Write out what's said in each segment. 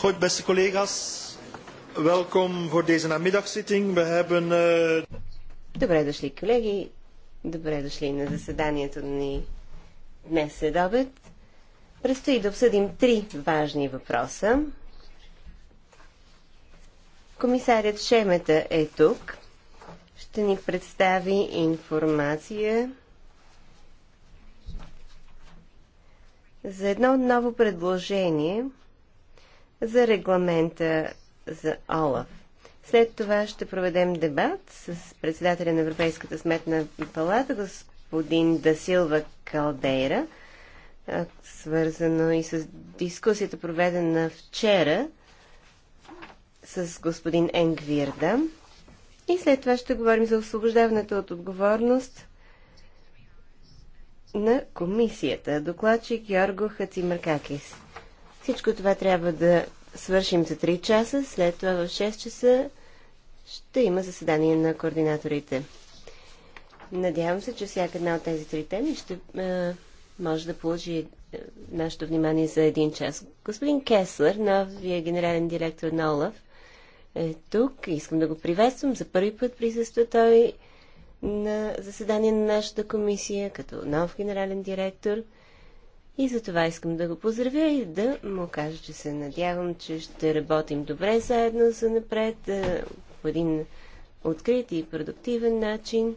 Goed, beste collega's. Welkom voor deze namiddagzitting. We hebben... Uh... Добре дошли, колеги. Добре дошли на заседанието ни днес след обед. Предстои да обсъдим три важни въпроса. Комисарят Шемета е тук. Ще ни представи информация за едно ново предложение – за регламента за ОЛАФ. След това ще проведем дебат с председателя на Европейската сметна палата, господин Дасилва Калдейра, свързано и с дискусията проведена вчера с господин Енгвирда. И след това ще говорим за освобождаването от отговорност на комисията. Докладчик Георго Хацимаркакис. Всичко това трябва да свършим за 3 часа, след това в 6 часа ще има заседание на координаторите. Надявам се, че всяка една от тези три теми ще е, може да получи е, нашето внимание за един час. Господин Кеслер, новия генерален директор на ОЛАФ, е тук. Искам да го приветствам. За първи път присъства той на заседание на нашата комисия като нов генерален директор – и за това искам да го поздравя и да му кажа, че се надявам, че ще работим добре заедно за напред, по един открит и продуктивен начин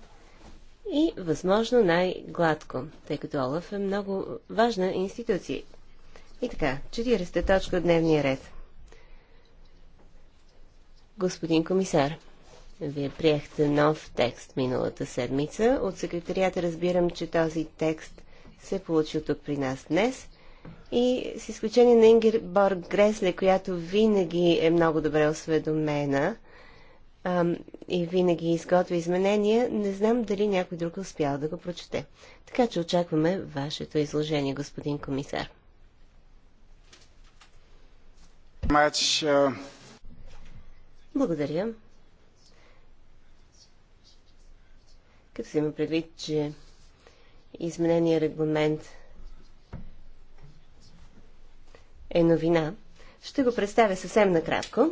и възможно най-гладко, тъй като Олаф е много важна институция. И така, 40-та точка от дневния ред. Господин комисар, вие приехте нов текст миналата седмица. От секретарията разбирам, че този текст се получил тук при нас днес. И с изключение на Ингер Борг Гресле, която винаги е много добре осведомена ам, и винаги изготвя изменения, не знам дали някой друг е успял да го прочете. Така че очакваме вашето изложение, господин комисар. Благодаря. Като се има предвид, че изменения регламент е новина. Ще го представя съвсем накратко.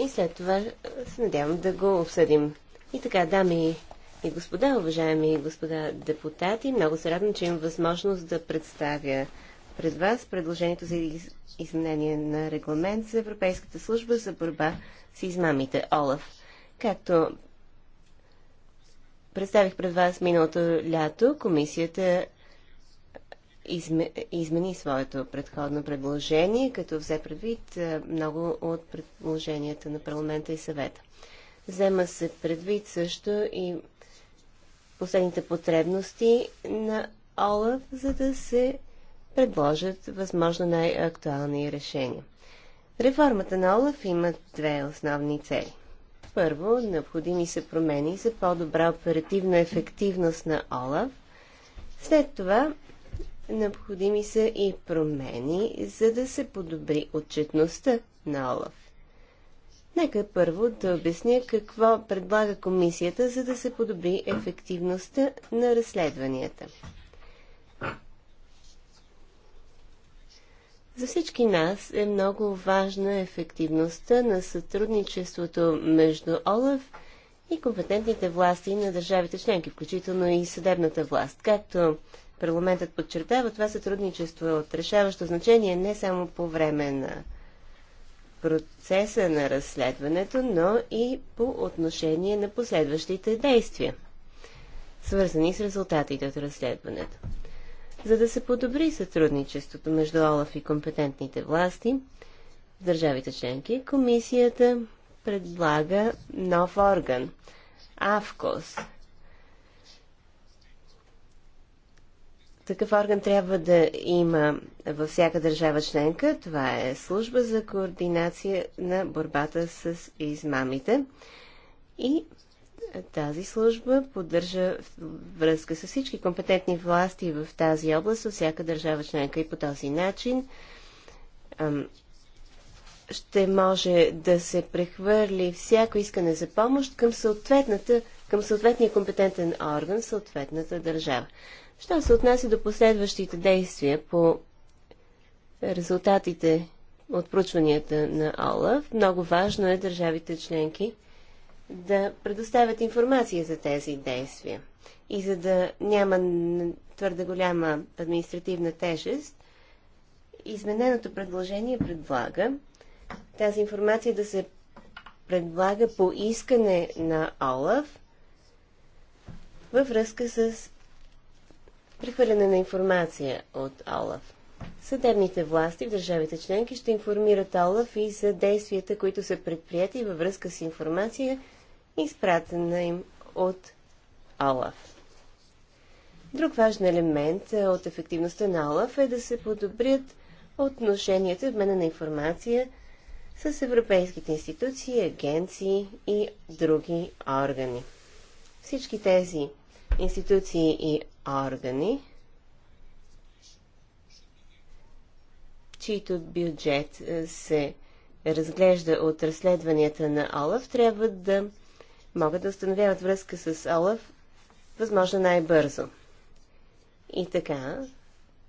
И след това се надявам да го обсъдим. И така, дами и господа, уважаеми господа депутати, много се радвам, че имам възможност да представя пред вас предложението за изменение на регламент за Европейската служба за борба с измамите ОЛАФ. Както представих пред вас миналото лято, комисията изме, измени своето предходно предложение, като взе предвид много от предложенията на парламента и съвета. Взема се предвид също и последните потребности на ОЛАФ, за да се предложат възможно най-актуални решения. Реформата на ОЛАФ има две основни цели. Първо, необходими са промени за по-добра оперативна ефективност на ОЛАВ. След това, необходими са и промени, за да се подобри отчетността на ОЛАВ. Нека първо да обясня какво предлага комисията, за да се подобри ефективността на разследванията. За всички нас е много важна ефективността на сътрудничеството между ОЛАФ и компетентните власти на държавите членки, включително и съдебната власт. Както парламентът подчертава, това сътрудничество е от решаващо значение не само по време на процеса на разследването, но и по отношение на последващите действия, свързани с резултатите от разследването за да се подобри сътрудничеството между ОЛАФ и компетентните власти в държавите членки, комисията предлага нов орган – АВКОС. Такъв орган трябва да има във всяка държава членка. Това е служба за координация на борбата с измамите. И тази служба поддържа връзка с всички компетентни власти в тази област, от всяка държава членка и по този начин ще може да се прехвърли всяко искане за помощ към, съответната, към съответния компетентен орган, съответната държава. Що се отнася до последващите действия по резултатите от проучванията на ОЛАФ, много важно е държавите членки – да предоставят информация за тези действия. И за да няма твърде голяма административна тежест, измененото предложение предлага тази информация да се предлага по искане на ОЛАФ във връзка с прехвърляне на информация от ОЛАФ. Съдебните власти в държавите членки ще информират ОЛАФ и за действията, които са предприяти във връзка с информация, изпратена им от ОЛАФ. Друг важен елемент е, от ефективността на ОЛАФ е да се подобрят отношенията в мене на информация с европейските институции, агенции и други органи. Всички тези институции и органи, чийто бюджет е, се разглежда от разследванията на ОЛАФ, трябва да могат да установяват връзка с Олаф възможно най-бързо. И така,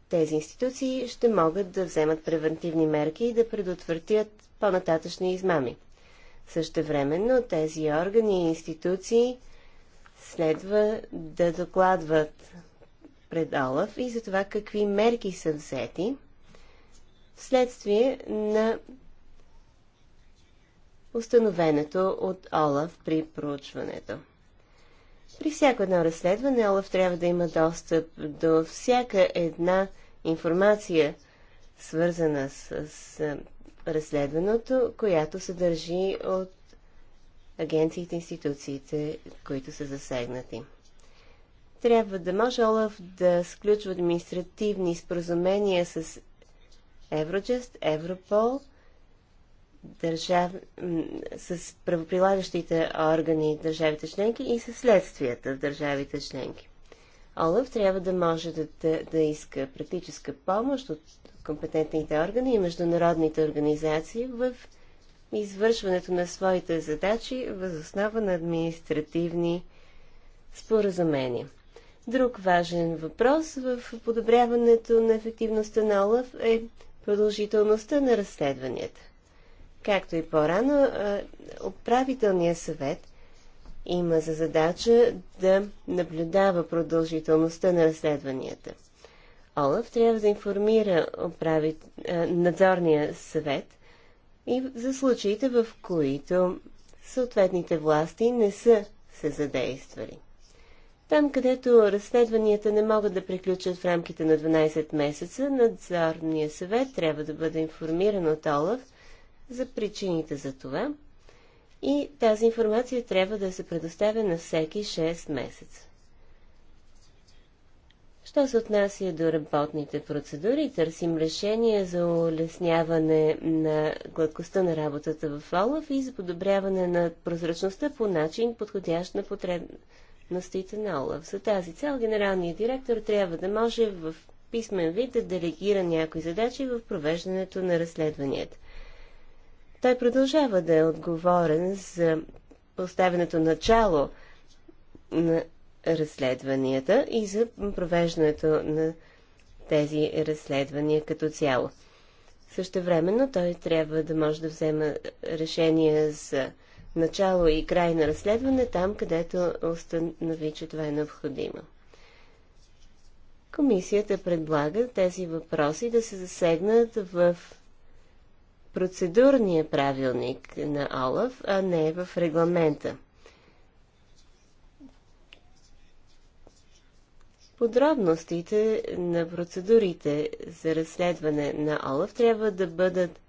тези институции ще могат да вземат превентивни мерки и да предотвратят по-нататъчни измами. Същевременно тези органи и институции следва да докладват пред Олаф и за това какви мерки са взети вследствие на установеното от Олаф при проучването. При всяко едно разследване Олаф трябва да има достъп до всяка една информация, свързана с, с е, разследването, която се държи от агенциите, институциите, които са засегнати. Трябва да може Олаф да сключва административни споразумения с Евроджест, Европол – държав... с правоприлагащите органи в държавите членки и със следствията в държавите членки. Олаф трябва да може да, да, да иска практическа помощ от компетентните органи и международните организации в извършването на своите задачи въз основа на административни споразумения. Друг важен въпрос в подобряването на ефективността на ОЛАФ е продължителността на разследванията. Както и по-рано, управителният съвет има за задача да наблюдава продължителността на разследванията. Олаф трябва да информира управит... надзорния съвет и за случаите, в които съответните власти не са се задействали. Там, където разследванията не могат да приключат в рамките на 12 месеца, надзорния съвет трябва да бъде информиран от Олаф за причините за това и тази информация трябва да се предоставя на всеки 6 месеца. Що се отнася до работните процедури, търсим решение за улесняване на гладкостта на работата в ОЛАФ и за подобряване на прозрачността по начин, подходящ на потребностите на ОЛАФ. За тази цел генералният директор трябва да може в писмен вид да делегира някои задачи в провеждането на разследванията. Той продължава да е отговорен за поставянето начало на разследванията и за провеждането на тези разследвания като цяло. Също времено той трябва да може да взема решения за начало и край на разследване там, където установи, че това е необходимо. Комисията предлага тези въпроси да се засегнат в процедурния правилник на ОЛАФ, а не в регламента. Подробностите на процедурите за разследване на ОЛАФ трябва да бъдат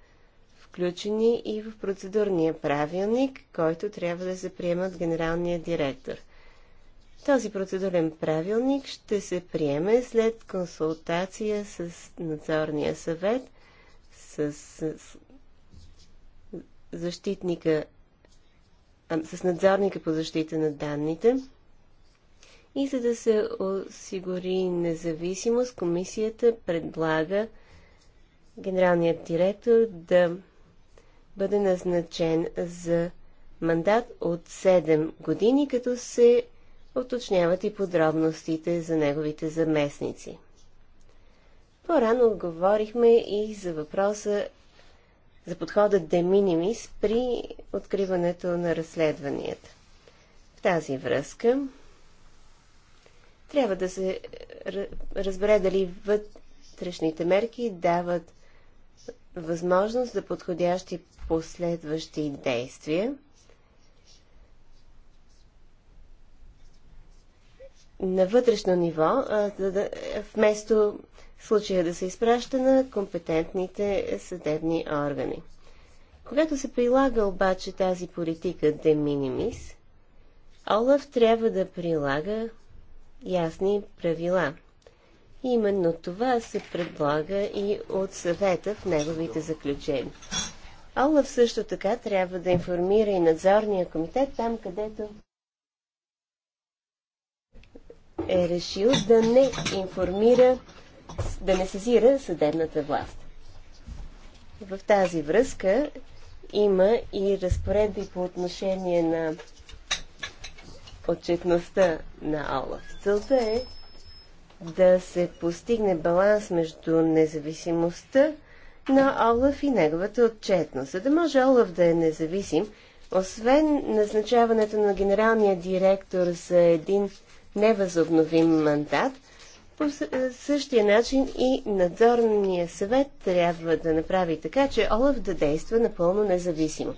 включени и в процедурния правилник, който трябва да се приема от генералния директор. Този процедурен правилник ще се приеме след консултация с надзорния съвет, с, с защитника, а, с надзорника по защита на данните. И за да се осигури независимост, комисията предлага генералният директор да бъде назначен за мандат от 7 години, като се уточняват и подробностите за неговите заместници. По-рано отговорихме и за въпроса за подхода де минимис при откриването на разследванията. В тази връзка трябва да се разбере дали вътрешните мерки дават възможност за подходящи последващи действия. На вътрешно ниво, вместо случая да се изпраща на компетентните съдебни органи. Когато се прилага обаче тази политика de minimis, Олаф трябва да прилага ясни правила. Именно това се предлага и от съвета в неговите заключения. Олаф също така трябва да информира и надзорния комитет там, където е решил да не информира да не сезира съдебната власт. В тази връзка има и разпоредби по отношение на отчетността на ОЛАФ. Целта е да се постигне баланс между независимостта на Олаф и неговата отчетност. За да може Олаф да е независим, освен назначаването на генералния директор за един невъзобновим мандат, по е, същия начин и надзорния съвет трябва да направи така, че Олаф да действа напълно независимо.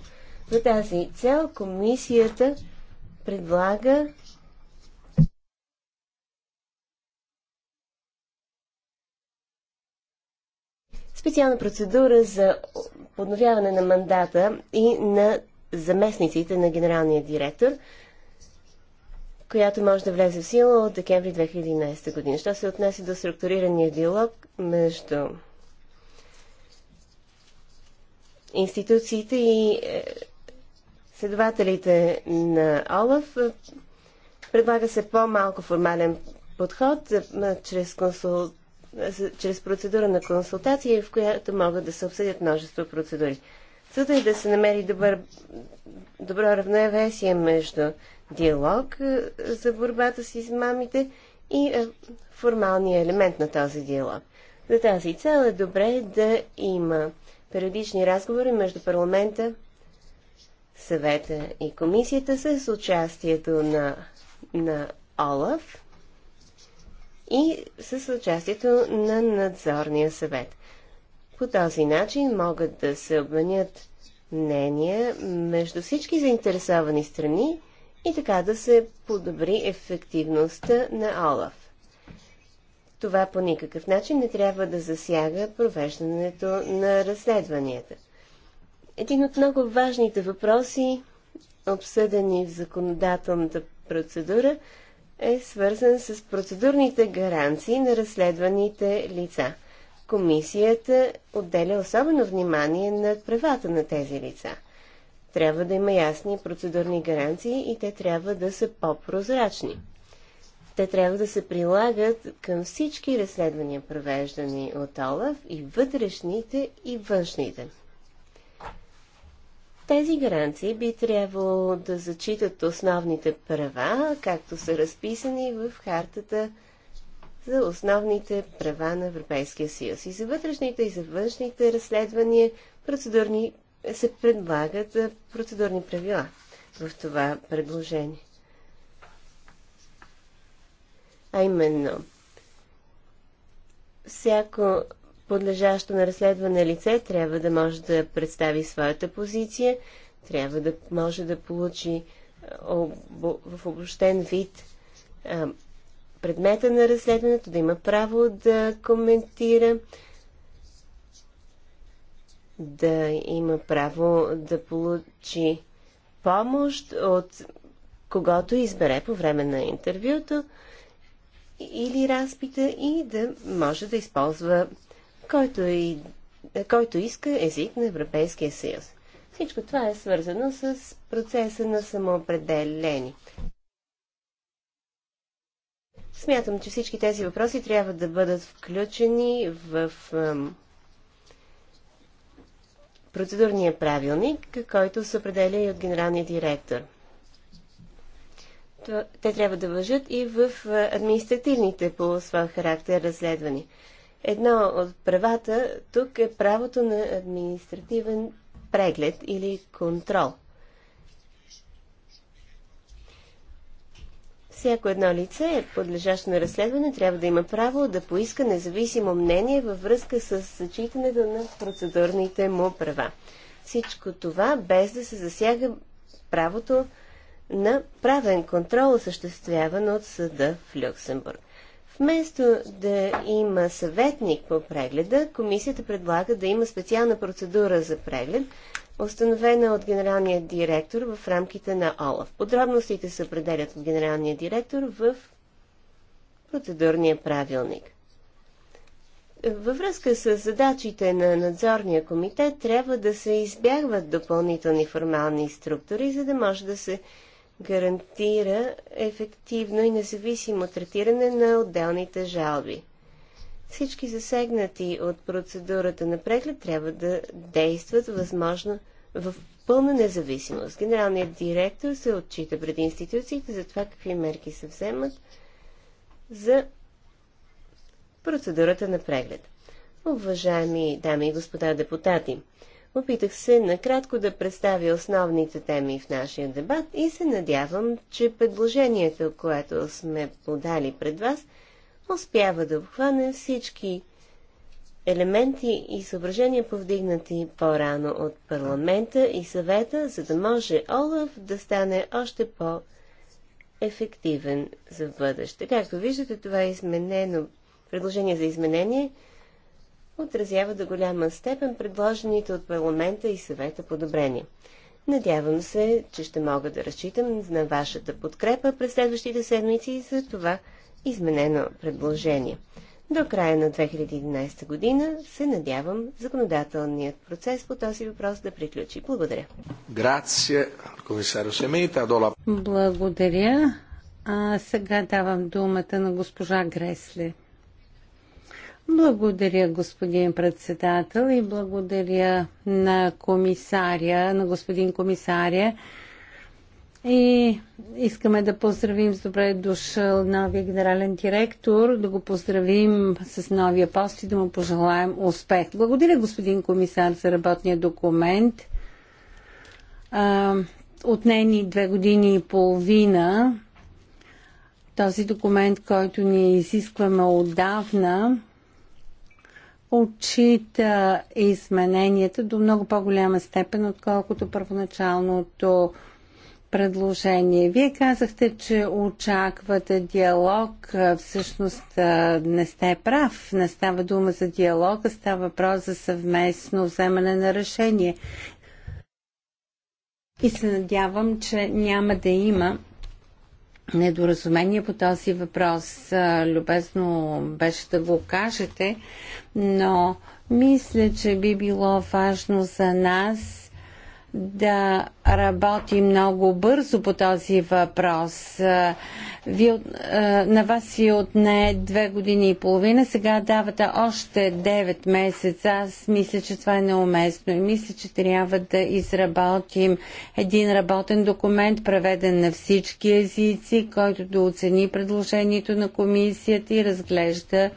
За тази цел комисията предлага специална процедура за подновяване на мандата и на заместниците на генералния директор, която може да влезе в сила от декември 2011 година. Що се отнесе до структурирания диалог между институциите и е, следователите на ОЛАФ, е, предлага се по-малко формален подход е, чрез, консул... чрез процедура на консултация, в която могат да се обсъдят множество процедури. Целта е да се намери добър... добро равновесие между диалог е, за борбата с измамите и е, формалния елемент на този диалог. За тази цел е добре да има периодични разговори между парламента, съвета и комисията с участието на, на ОЛАФ и с участието на надзорния съвет. По този начин могат да се обменят мнения между всички заинтересовани страни и така да се подобри ефективността на ОЛАФ. Това по никакъв начин не трябва да засяга провеждането на разследванията. Един от много важните въпроси, обсъдени в законодателната процедура, е свързан с процедурните гаранции на разследваните лица. Комисията отделя особено внимание на правата на тези лица – трябва да има ясни процедурни гаранции и те трябва да са по-прозрачни. Те трябва да се прилагат към всички разследвания, провеждани от Олаф, и вътрешните, и външните. Тези гаранции би трябвало да зачитат основните права, както са разписани в хартата за основните права на Европейския съюз. И за вътрешните, и за външните разследвания процедурни се предлагат процедурни правила в това предложение. А именно, всяко подлежащо на разследване лице трябва да може да представи своята позиция, трябва да може да получи в обобщен вид предмета на разследването, да има право да коментира да има право да получи помощ от когато избере по време на интервюто или разпита и да може да използва който, и, който иска език на Европейския съюз. Всичко това е свързано с процеса на самоопределение. Смятам, че всички тези въпроси трябва да бъдат включени в ам, процедурния правилник, който се определя и от генералния директор. Те трябва да въжат и в административните по своя характер разследвания. Едно от правата тук е правото на административен преглед или контрол – Всяко едно лице, подлежащо на разследване, трябва да има право да поиска независимо мнение във връзка с зачитането на процедурните му права. Всичко това без да се засяга правото на правен контрол, осъществяван от съда в Люксембург. Вместо да има съветник по прегледа, комисията предлага да има специална процедура за преглед, установена от генералния директор в рамките на ОЛАФ. Подробностите се определят от генералния директор в процедурния правилник. Във връзка с задачите на надзорния комитет трябва да се избягват допълнителни формални структури, за да може да се гарантира ефективно и независимо третиране на отделните жалби. Всички засегнати от процедурата на преглед трябва да действат възможно в пълна независимост. Генералният директор се отчита пред институциите за това какви мерки се вземат за процедурата на преглед. Уважаеми дами и господа депутати, опитах се накратко да представя основните теми в нашия дебат и се надявам, че предложението, което сме подали пред вас – успява да обхване всички елементи и съображения, повдигнати по-рано от парламента и съвета, за да може Олаф да стане още по-ефективен за бъдеще. Както виждате, това е изменено предложение за изменение отразява до голяма степен предложените от парламента и съвета подобрения. Надявам се, че ще мога да разчитам на вашата подкрепа през следващите седмици и за това изменено предложение. До края на 2011 година се надявам законодателният процес по този въпрос да приключи. Благодаря. Благодаря. А сега давам думата на госпожа Гресли. Благодаря, господин председател, и благодаря на комисаря, на господин комисаря и искаме да поздравим с добре дошъл новия генерален директор, да го поздравим с новия пост и да му пожелаем успех. Благодаря, господин комисар, за работния документ. нейни две години и половина този документ, който ни изискваме отдавна, отчита измененията до много по-голяма степен, отколкото първоначалното предложение. Вие казахте, че очаквате диалог. Всъщност не сте прав. Не става дума за диалог, а става въпрос за съвместно вземане на решение. И се надявам, че няма да има недоразумение по този въпрос. Любезно беше да го кажете, но мисля, че би било важно за нас да работи много бързо по този въпрос. Е, ви, е, на вас ви отне две години и половина, сега давате още 9 месеца. Аз мисля, че това е неуместно и мисля, че трябва да изработим един работен документ, преведен на всички езици, който да оцени предложението на комисията и разглежда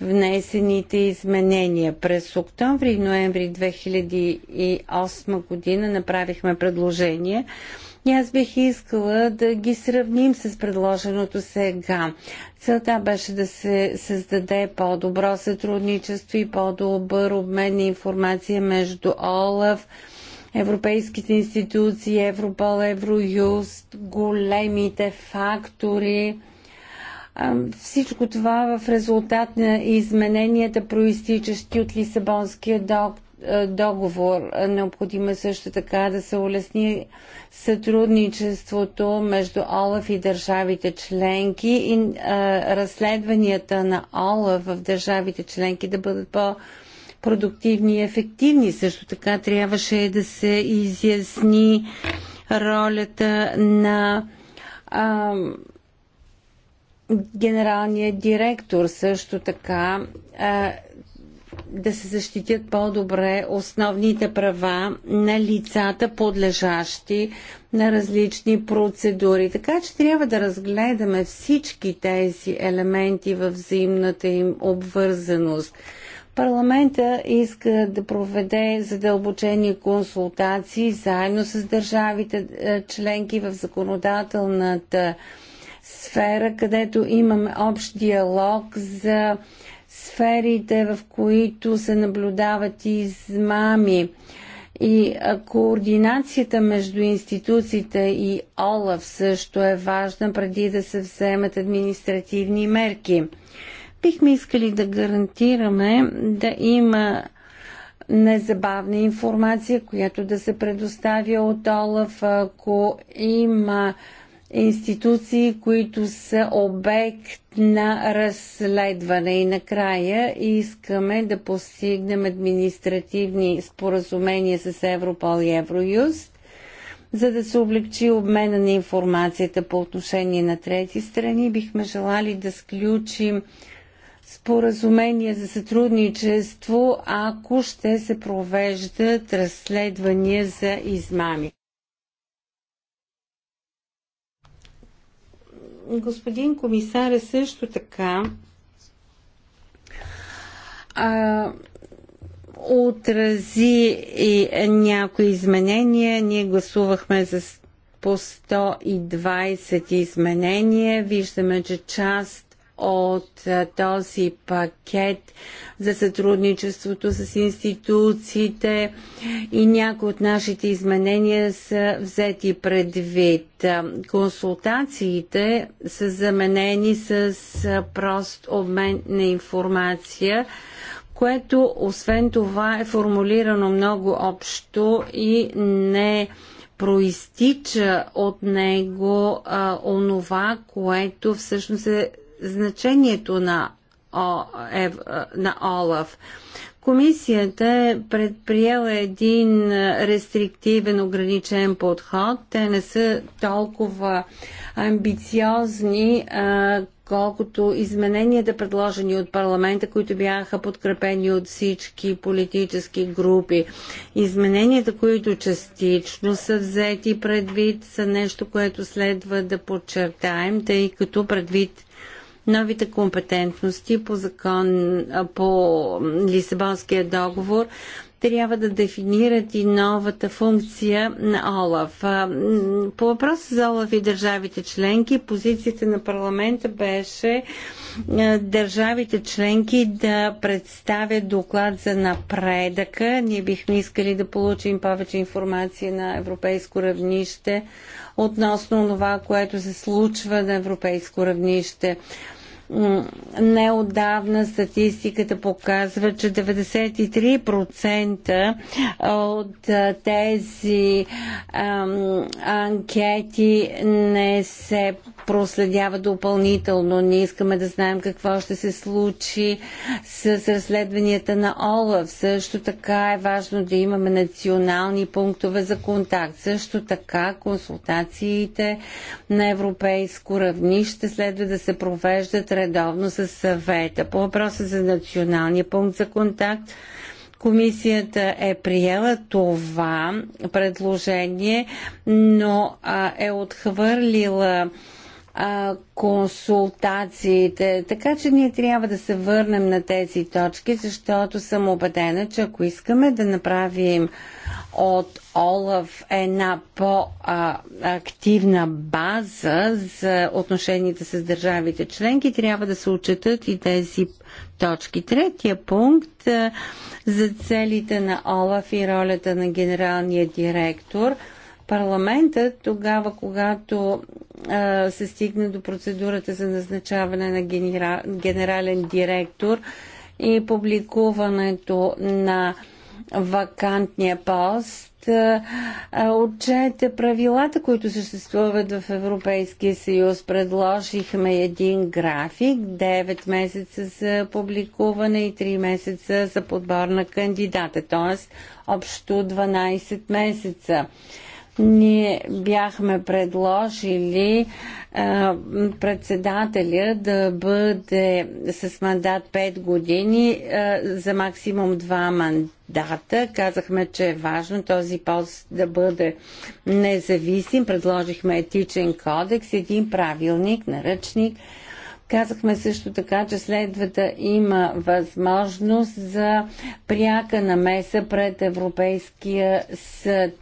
внесените изменения. През октомври и ноември 2008 година направихме предложение и аз бих искала да ги сравним с предложеното сега. Целта беше да се създаде по-добро сътрудничество и по-добър обмен на информация между ОЛАВ, европейските институции, Европол, Евроюст, големите фактори, всичко това в резултат на измененията, проистичащи от Лисабонския договор. Необходимо е също така да се улесни сътрудничеството между ОЛАФ и държавите членки и а, разследванията на ОЛАФ в държавите членки да бъдат по- продуктивни и ефективни. Също така трябваше да се изясни ролята на а, генералният директор също така е, да се защитят по-добре основните права на лицата, подлежащи на различни процедури. Така че трябва да разгледаме всички тези елементи в взаимната им обвързаност. Парламента иска да проведе задълбочени консултации заедно с държавите е, членки в законодателната сфера, където имаме общ диалог за сферите, в които се наблюдават измами. И координацията между институциите и ОЛАФ също е важна преди да се вземат административни мерки. Бихме искали да гарантираме да има незабавна информация, която да се предоставя от ОЛАФ, ако има институции, които са обект на разследване. И накрая искаме да постигнем административни споразумения с Европол и Евроюст, за да се облегчи обмена на информацията по отношение на трети страни. Бихме желали да сключим споразумение за сътрудничество, ако ще се провеждат разследвания за измами. господин комисар е също така а, отрази и някои изменения. Ние гласувахме за по 120 изменения. Виждаме, че част от този пакет за сътрудничеството с институциите и някои от нашите изменения са взети предвид. Консултациите са заменени с прост обмен на информация, което освен това е формулирано много общо и не проистича от него а, онова, което всъщност е значението на, О, е, на ОЛАФ. Комисията е предприела един рестриктивен, ограничен подход. Те не са толкова амбициозни, а, колкото измененията, предложени от парламента, които бяха подкрепени от всички политически групи. Измененията, които частично са взети предвид, са нещо, което следва да подчертаем, тъй като предвид новите компетентности по закон, по Лисабонския договор трябва да дефинират и новата функция на Олаф. По въпроса за Олаф и държавите членки, позицията на парламента беше държавите членки да представят доклад за напредъка. Ние бихме искали да получим повече информация на европейско равнище относно това, което се случва на европейско равнище. Неодавна статистиката показва, че 93% от тези а, анкети не се проследява допълнително. Ние искаме да знаем какво ще се случи с разследванията на ОЛАВ. Също така е важно да имаме национални пунктове за контакт. Също така консултациите на европейско равнище следва да се провеждат редовно с съвета. По въпроса за националния пункт за контакт, Комисията е приела това предложение, но е отхвърлила а, консултациите. Така че ние трябва да се върнем на тези точки, защото съм убедена, че ако искаме да направим от Олаф една по-активна база за отношенията с държавите членки, трябва да се отчитат и тези точки. Третия пункт за целите на Олаф и ролята на генералния директор – Парламентът тогава, когато а, се стигне до процедурата за назначаване на генера, генерален директор и публикуването на вакантния пост, отчете правилата, които съществуват в Европейския съюз. Предложихме един график, 9 месеца за публикуване и 3 месеца за подбор на кандидата, т.е. общо 12 месеца. Ние бяхме предложили председателя да бъде с мандат 5 години за максимум 2 мандата. Казахме, че е важно този пост да бъде независим. Предложихме етичен кодекс, един правилник, наръчник – Казахме също така, че следва да има възможност за пряка намеса пред Европейския съд,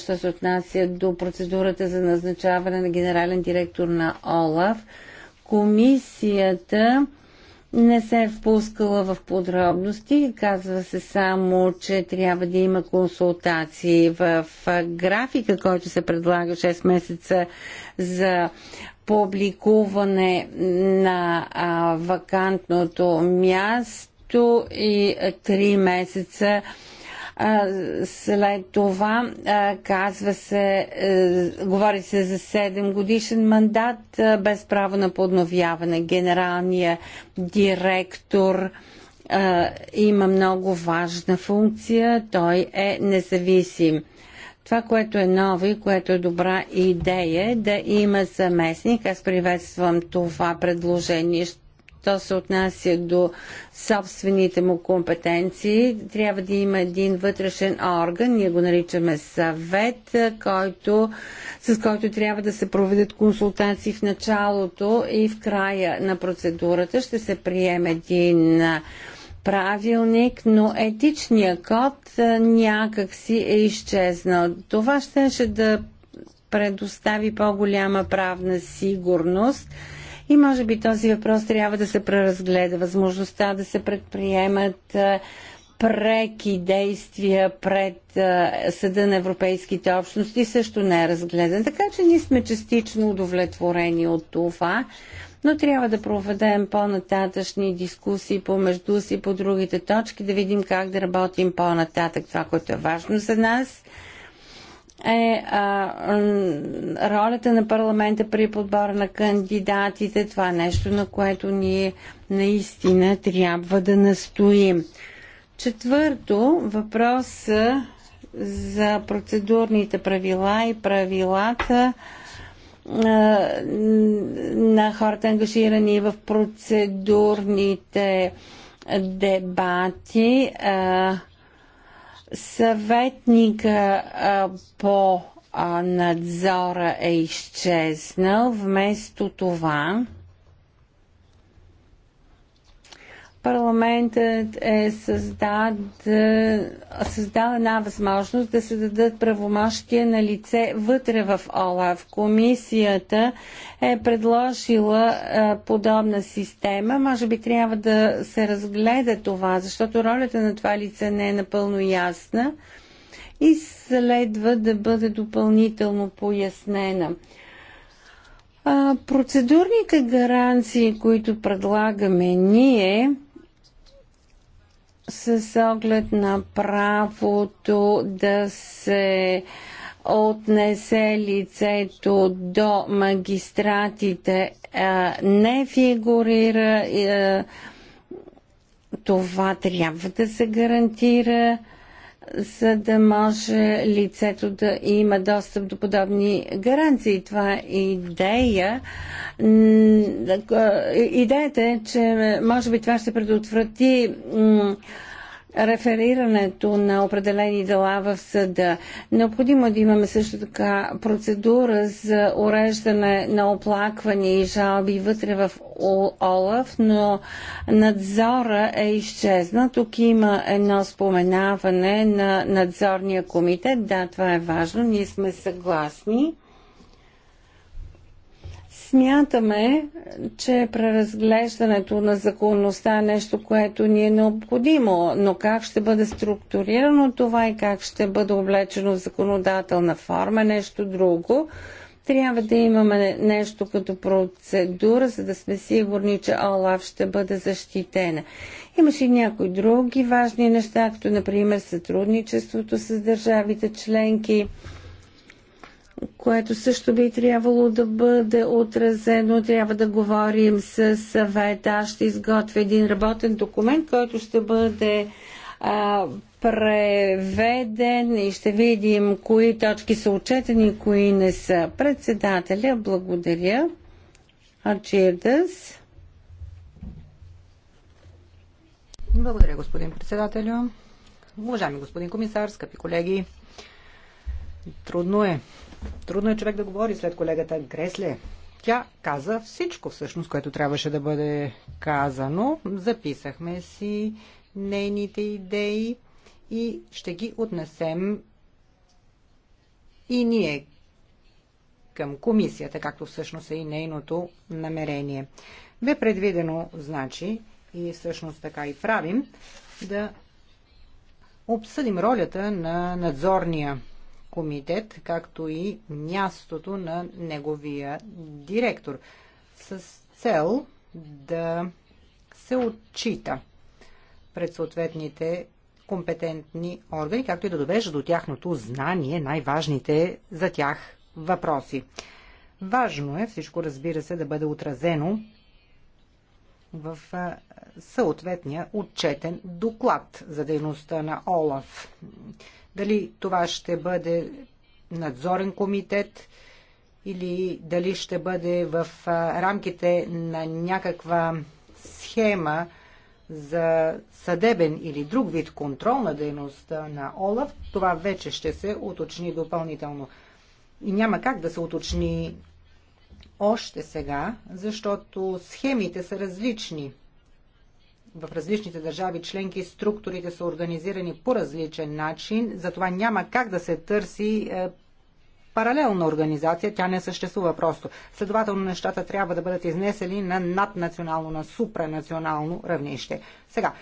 що се отнася до процедурата за назначаване на генерален директор на ОЛАФ. Комисията не се е впускала в подробности. Казва се само, че трябва да има консултации в графика, който се предлага 6 месеца за публикуване на а, вакантното място и три месеца след това казва се, е, говори се за 7 годишен мандат без право на подновяване. Генералния директор има много важна функция. Той е независим. Това, което е ново и което е добра идея е да има съместник. Аз приветствам това предложение. Що се отнася до собствените му компетенции, трябва да има един вътрешен орган, ние го наричаме съвет, който, с който трябва да се проведат консултации в началото и в края на процедурата. Ще се приеме един правилник, но етичният код някак си е изчезнал. Това ще, ще да предостави по-голяма правна сигурност и може би този въпрос трябва да се преразгледа. Възможността да се предприемат преки действия пред Съда на Европейските общности също не е разгледан. Така че ние сме частично удовлетворени от това но трябва да проведем по-нататъчни дискусии помежду си по другите точки, да видим как да работим по-нататък. Това, което е важно за нас е а, ролята на парламента при подбора на кандидатите. Това е нещо, на което ние наистина трябва да настоим. Четвърто, въпрос за процедурните правила и правилата на хората ангажирани в процедурните дебати. Съветника по надзора е изчезнал. Вместо това Парламентът е създал, е, създал една възможност да се дадат правомощия на лице вътре в ОЛАВ. Комисията е предложила е, подобна система. Може би трябва да се разгледа това, защото ролята на това лице не е напълно ясна и следва да бъде допълнително пояснена. процедурните гаранции, които предлагаме ние, с оглед на правото да се отнесе лицето до магистратите не фигурира. Това трябва да се гарантира за да може лицето да има достъп до подобни гаранции. Това е идея. Идеята е, че може би това ще предотврати реферирането на определени дела в съда. Необходимо е да имаме също така процедура за уреждане на оплаквания и жалби вътре в ОЛАФ, но надзора е изчезна. Тук има едно споменаване на надзорния комитет. Да, това е важно. Ние сме съгласни. Смятаме, че преразглеждането на законността е нещо, което ни е необходимо, но как ще бъде структурирано това и как ще бъде облечено в законодателна форма, е нещо друго. Трябва да имаме нещо като процедура, за да сме сигурни, че ОЛАВ ще бъде защитена. Имаше и някои други важни неща, като например сътрудничеството с държавите членки – което също би трябвало да бъде отразено. Трябва да говорим с съвета. Аз ще изготвя един работен документ, който ще бъде а, преведен и ще видим кои точки са отчетени и кои не са. Председателя, благодаря. Ачирдас. Благодаря, господин председателю. Уважаеми господин комисар, скъпи колеги, трудно е Трудно е човек да говори след колегата Гресле. Тя каза всичко всъщност, което трябваше да бъде казано. Записахме си нейните идеи и ще ги отнесем и ние към комисията, както всъщност е и нейното намерение. Бе предвидено, значи, и всъщност така и правим, да обсъдим ролята на надзорния комитет, както и мястото на неговия директор, с цел да се отчита пред съответните компетентни органи, както и да довежда до тяхното знание най-важните за тях въпроси. Важно е всичко, разбира се, да бъде отразено в съответния отчетен доклад за дейността на ОЛАФ. Дали това ще бъде надзорен комитет или дали ще бъде в рамките на някаква схема за съдебен или друг вид контрол на дейността на ОЛАФ, това вече ще се уточни допълнително. И няма как да се уточни още сега, защото схемите са различни в различните държави членки структурите са организирани по различен начин, затова няма как да се търси е, паралелна организация, тя не съществува просто. Следователно нещата трябва да бъдат изнесени на наднационално, на супранационално равнище. Сега,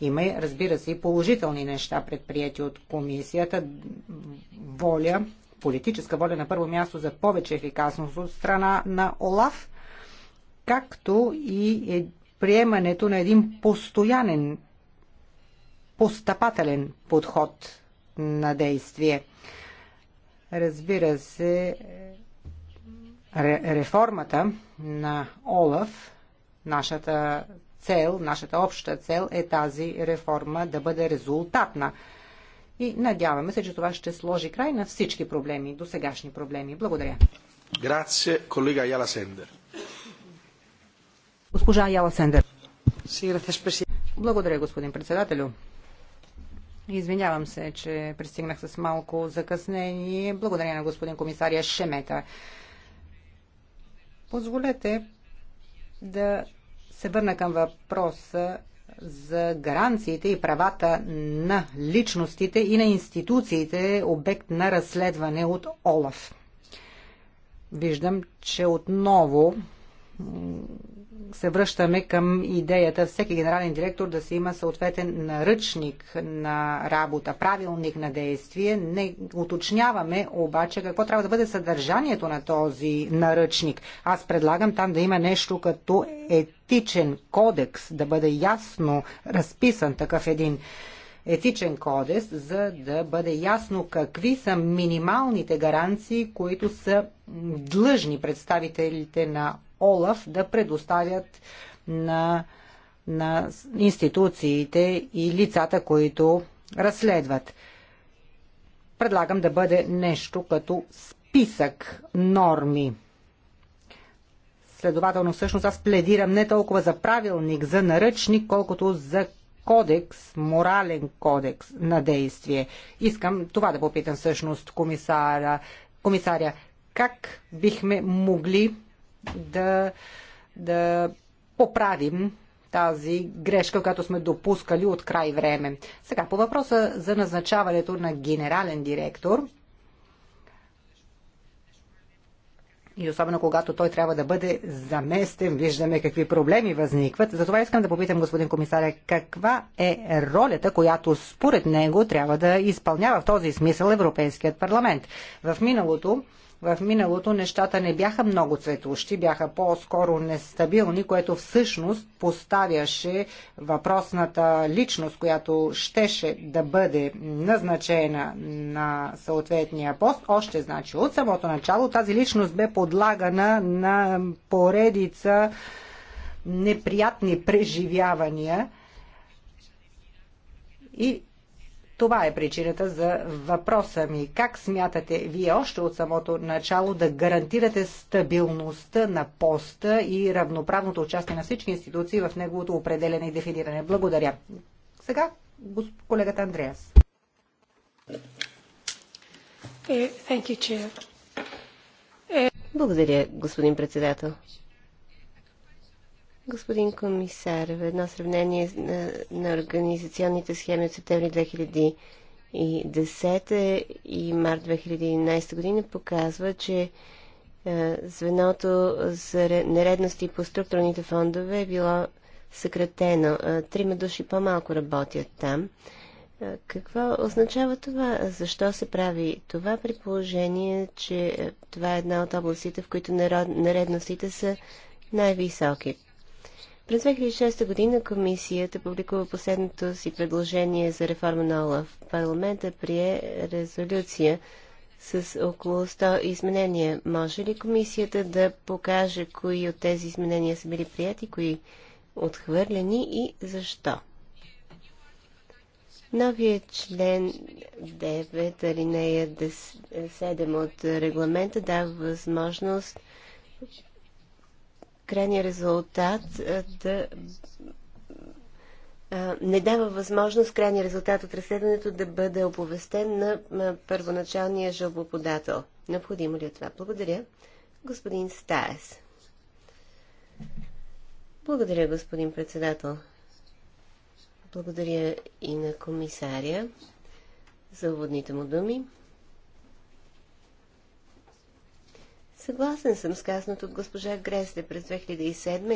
има, и, разбира се, и положителни неща, предприяти от комисията. Воля, политическа воля на първо място за повече ефикасност от страна на ОЛАФ, както и е приемането на един постоянен, постъпателен подход на действие. Разбира се, реформата на ОЛАФ, нашата цел, нашата обща цел е тази реформа да бъде резултатна. И надяваме се, че това ще сложи край на всички проблеми, досегашни проблеми. Благодаря. Grazie, collega Яла Госпожа Яла Сендер. Благодаря, господин председателю. Извинявам се, че пристигнах с малко закъснение. Благодаря на господин комисария Шемета. Позволете да се върна към въпроса за гаранциите и правата на личностите и на институциите, обект на разследване от ОЛАФ. Виждам, че отново се връщаме към идеята всеки генерален директор да си има съответен наръчник на работа, правилник на действие. Не уточняваме обаче какво трябва да бъде съдържанието на този наръчник. Аз предлагам там да има нещо като етичен кодекс, да бъде ясно разписан такъв един етичен кодекс, за да бъде ясно какви са минималните гаранции, които са длъжни представителите на ОЛАФ да предоставят на, на институциите и лицата, които разследват. Предлагам да бъде нещо като списък норми. Следователно, всъщност аз пледирам не толкова за правилник, за наръчник, колкото за кодекс, морален кодекс на действие. Искам това да попитам всъщност комисаря. комисаря. Как бихме могли да, да поправим тази грешка, която сме допускали от край време. Сега, по въпроса за назначаването на генерален директор, и особено когато той трябва да бъде заместен, виждаме какви проблеми възникват. Затова искам да попитам господин комисаря, каква е ролята, която според него трябва да изпълнява в този смисъл Европейският парламент. В миналото в миналото нещата не бяха много цветущи, бяха по-скоро нестабилни, което всъщност поставяше въпросната личност, която щеше да бъде назначена на съответния пост. Още значи от самото начало тази личност бе подлагана на поредица неприятни преживявания и това е причината за въпроса ми. Как смятате вие още от самото начало да гарантирате стабилността на поста и равноправното участие на всички институции в неговото определене и дефиниране? Благодаря. Сега колегата Андреас. Е, е, Благодаря, господин председател. Господин комисар, в едно сравнение на, е, на организационните схеми от септември 2010 и март 2011 година показва, че е, звеното за нередности по структурните фондове е било съкратено. Е, трима души по-малко работят там. Е, какво означава това? Защо се прави това при положение, че е, това е една от областите, в които нередностите са най-високи? През 2006 година комисията публикува последното си предложение за реформа на ОЛАФ. Парламента прие резолюция с около 100 изменения. Може ли комисията да покаже кои от тези изменения са били прияти, кои отхвърлени и защо? Новият член 9, алинея 7 от регламента дава възможност крайния резултат да не дава възможност крайния резултат от разследването да бъде оповестен на първоначалния жалбоподател. Необходимо ли е това? Благодаря. Господин Стаес. Благодаря, господин председател. Благодаря и на комисаря за уводните му думи. Съгласен съм с казаното от госпожа Гресле през 2007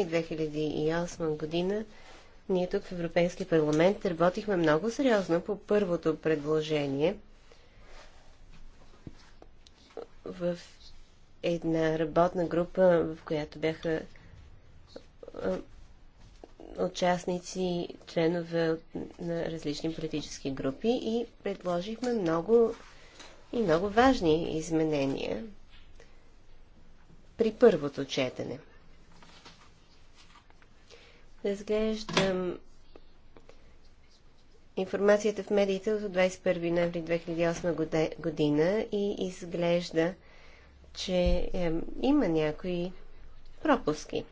и 2008 година. Ние тук в Европейски парламент работихме много сериозно по първото предложение в една работна група, в която бяха участници, членове на различни политически групи и предложихме много и много важни изменения при първото четене. Разглеждам информацията в медиите от 21 ноември 2008 година и изглежда, че е, има някои пропуски.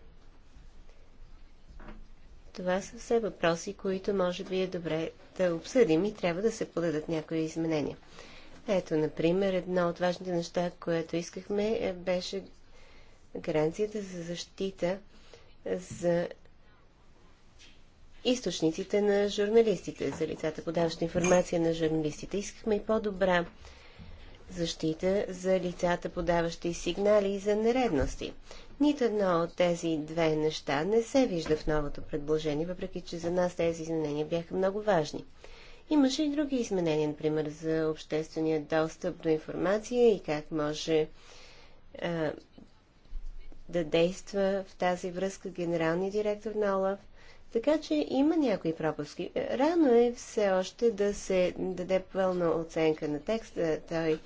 Това са все въпроси, които може би е добре да обсъдим и трябва да се подадат някои изменения. Ето, например, едно от важните неща, което искахме, е, беше гаранцията за защита за източниците на журналистите, за лицата, подаващи информация на журналистите. Искахме и по-добра защита за лицата, подаващи сигнали и за нередности. Нито едно от тези две неща не се вижда в новото предложение, въпреки че за нас тези изменения бяха много важни. Имаше и други изменения, например, за обществения достъп до информация и как може да действа в тази връзка генералния директор на ОЛАФ. Така че има някои пропуски. Рано е все още да се даде пълна оценка на текста. Той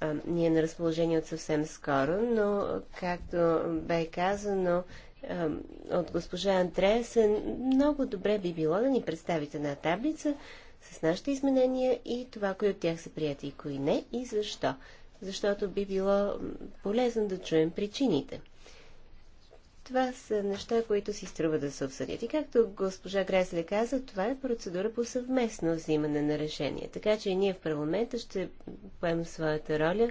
а, ни е на разположение от съвсем скоро, но, както бе казано а, от госпожа Андреасен, много добре би било да ни представите една таблица с нашите изменения и това, кои от тях са прияти и кои не, и защо защото би било полезно да чуем причините. Това са неща, които си струва да се обсъдят. И както госпожа Гресле каза, това е процедура по съвместно взимане на решение. Така че и ние в парламента ще поемем своята роля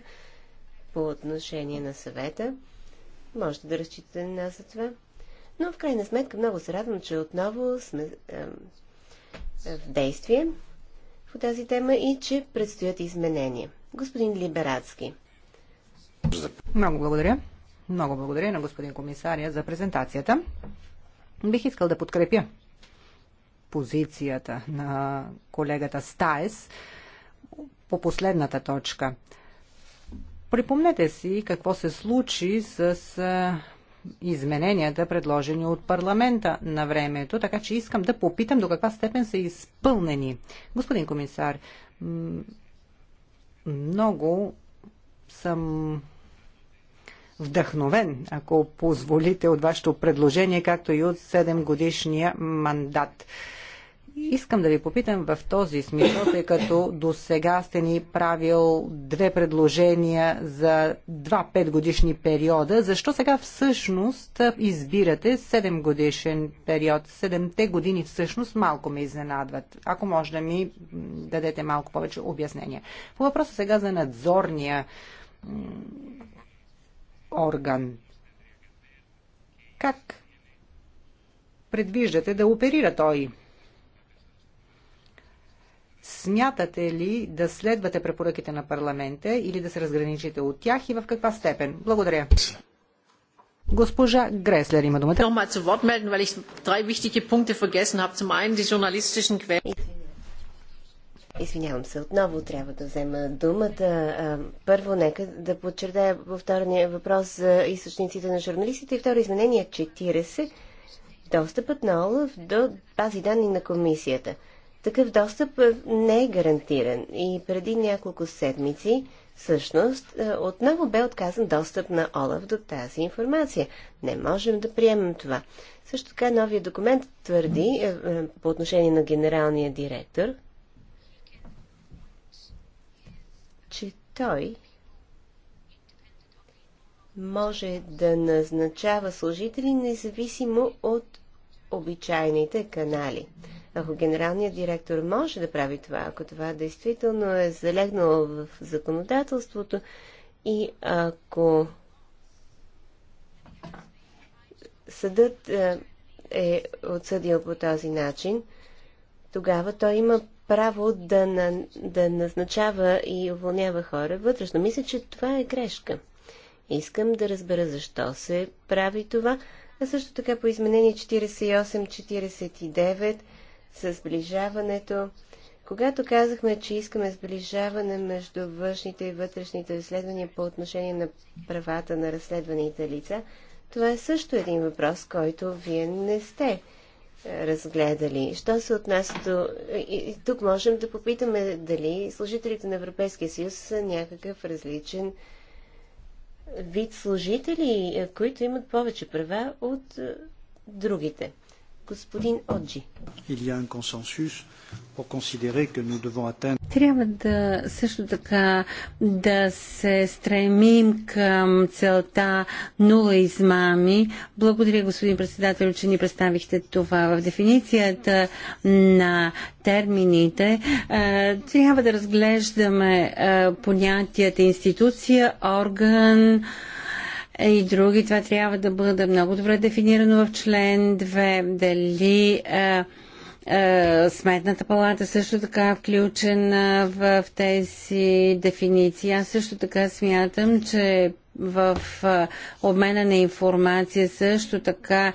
по отношение на съвета. Можете да разчитате на нас за това. Но в крайна сметка много се радвам, че отново сме е, в действие по тази тема и че предстоят изменения. Господин Либерацки. Много благодаря. Много благодаря на господин комисаря за презентацията. Бих искал да подкрепя позицията на колегата Стаес по последната точка. Припомнете си какво се случи с измененията, предложени от парламента на времето, така че искам да попитам до каква степен са изпълнени. Господин комисар, много съм вдъхновен, ако позволите, от вашето предложение, както и от 7 годишния мандат. Искам да ви попитам в този смисъл, тъй като до сега сте ни правил две предложения за два петгодишни периода. Защо сега всъщност избирате 7 годишен период? Седемте години всъщност малко ме изненадват. Ако може да ми дадете малко повече обяснения. По въпроса сега за надзорния орган. Как предвиждате да оперира той? Смятате ли да следвате препоръките на парламента или да се разграничите от тях и в каква степен? Благодаря. Госпожа Греслер има думата. Извинявам се, отново трябва да взема думата. Първо, нека да подчертая във втория въпрос за източниците на журналистите и второ изменение 40. Достъпът на ОЛАФ до бази данни на комисията – такъв достъп е, не е гарантиран и преди няколко седмици всъщност е, отново бе отказан достъп на Олаф до тази информация. Не можем да приемем това. Също така новия документ твърди е, по отношение на генералния директор, че той може да назначава служители независимо от обичайните канали. Ако генералният директор може да прави това, ако това действително е залегнало в законодателството и ако съдът е, е отсъдил по този начин, тогава той има право да, на, да назначава и уволнява хора вътрешно. Мисля, че това е грешка. Искам да разбера защо се прави това. А също така по изменение 48-49 с сближаването. Когато казахме, че искаме сближаване между външните и вътрешните разследвания по отношение на правата на разследваните лица, това е също един въпрос, който вие не сте е, разгледали. Що се отнася до... И тук можем да попитаме дали служителите на Европейския съюз са някакъв различен вид служители, които имат повече права от е, другите. Господин Оджи. Трябва да също така да се стремим към целта нула измами. Благодаря, господин председател, че ни представихте това. В дефиницията на термините е, трябва да разглеждаме е, понятията институция, орган, е, и други. Това трябва да бъде много добре дефинирано в член 2. Дали а, е, а, е, Сметната палата също така е включена в, в тези дефиниции. Аз също така смятам, че в обмена на информация също така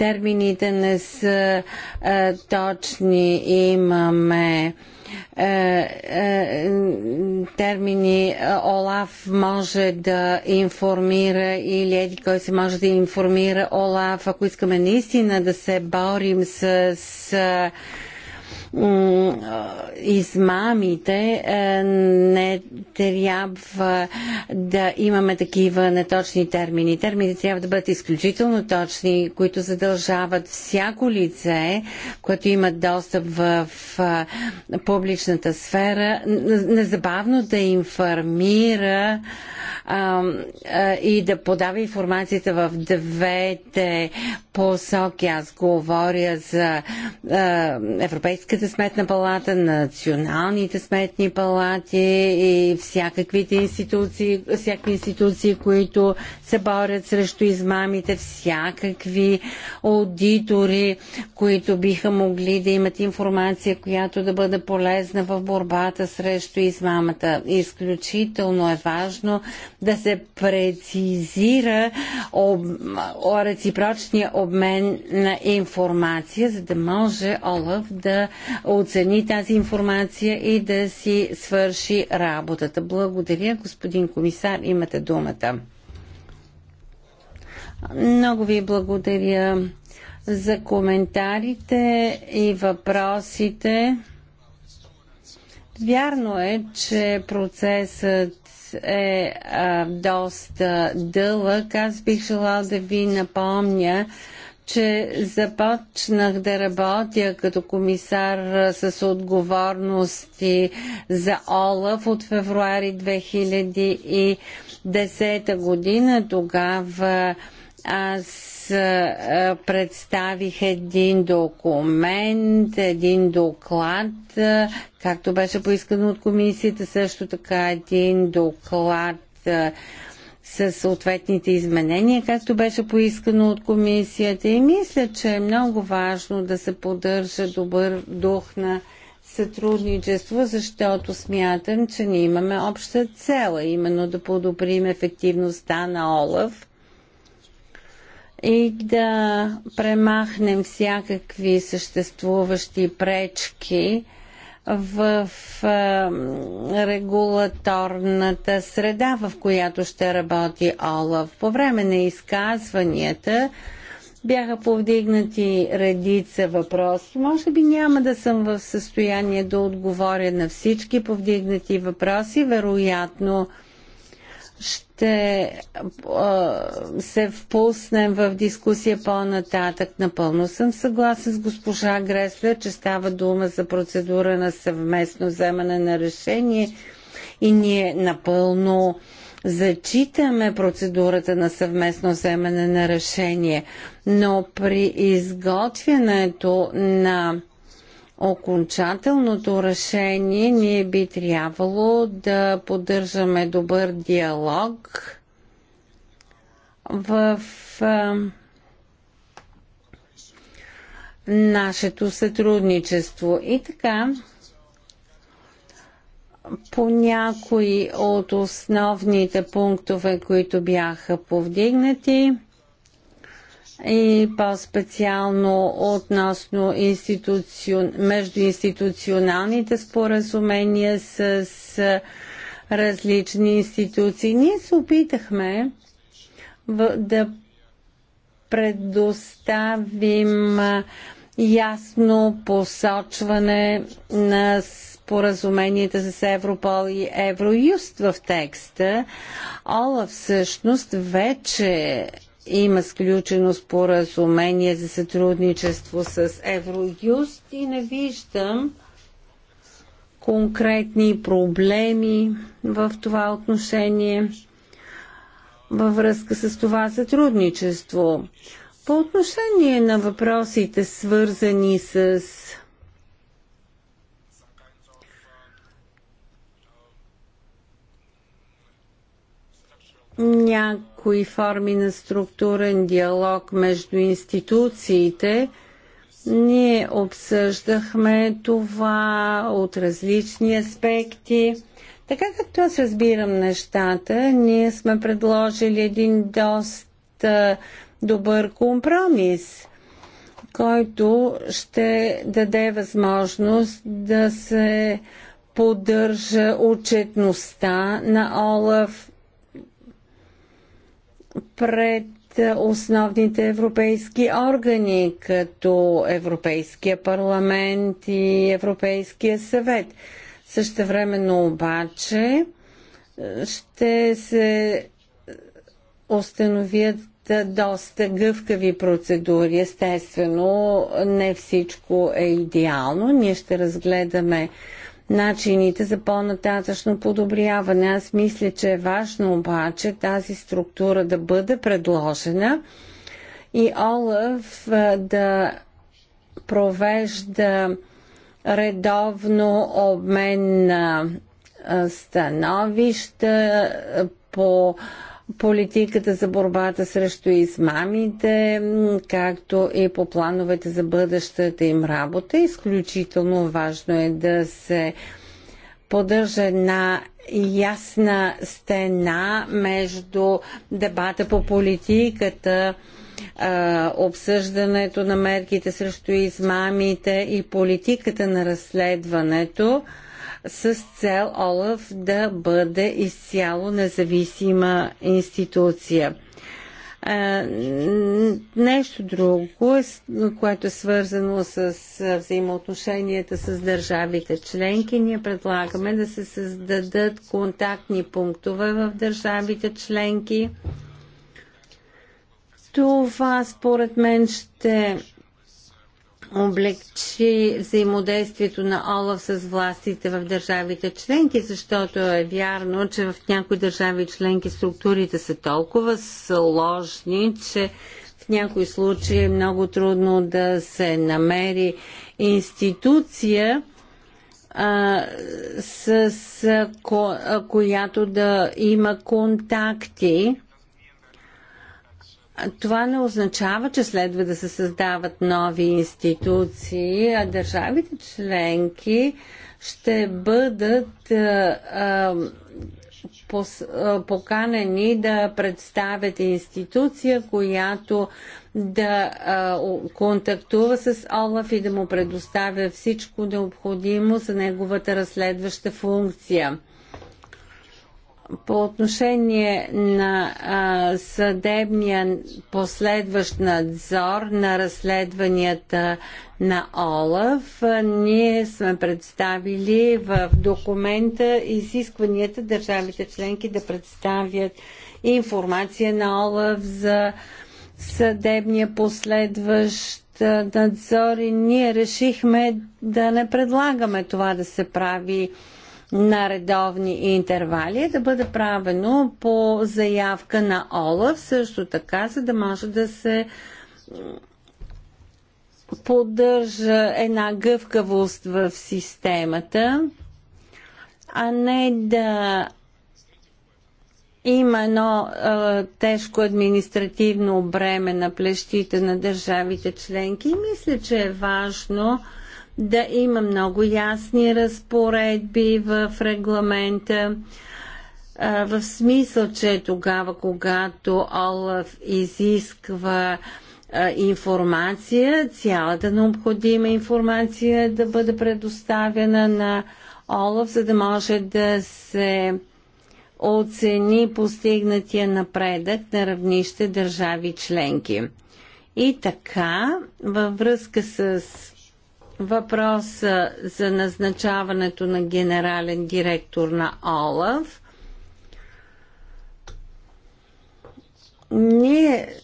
термините не са а, е, точни. Имаме а, е, е, термини Олаф може да информира или еди кой се може да информира Олаф. Ако искаме наистина да се борим с, с измамите, е, не трябва да имаме такива неточни термини. Термини трябва да бъдат изключително точни, които задължават всяко лице, което има достъп в публичната сфера, незабавно да информира и да подава информацията в двете посоки. Аз говоря за Европейската Европейската сметна палата, националните сметни палати и всякаквите институции, всякакви институции, които се борят срещу измамите, всякакви аудитори, които биха могли да имат информация, която да бъде полезна в борбата срещу измамата. Изключително е важно да се прецизира об... реципрочния обмен на информация, за да може Олаф да оцени тази информация и да си свърши работата. Благодаря, господин комисар, имате думата. Много ви благодаря за коментарите и въпросите. Вярно е, че процесът е а, доста дълъг. Аз бих желал да ви напомня, че започнах да работя като комисар с отговорности за ОЛАФ от февруари 2010 година. Тогава аз представих един документ, един доклад, както беше поискано от комисията, също така един доклад със съответните изменения, както беше поискано от комисията. И мисля, че е много важно да се поддържа добър дух на сътрудничество, защото смятам, че ние имаме обща цел, именно да подобрим ефективността на ОЛАВ и да премахнем всякакви съществуващи пречки – в регулаторната среда, в която ще работи Олаф. По време на изказванията бяха повдигнати редица въпроси. Може би няма да съм в състояние да отговоря на всички повдигнати въпроси. Вероятно, ще се впуснем в дискусия по-нататък. Напълно съм съгласен с госпожа Греслер, че става дума за процедура на съвместно вземане на решение и ние напълно зачитаме процедурата на съвместно вземане на решение, но при изготвянето на окончателното решение ние би трябвало да поддържаме добър диалог в нашето сътрудничество. И така, по някои от основните пунктове, които бяха повдигнати, и по-специално относно междуинституционалните споразумения с различни институции. Ние се опитахме да предоставим ясно посочване на споразуменията с Европол и Евроюст в текста. Ола всъщност вече има сключено споразумение за сътрудничество с Евроюст и не виждам конкретни проблеми в това отношение във връзка с това сътрудничество. По отношение на въпросите, свързани с някои форми на структурен диалог между институциите. Ние обсъждахме това от различни аспекти. Така както аз разбирам нещата, ние сме предложили един доста добър компромис, който ще даде възможност да се поддържа отчетността на Олаф пред основните европейски органи, като Европейския парламент и Европейския съвет. Същевременно обаче е, ще се установят доста гъвкави процедури. Естествено, не всичко е идеално. Ние ще разгледаме начините за по-нататъчно подобряване. Аз мисля, че е важно обаче тази структура да бъде предложена и Олаф да провежда редовно обмен на становища по политиката за борбата срещу измамите, както и по плановете за бъдещата им работа. Изключително важно е да се поддържа една ясна стена между дебата по политиката, обсъждането на мерките срещу измамите и политиката на разследването с цел Олаф да бъде изцяло независима институция. Нещо друго, което е свързано с взаимоотношенията с държавите членки, ние предлагаме да се създадат контактни пунктове в държавите членки. Това според мен ще облегчи взаимодействието на ОЛАФ с властите в държавите членки, защото е вярно, че в някои държави членки структурите са толкова сложни, че в някои случаи е много трудно да се намери институция, а, с, ко, а, която да има контакти това не означава, че следва да се създават нови институции, а държавите членки ще бъдат а, а, пос, а, поканени да представят институция, която да а, контактува с Олаф и да му предоставя всичко необходимо за неговата разследваща функция. По отношение на а, съдебния последващ надзор на разследванията на ОЛАФ, ние сме представили в документа изискванията държавите членки да представят информация на ОЛАФ за съдебния последващ надзор и ние решихме да не предлагаме това да се прави на редовни интервали, да бъде правено по заявка на ОЛАВ, също така, за да може да се поддържа една гъвкавост в системата, а не да има едно е, тежко административно бреме на плещите на държавите членки. И мисля, че е важно да има много ясни разпоредби в регламента в смисъл, че тогава, когато Олаф изисква информация, цялата необходима информация да бъде предоставена на Олаф, за да може да се оцени постигнатия напредък на равнище държави членки. И така, във връзка с въпроса за назначаването на генерален директор на ОЛАВ, ние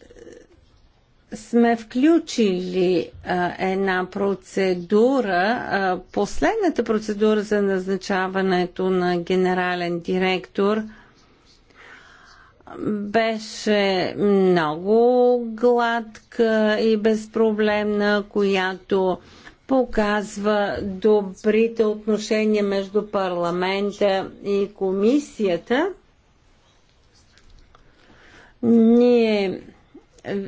сме включили а, една процедура, а, последната процедура за назначаването на генерален директор беше много гладка и безпроблемна, която а, показва добрите отношения между парламента и комисията. Ние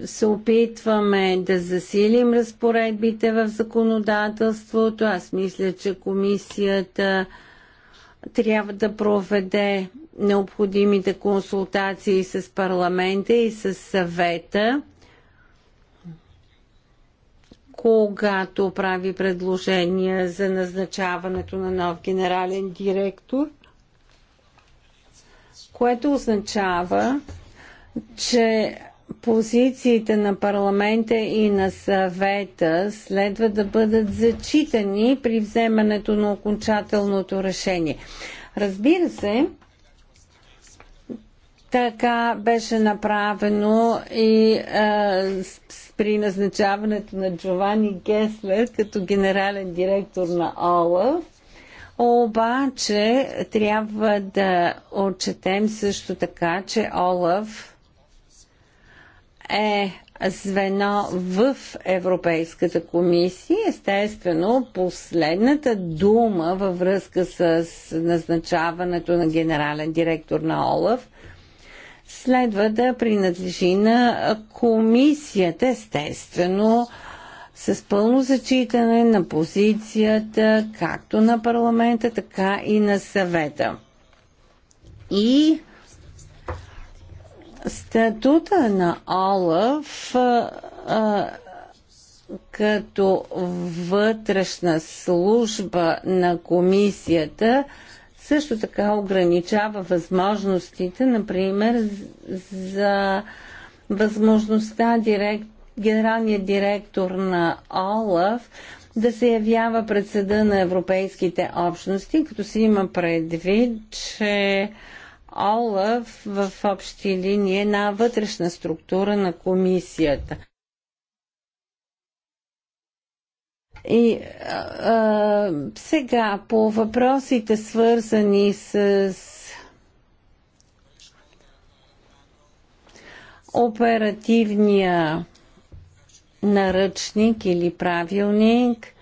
се опитваме да засилим разпоредбите в законодателството. Аз мисля, че комисията трябва да проведе необходимите консултации с парламента и с съвета когато прави предложения за назначаването на нов генерален директор, което означава, че позициите на парламента и на съвета следва да бъдат зачитани при вземането на окончателното решение. Разбира се, така беше направено и при назначаването на Джовани Геслер като генерален директор на ОЛАФ. Обаче трябва да отчетем също така, че ОЛАФ е звено в Европейската комисия. Естествено, последната дума във връзка с назначаването на генерален директор на ОЛАФ следва да принадлежи на комисията, естествено, с пълно зачитане на позицията както на парламента, така и на съвета. И статута на Олаф като вътрешна служба на комисията също така ограничава възможностите, например, за възможността директ, генералният директор на ОЛАФ да се явява пред съда на европейските общности, като се има предвид, че ОЛАФ в общи линии е една вътрешна структура на комисията. И а, а, сега по въпросите свързани с оперативния наръчник или правилник –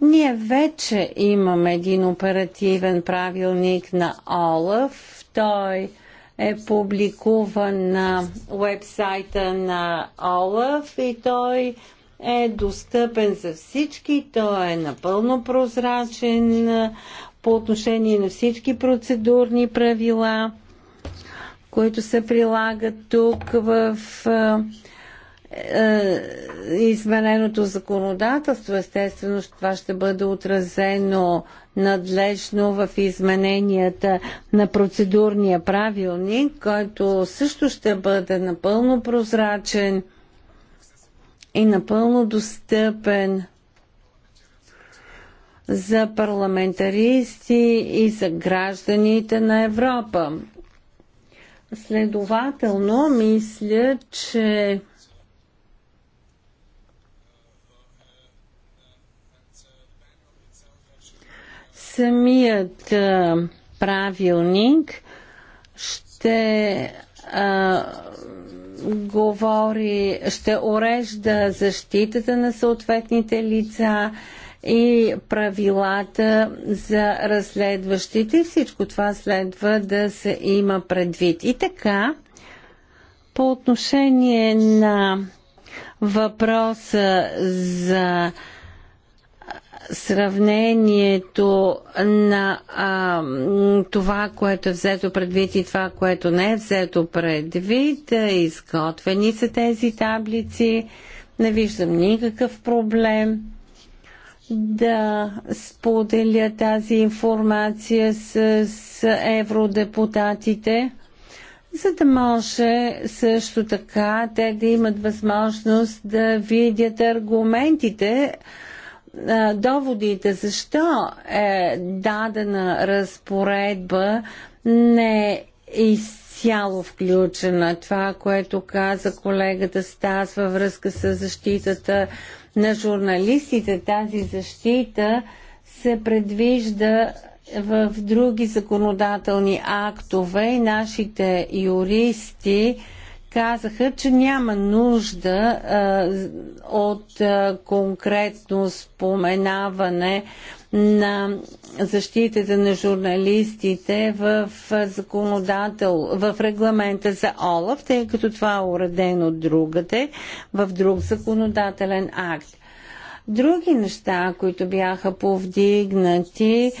ние вече имаме един оперативен правилник на ОЛАФ. Той е публикуван на вебсайта на ОЛАФ и той е достъпен за всички, той е напълно прозрачен по отношение на всички процедурни правила, които се прилагат тук в е, измененото законодателство, естествено това ще бъде отразено надлежно в измененията на процедурния правилник, който също ще бъде напълно прозрачен е напълно достъпен за парламентаристи и за гражданите на Европа. Следователно, мисля, че самият правилник ще а, говори, ще урежда защитата на съответните лица и правилата за разследващите всичко това следва да се има предвид. И така, по отношение на въпроса за сравнението на а, това, което е взето предвид и това, което не е взето предвид. Изготвени са тези таблици. Не виждам никакъв проблем да споделя тази информация с, с евродепутатите, за да може също така те да имат възможност да видят аргументите, а, доводите защо е дадена разпоредба не е изцяло включена. Това, което каза колегата Стас във връзка с защитата на журналистите, тази защита се предвижда в други законодателни актове и нашите юристи казаха, че няма нужда а, от а, конкретно споменаване на защитата на журналистите в законодател, в регламента за ОЛАФ, тъй като това е уредено другате в друг законодателен акт. Други неща, които бяха повдигнати, а,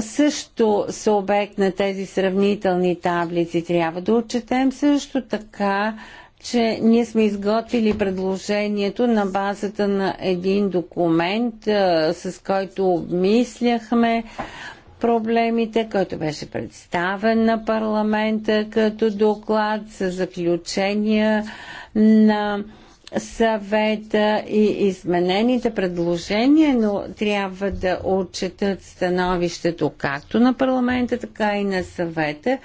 също са обект на тези сравнителни таблици. Трябва да отчетем също така, че ние сме изготвили предложението на базата на един документ, с който обмисляхме проблемите, който беше представен на парламента като доклад с заключения на съвета и изменените предложения, но трябва да отчитат становището както на парламента, така и на съвета.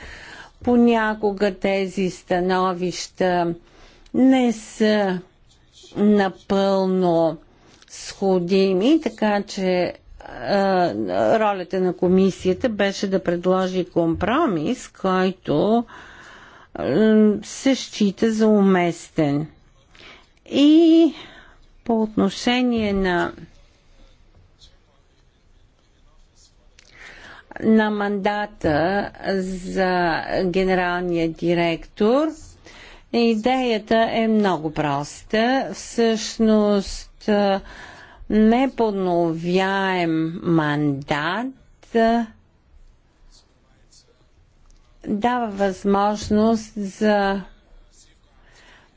Понякога тези становища не са напълно сходими, така че ролята на комисията беше да предложи компромис, който се счита за уместен. И по отношение на на мандата за генералния директор, идеята е много проста. Всъщност, подновяем мандат дава възможност за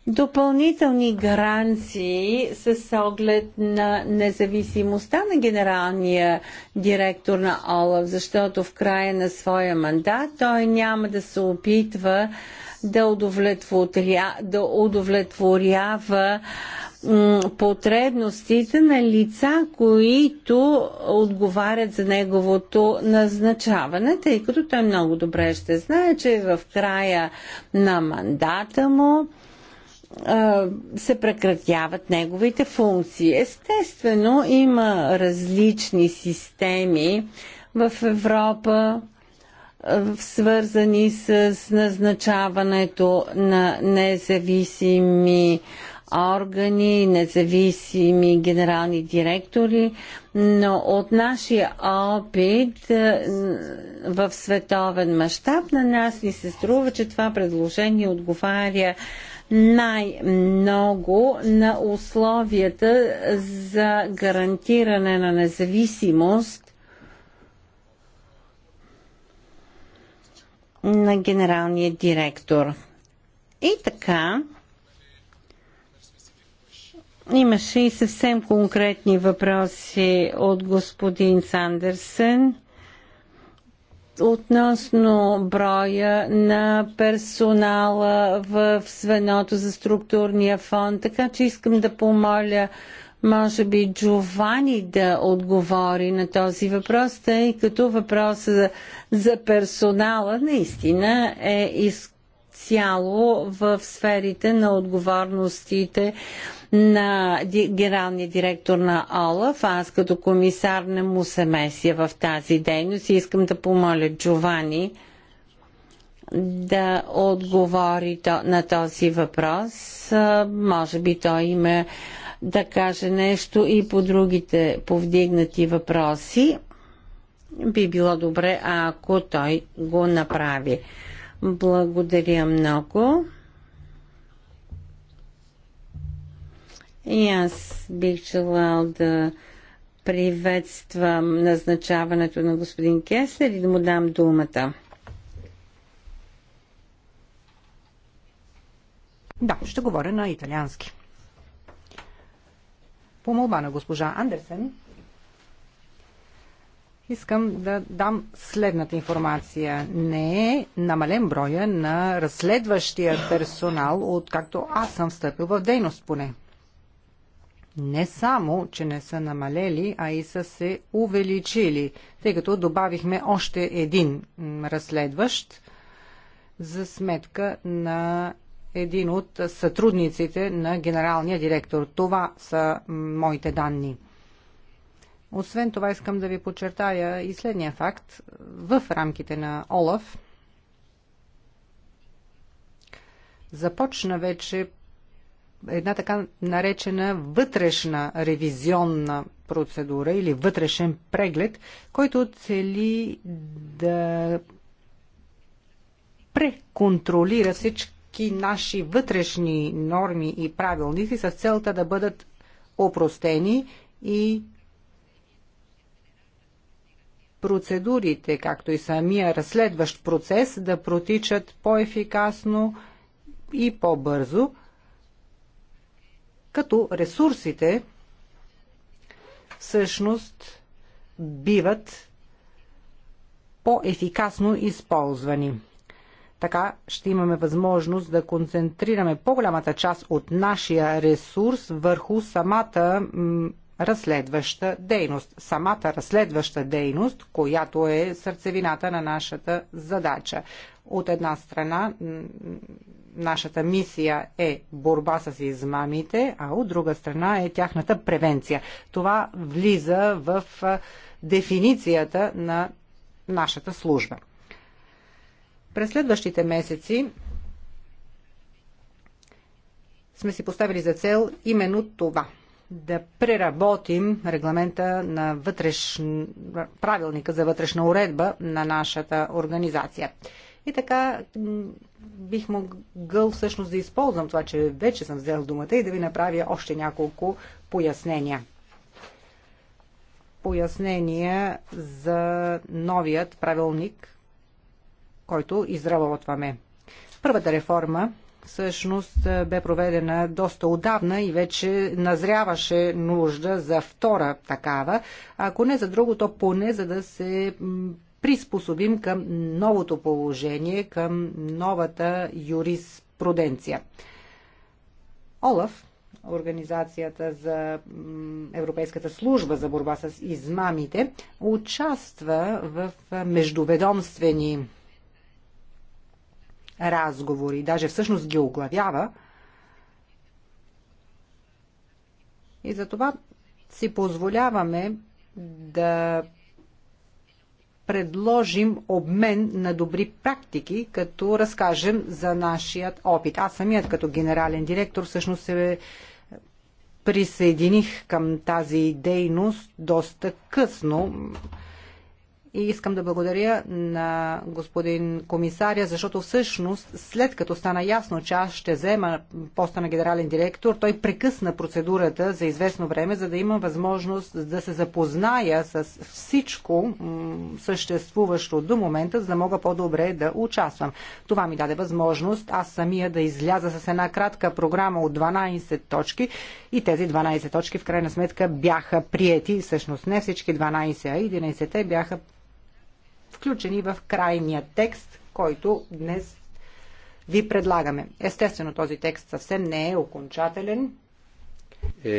допълнителни гаранции с оглед на независимостта на генералния директор на ОЛАВ, защото в края на своя мандат той няма да се опитва да, удовлетворя, да удовлетворява потребностите на лица, които отговарят за неговото назначаване, тъй като той много добре ще знае, че в края на мандата му се прекратяват неговите функции. Естествено, има различни системи в Европа, свързани с назначаването на независими органи, независими генерални директори, но от нашия опит в световен мащаб на нас ни се струва, че това предложение отговаря най-много на условията за гарантиране на независимост на генералния директор. И така, имаше и съвсем конкретни въпроси от господин Сандерсен относно броя на персонала в звеното за структурния фонд, така че искам да помоля може би Джовани да отговори на този въпрос, тъй като въпросът за, за персонала наистина е изцяло в сферите на отговорностите на генералния директор на ОЛАФ. Аз като комисар не му се меся в тази дейност и искам да помоля Джовани да отговори на този въпрос. Може би той има да каже нещо и по другите повдигнати въпроси. Би било добре, ако той го направи. Благодаря много. И аз бих желал да приветствам назначаването на господин Кесер и да му дам думата. Да, ще говоря на италиански. По молба на госпожа Андерсен, искам да дам следната информация. Не е намален броя на разследващия персонал, откакто аз съм встъпил в дейност поне не само, че не са намалели, а и са се увеличили, тъй като добавихме още един разследващ за сметка на един от сътрудниците на генералния директор. Това са моите данни. Освен това искам да ви подчертая и следния факт. В рамките на ОЛАФ започна вече една така наречена вътрешна ревизионна процедура или вътрешен преглед, който цели да преконтролира всички наши вътрешни норми и правилници с целта да бъдат опростени и процедурите, както и самия разследващ процес да протичат по-ефикасно и по-бързо, като ресурсите всъщност биват по-ефикасно използвани. Така ще имаме възможност да концентрираме по-голямата част от нашия ресурс върху самата разследваща дейност. Самата разследваща дейност, която е сърцевината на нашата задача. От една страна нашата мисия е борба с измамите, а от друга страна е тяхната превенция. Това влиза в дефиницията на нашата служба. През следващите месеци сме си поставили за цел именно това да преработим регламента на вътрешн... правилника за вътрешна уредба на нашата организация. И така бих могъл всъщност да използвам това, че вече съм взел думата и да ви направя още няколко пояснения. Пояснения за новият правилник, който изработваме. Първата реформа всъщност е, бе проведена доста отдавна и вече назряваше нужда за втора такава, ако не за друго, то поне за да се приспособим към новото положение, към новата юриспруденция. Олаф, Организацията за Европейската служба за борба с измамите, участва в междуведомствени разговори, даже всъщност ги оглавява. И затова си позволяваме да предложим обмен на добри практики, като разкажем за нашият опит. Аз самият като генерален директор всъщност се присъединих към тази дейност доста късно. И искам да благодаря на господин комисаря, защото всъщност след като стана ясно, че аз ще взема поста на генерален директор, той прекъсна процедурата за известно време, за да имам възможност да се запозная с всичко съществуващо до момента, за да мога по-добре да участвам. Това ми даде възможност аз самия да изляза с една кратка програма от 12 точки и тези 12 точки в крайна сметка бяха приети, всъщност не всички 12, а 11 те бяха включени в крайния текст, който днес ви предлагаме. Естествено, този текст съвсем не е окончателен. Е,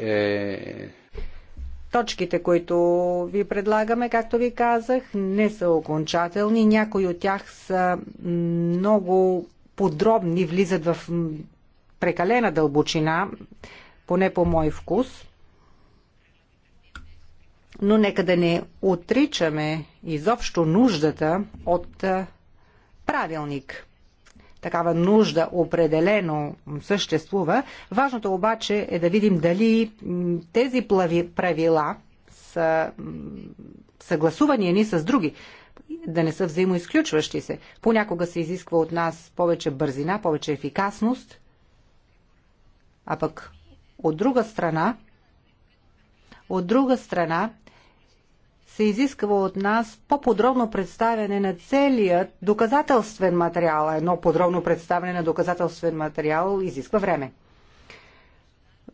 Е... Точките, които ви предлагаме, както ви казах, не са окончателни. Някои от тях са много подробни, влизат в прекалена дълбочина, поне по мой вкус но нека да не отричаме изобщо нуждата от правилник. Такава нужда определено съществува. Важното обаче е да видим дали тези правила са съгласувани ни с други, да не са взаимоизключващи се. Понякога се изисква от нас повече бързина, повече ефикасност, а пък от друга страна от друга страна, се изисква от нас по-подробно представяне на целият доказателствен материал. Едно подробно представяне на доказателствен материал изисква време.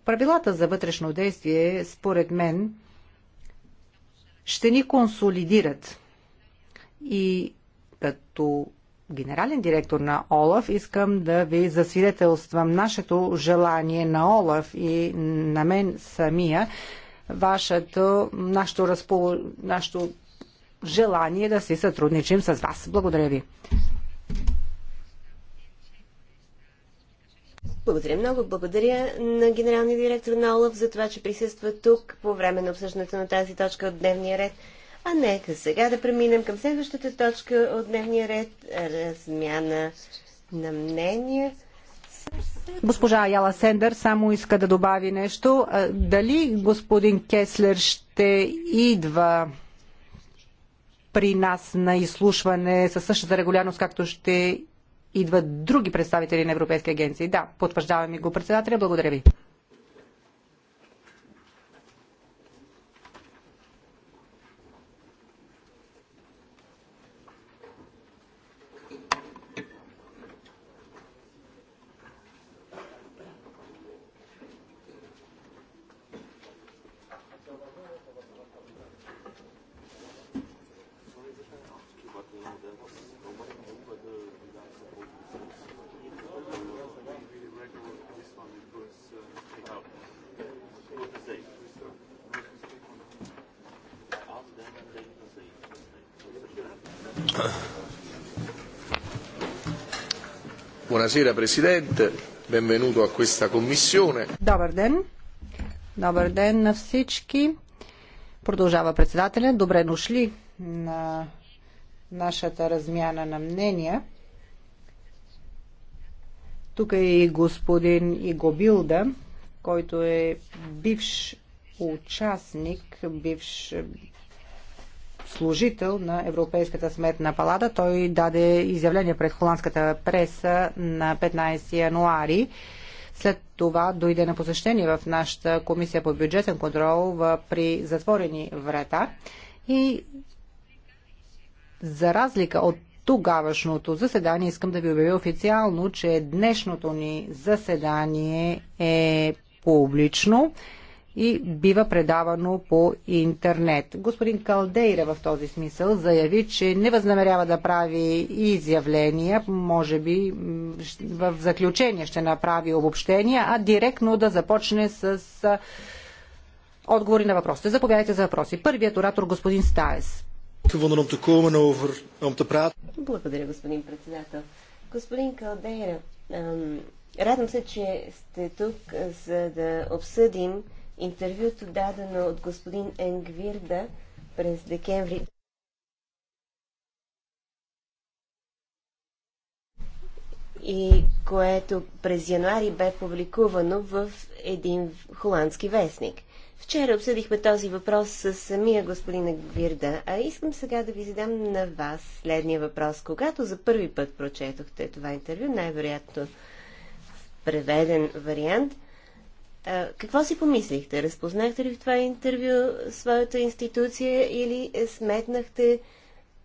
Правилата за вътрешно действие, според мен, ще ни консолидират. И като генерален директор на ОЛАФ искам да ви засвидетелствам нашето желание на ОЛАФ и на мен самия вашето, нашето, разпол... нашето желание да се сътрудничим с вас. Благодаря ви. Благодаря много. Благодаря на генералния директор на Олаф за това, че присъства тук по време на обсъждането на тази точка от дневния ред. А нека сега да преминем към следващата точка от дневния ред размяна на мнения Госпожа Яла Сендър, само иска да добави нещо. Дали господин Кеслер ще идва при нас на изслушване със същата регулярност, както ще идват други представители на Европейски агенции? Да, потвърждаваме го председателя. Благодаря ви. Buonasera Presidente, benvenuto a questa commissione. Добър ден! Добър ден на всички! Продължава председателя. Добре дошли на нашата размяна на мнения. Тук е и господин Игобилда, който е бивш участник, бивш служител на Европейската сметна палата. Той даде изявление пред холандската преса на 15 януари. След това дойде на посещение в нашата комисия по бюджетен контрол при затворени врата и за разлика от тогавашното заседание, искам да ви обявя официално, че днешното ни заседание е публично и бива предавано по интернет. Господин Калдейра в този смисъл заяви, че не възнамерява да прави изявления, може би в заключение ще направи обобщения, а директно да започне с отговори на въпросите. Заповядайте за въпроси. Първият оратор господин Стаес. Благодаря, господин председател. Господин Калдейра, радвам се, че сте тук, за да обсъдим интервюто дадено от господин Енгвирда през декември и което през януари бе публикувано в един холандски вестник. Вчера обсъдихме този въпрос с самия господин Гвирда, а искам сега да ви задам на вас следния въпрос. Когато за първи път прочетохте това интервю, най-вероятно преведен вариант – а, какво си помислихте? Разпознахте ли в това интервю своята институция или сметнахте,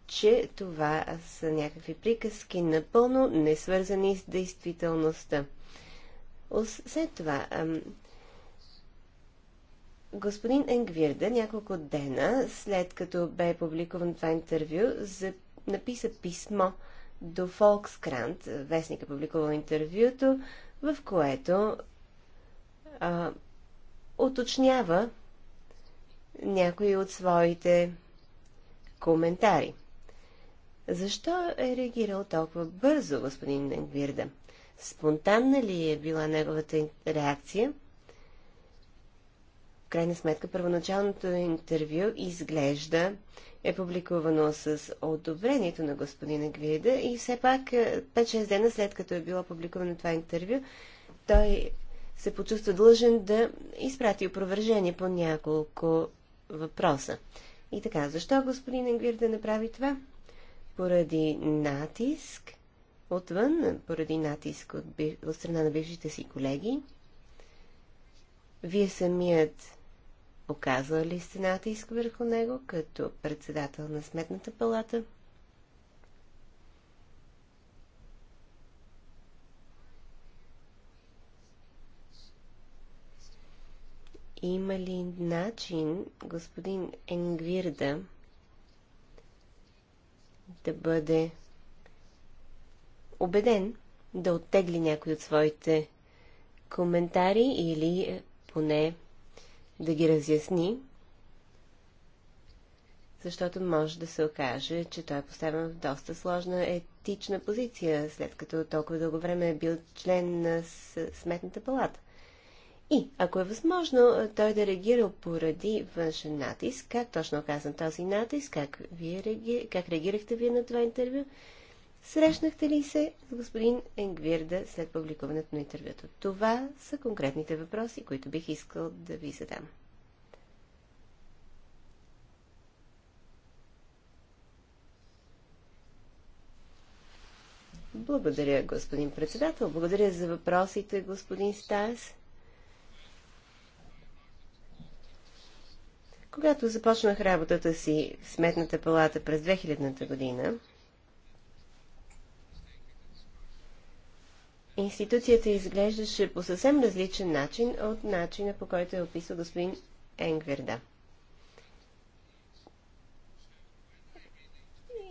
че това са някакви приказки, напълно не свързани с действителността? След това, ам, господин Енгвирда няколко дена, след като бе публикуван това интервю, за, написа писмо до Фолкскрант, вестника публикувал интервюто, в което а, уточнява някои от своите коментари. Защо е реагирал толкова бързо, господин Ненгвирда? Спонтанна ли е била неговата реакция? В крайна сметка, първоначалното интервю изглежда е публикувано с одобрението на господина Гвида и все пак 5-6 е, дена след като е било публикувано това интервю, той се почувства длъжен да изпрати опровержение по няколко въпроса. И така, защо господин Енгвир да направи това? Поради натиск отвън, поради натиск от, от страна на бившите си колеги. Вие самият оказали сте натиск върху него като председател на Сметната палата – Има ли начин господин Енгвирда да бъде убеден да оттегли някой от своите коментари или поне да ги разясни, защото може да се окаже, че той е поставен в доста сложна етична позиция, след като толкова дълго време е бил член на Сметната палата. И, ако е възможно, той да реагира поради външен натиск, как точно казвам този натиск, как, вие реаги... как реагирахте вие на това интервю, срещнахте ли се с господин Енгвирда след публикуването на интервюто? Това са конкретните въпроси, които бих искал да ви задам. Благодаря, господин председател. Благодаря за въпросите, господин Стас. Когато започнах работата си в Сметната палата през 2000-та година, институцията изглеждаше по съвсем различен начин от начина по който е описал господин Енгверда.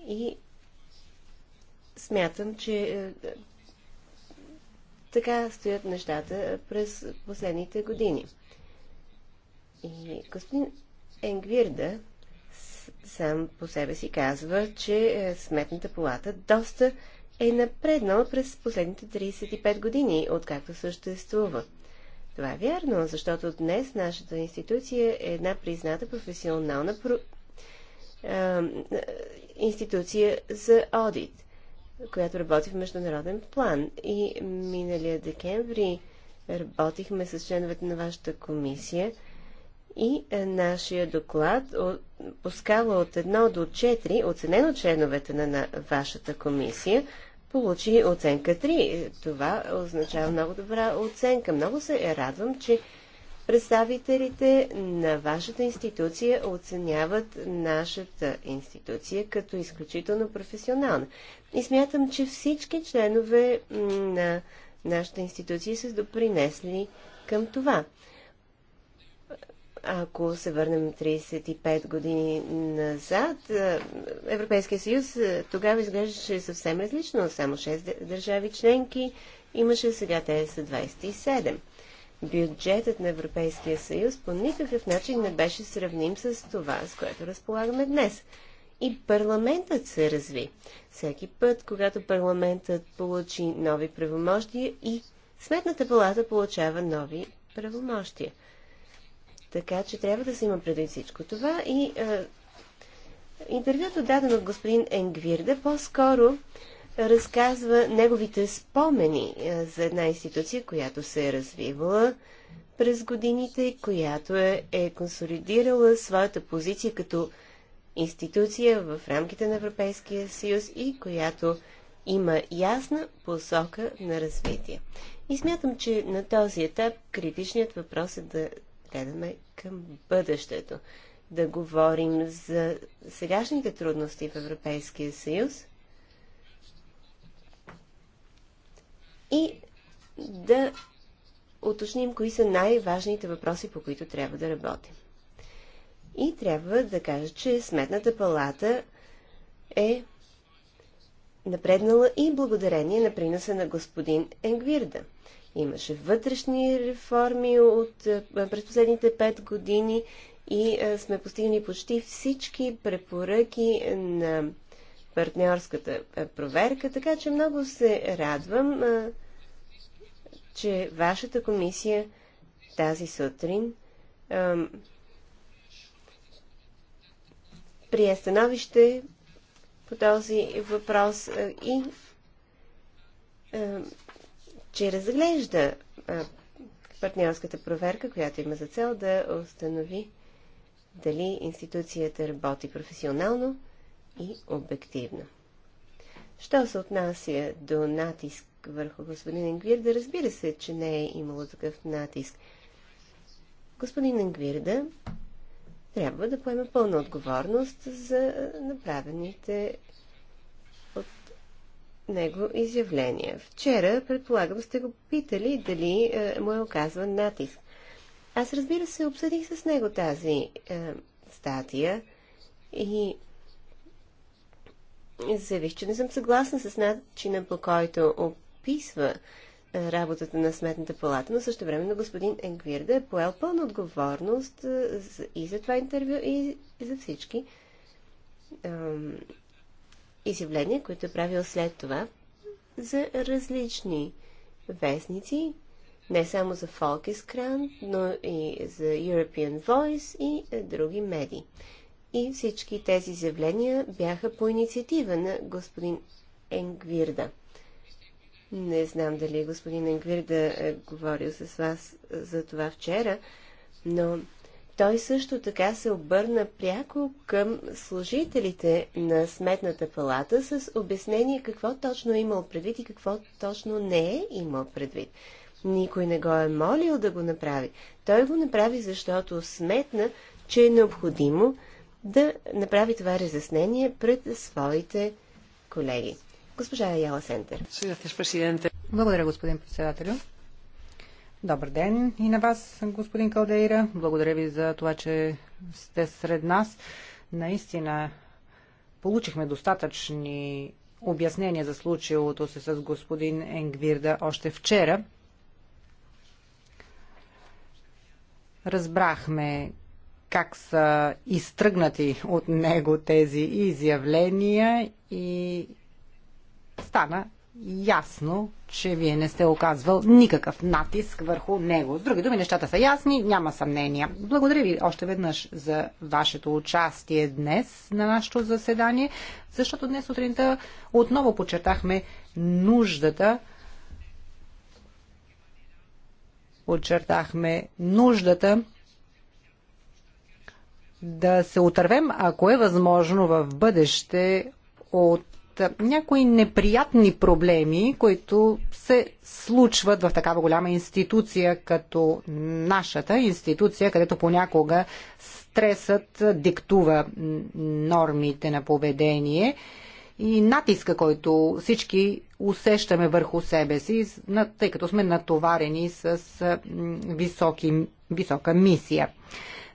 И смятам, че е, така стоят нещата през последните години. И господин Енгвирда сам по себе си казва, че е, Сметната палата доста е напреднала през последните 35 години, откакто съществува. Това е вярно, защото днес нашата институция е една призната професионална про... а, е, е, институция за одит, която работи в международен план. И миналия декември работихме с членовете на вашата комисия – и е, нашия доклад по скала от 1 до 4, оценен от членовете на, на вашата комисия, получи оценка 3. Е, това означава много добра оценка. Много се радвам, че представителите на вашата институция оценяват нашата институция като изключително професионална. И смятам, че всички членове на нашата институция са допринесли към това. Ако се върнем 35 години назад, е, Европейския съюз е, тогава изглеждаше съвсем различно. Само 6 държави членки имаше, сега те са 27. Бюджетът на Европейския съюз по никакъв начин не беше сравним с това, с което разполагаме днес. И парламентът се разви. Всеки път, когато парламентът получи нови правомощия и Сметната палата получава нови правомощия. Така че трябва да се има предвид всичко това. И е, интервюто, дадено от господин Енгвирда, по-скоро разказва неговите спомени за една институция, която се е развивала през годините, която е, е консолидирала своята позиция като институция в рамките на Европейския съюз и която има ясна посока на развитие. И смятам, че на този етап критичният въпрос е да гледаме към бъдещето, да говорим за сегашните трудности в Европейския съюз и да уточним кои са най-важните въпроси, по които трябва да работим. И трябва да кажа, че Сметната палата е напреднала и благодарение на приноса на господин Енгвирда. Имаше вътрешни реформи от, е, през последните пет години и а, е, сме постигнали почти всички препоръки на партньорската е, проверка, така че много се радвам, а, че вашата комисия тази сутрин а, прие становище по този въпрос и че разглежда партньорската проверка, която има за цел да установи дали институцията работи професионално и обективно. Що се отнася до натиск върху господин Енгвирда, разбира се, че не е имало такъв натиск. Господин Енгвирда трябва да поема пълна отговорност за направените него изявления. Вчера, предполагам, сте го питали дали е, му е оказван натиск. Аз, разбира се, обсъдих с него тази е, статия и заявих, че не съм съгласна с начина по който описва е, работата на Сметната палата, но също време на господин Енгвирда е поел пълна отговорност е, и за това интервю, и за всички изявления, които е правил след това за различни вестници, не само за Folkeskrant, но и за European Voice и е, други медии. И всички тези изявления бяха по инициатива на господин Енгвирда. Не знам дали господин Енгвирда е говорил с вас е, за това вчера, но той също така се обърна пряко към служителите на Сметната палата с обяснение какво точно е имал предвид и какво точно не е имал предвид. Никой не го е молил да го направи. Той го направи, защото сметна, че е необходимо да направи това разяснение пред своите колеги. Госпожа Яла Сентер. Благодаря, господин председателю. Добър ден и на вас, господин Калдейра. Благодаря ви за това, че сте сред нас. Наистина получихме достатъчни обяснения за случилото се с господин Енгвирда още вчера. Разбрахме как са изтръгнати от него тези изявления и стана ясно, че вие не сте оказвал никакъв натиск върху него. С други думи, нещата са ясни, няма съмнения. Благодаря ви още веднъж за вашето участие днес на нашето заседание, защото днес сутринта отново подчертахме нуждата подчертахме нуждата да се отървем, ако е възможно в бъдеще от някои неприятни проблеми, които се случват в такава голяма институция като нашата институция, където понякога стресът диктува нормите на поведение и натиска, който всички усещаме върху себе си, тъй като сме натоварени с високи, висока мисия.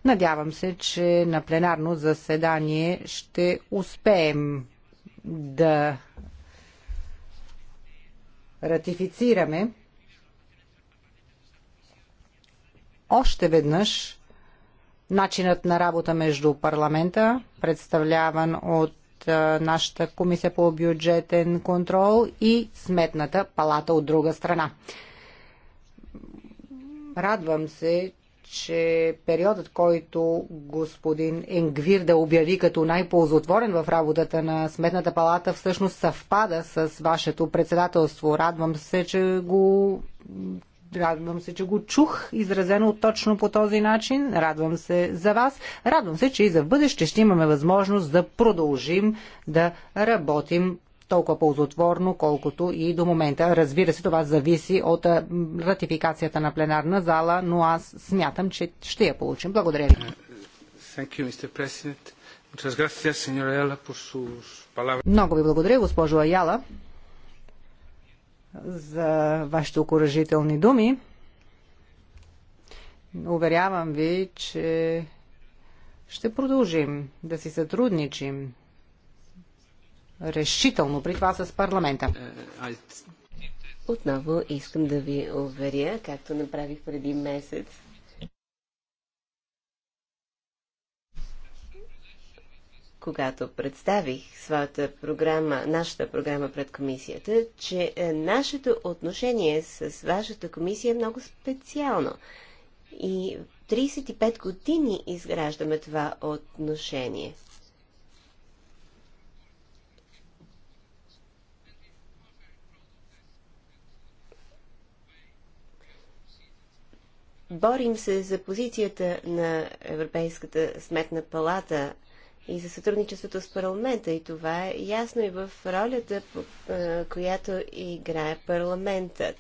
Надявам се, че на пленарно заседание ще успеем да ратифицираме още веднъж начинът на работа между парламента, представляван от нашата комисия по бюджетен контрол и сметната палата от друга страна. Радвам се, че периодът, който господин Енгвир да обяви като най-ползотворен в работата на Сметната палата, всъщност съвпада с вашето председателство. Радвам се, че го Радвам се, че го чух изразено точно по този начин. Радвам се за вас. Радвам се, че и за в бъдеще ще имаме възможност да продължим да работим толкова ползотворно, колкото и до момента. Разбира се, това зависи от ратификацията на пленарна зала, но аз смятам, че ще я получим. Благодаря ви. Много ви благодаря, госпожо Аяла, за вашите окоръжителни думи. Уверявам ви, че ще продължим да си сътрудничим решително при това с парламента. Е, Отново искам да ви уверя, както направих преди месец, когато представих своята програма, нашата програма пред комисията, че е, нашето отношение с вашата комисия е много специално. И 35 години изграждаме това отношение. Борим се за позицията на Европейската сметна палата и за сътрудничеството с парламента. И това е ясно и в ролята, която играе парламентът.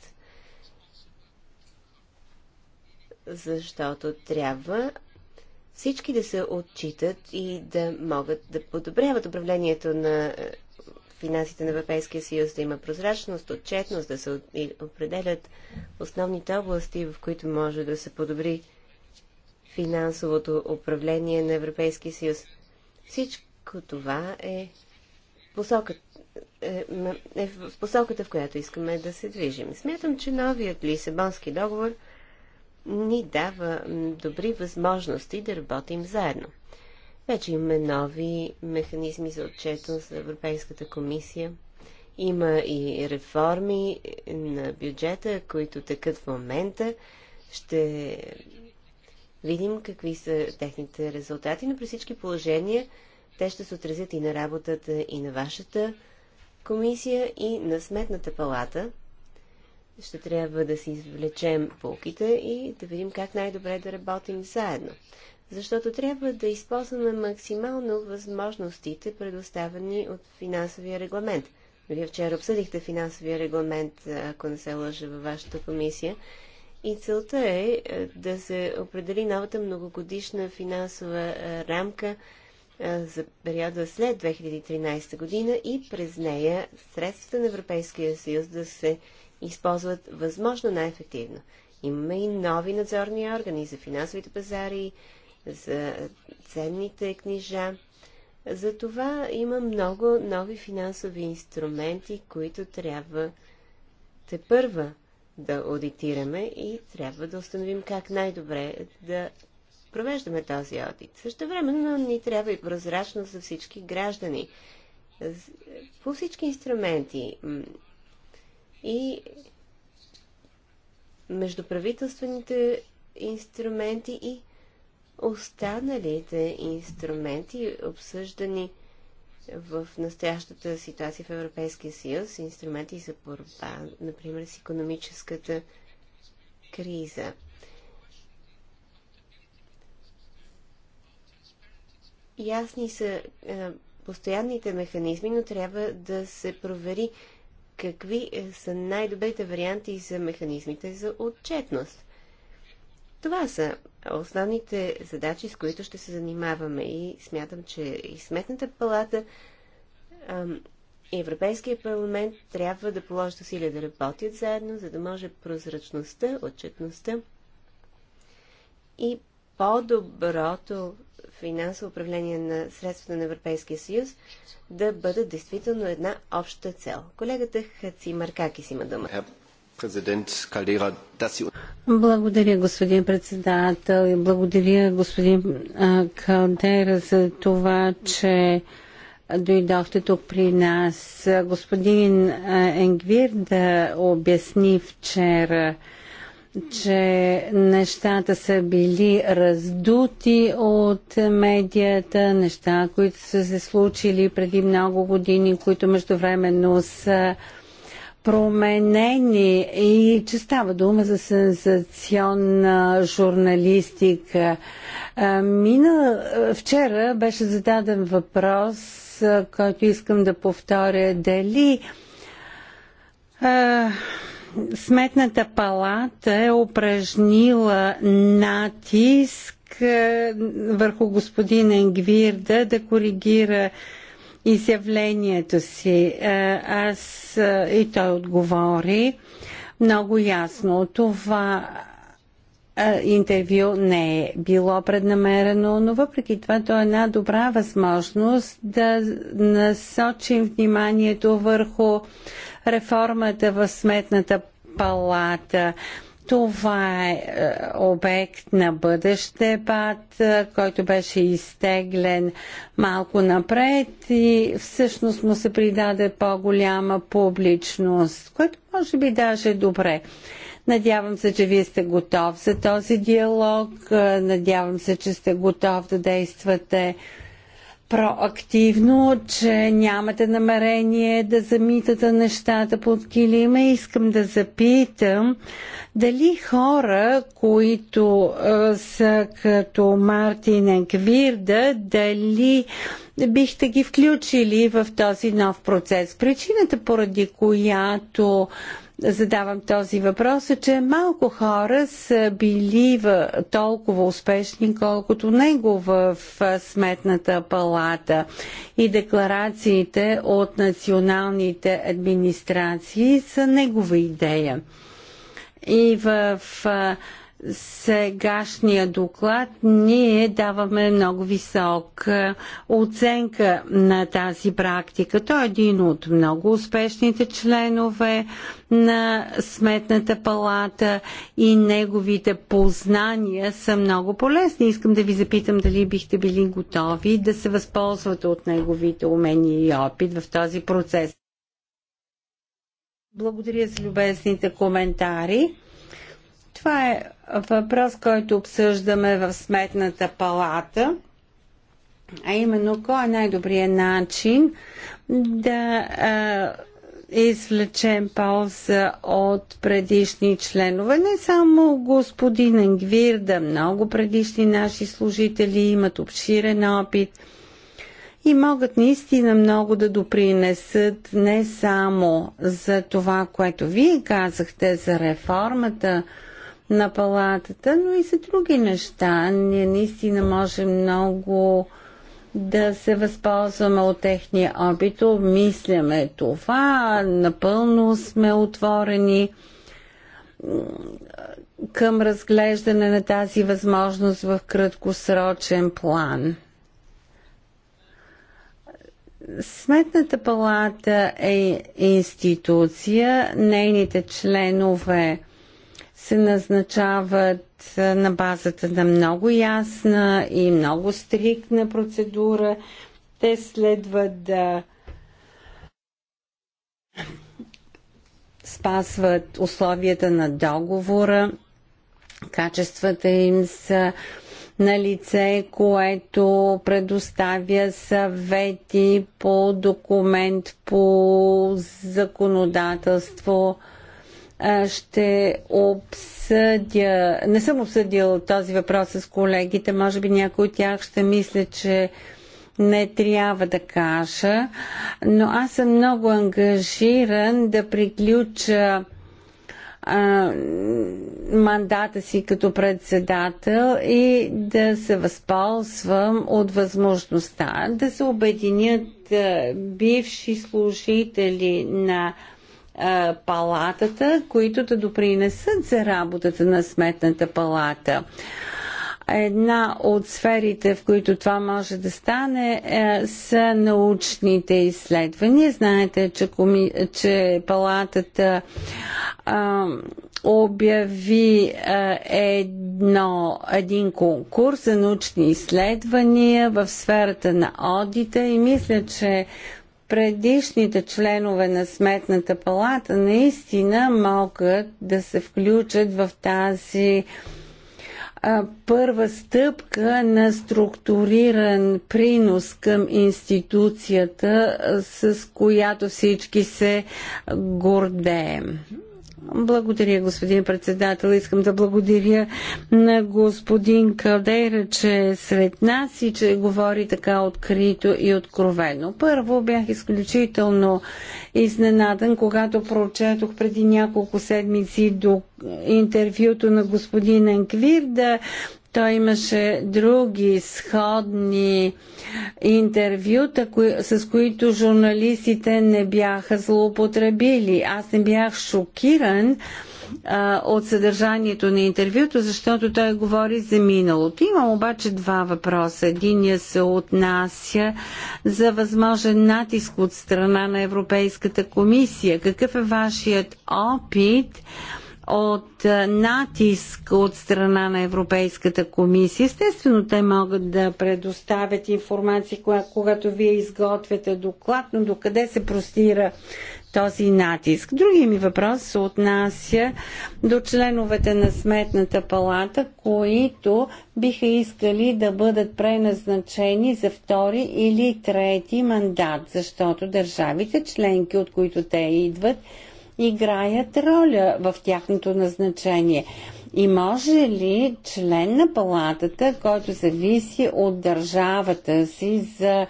Защото трябва всички да се отчитат и да могат да подобряват управлението на финансите на Европейския съюз, да има прозрачност, отчетност, да се определят основните области, в които може да се подобри финансовото управление на Европейския съюз. Всичко това е, посокът, е, е в посоката, в която искаме да се движим. Смятам, че новият Лисабонски договор ни дава добри възможности да работим заедно. Вече имаме нови механизми за отчетност за Европейската комисия. Има и реформи на бюджета, които текат в момента. Ще видим какви са техните резултати, но при всички положения те ще се отразят и на работата, и на вашата комисия, и на Сметната палата. Ще трябва да си извлечем полките и да видим как най-добре да работим заедно защото трябва да използваме максимално възможностите, предоставени от финансовия регламент. Вие вчера обсъдихте финансовия регламент, ако не се лъжа във вашата комисия. И целта е, е да се определи новата многогодишна финансова е, рамка е, за периода след 2013 година и през нея средствата на Европейския съюз да се използват възможно най-ефективно. Имаме и нови надзорни органи за финансовите пазари, за ценните книжа. Затова има много нови финансови инструменти, които трябва те първа да аудитираме и трябва да установим как най-добре да провеждаме този аудит. Също но ни трябва и прозрачност за всички граждани, по всички инструменти и междуправителствените инструменти и останалите инструменти, обсъждани в настоящата ситуация в Европейския съюз, инструменти за борба, например, с економическата криза. Ясни са е, постоянните механизми, но трябва да се провери какви е, са най-добрите варианти за механизмите за отчетност. Това са основните задачи, с които ще се занимаваме и смятам, че и Сметната палата, и Европейския парламент трябва да положат усилия да работят заедно, за да може прозрачността, отчетността и по-доброто финансово управление на средствата на Европейския съюз да бъдат действително една обща цел. Колегата Хаци Маркакис има дума. Благодаря, господин председател, и благодаря, господин Калдера, за това, че дойдохте тук при нас. Господин Енгвир да обясни вчера, че нещата са били раздути от медията, неща, които са се случили преди много години, които междувременно са променени и че става дума за сензационна журналистика. Е, мина, е, вчера беше зададен въпрос, е, който искам да повторя. Дали Сметната палата е упражнила натиск върху господин Енгвирда да коригира изявлението си. Е, аз е, и той отговори много ясно. Това е, интервю не е било преднамерено, но въпреки това то е една добра възможност да насочим вниманието върху реформата в сметната палата. Това е, е обект на бъдещ дебат, е, който беше изтеглен малко напред и всъщност му се придаде по-голяма публичност, което може би даже е добре. Надявам се, че вие сте готов за този диалог. Надявам се, че сте готов да действате проактивно, че нямате намерение да замитате нещата под килима. Искам да запитам дали хора, които а, са като Мартин Енквирда, дали бихте ги включили в този нов процес. Причината, поради която задавам този въпрос е, че малко хора са били толкова успешни, колкото него в сметната палата и декларациите от националните администрации са негова идея. И в сегашния доклад ние даваме много висока е, оценка на тази практика. Той е един от много успешните членове на Сметната палата и неговите познания са много полезни. Искам да ви запитам дали бихте били готови да се възползвате от неговите умения и опит в този процес. Благодаря за любезните коментари. Това е въпрос, който обсъждаме в Сметната палата, а именно кой е най-добрият начин да извлечем полза от предишни членове. Не само господин Ангвир, да много предишни наши служители имат обширен опит и могат наистина много да допринесат не само за това, което вие казахте за реформата, на палатата, но и за други неща. Ние наистина можем много да се възползваме от техния опит, Мисляме това, напълно сме отворени към разглеждане на тази възможност в краткосрочен план. Сметната палата е институция, нейните членове се назначават на базата на много ясна и много стриктна процедура. Те следват да спазват условията на договора, качествата им са на лице, което предоставя съвети по документ, по законодателство ще обсъдя, не съм обсъдил този въпрос с колегите, може би някой от тях ще мисля, че не трябва да кажа, но аз съм много ангажиран да приключа а, мандата си като председател и да се възползвам от възможността да се обединят бивши служители на палатата, които да допринесат за работата на сметната палата една от сферите, в които това може да стане, е, са научните изследвания. Знаете, че, коми... че палатата а, обяви а, едно, един конкурс за научни изследвания в сферата на одита и мисля, че предишните членове на Сметната палата наистина могат да се включат в тази а, първа стъпка на структуриран принос към институцията, с която всички се гордеем. Благодаря, господин председател. Искам да благодаря на господин Калдейра, че е сред нас и че говори така открито и откровено. Първо бях изключително изненадан, когато прочетох преди няколко седмици до интервюто на господин Енквир да той имаше други сходни интервюта, кои, с които журналистите не бяха злоупотребили. Аз не бях шокиран а, от съдържанието на интервюто, защото той говори за миналото. Имам обаче два въпроса. Единия се отнася за възможен натиск от страна на Европейската комисия. Какъв е вашият опит? А, от натиск от страна на Европейската комисия. Естествено, те могат да предоставят информация, когато вие изготвяте доклад, но докъде се простира този натиск. Другия ми въпрос се отнася до членовете на Сметната палата, които биха искали да бъдат преназначени за втори или трети мандат, защото държавите членки, от които те идват, играят роля в тяхното назначение. И може ли член на палатата, който зависи от държавата си за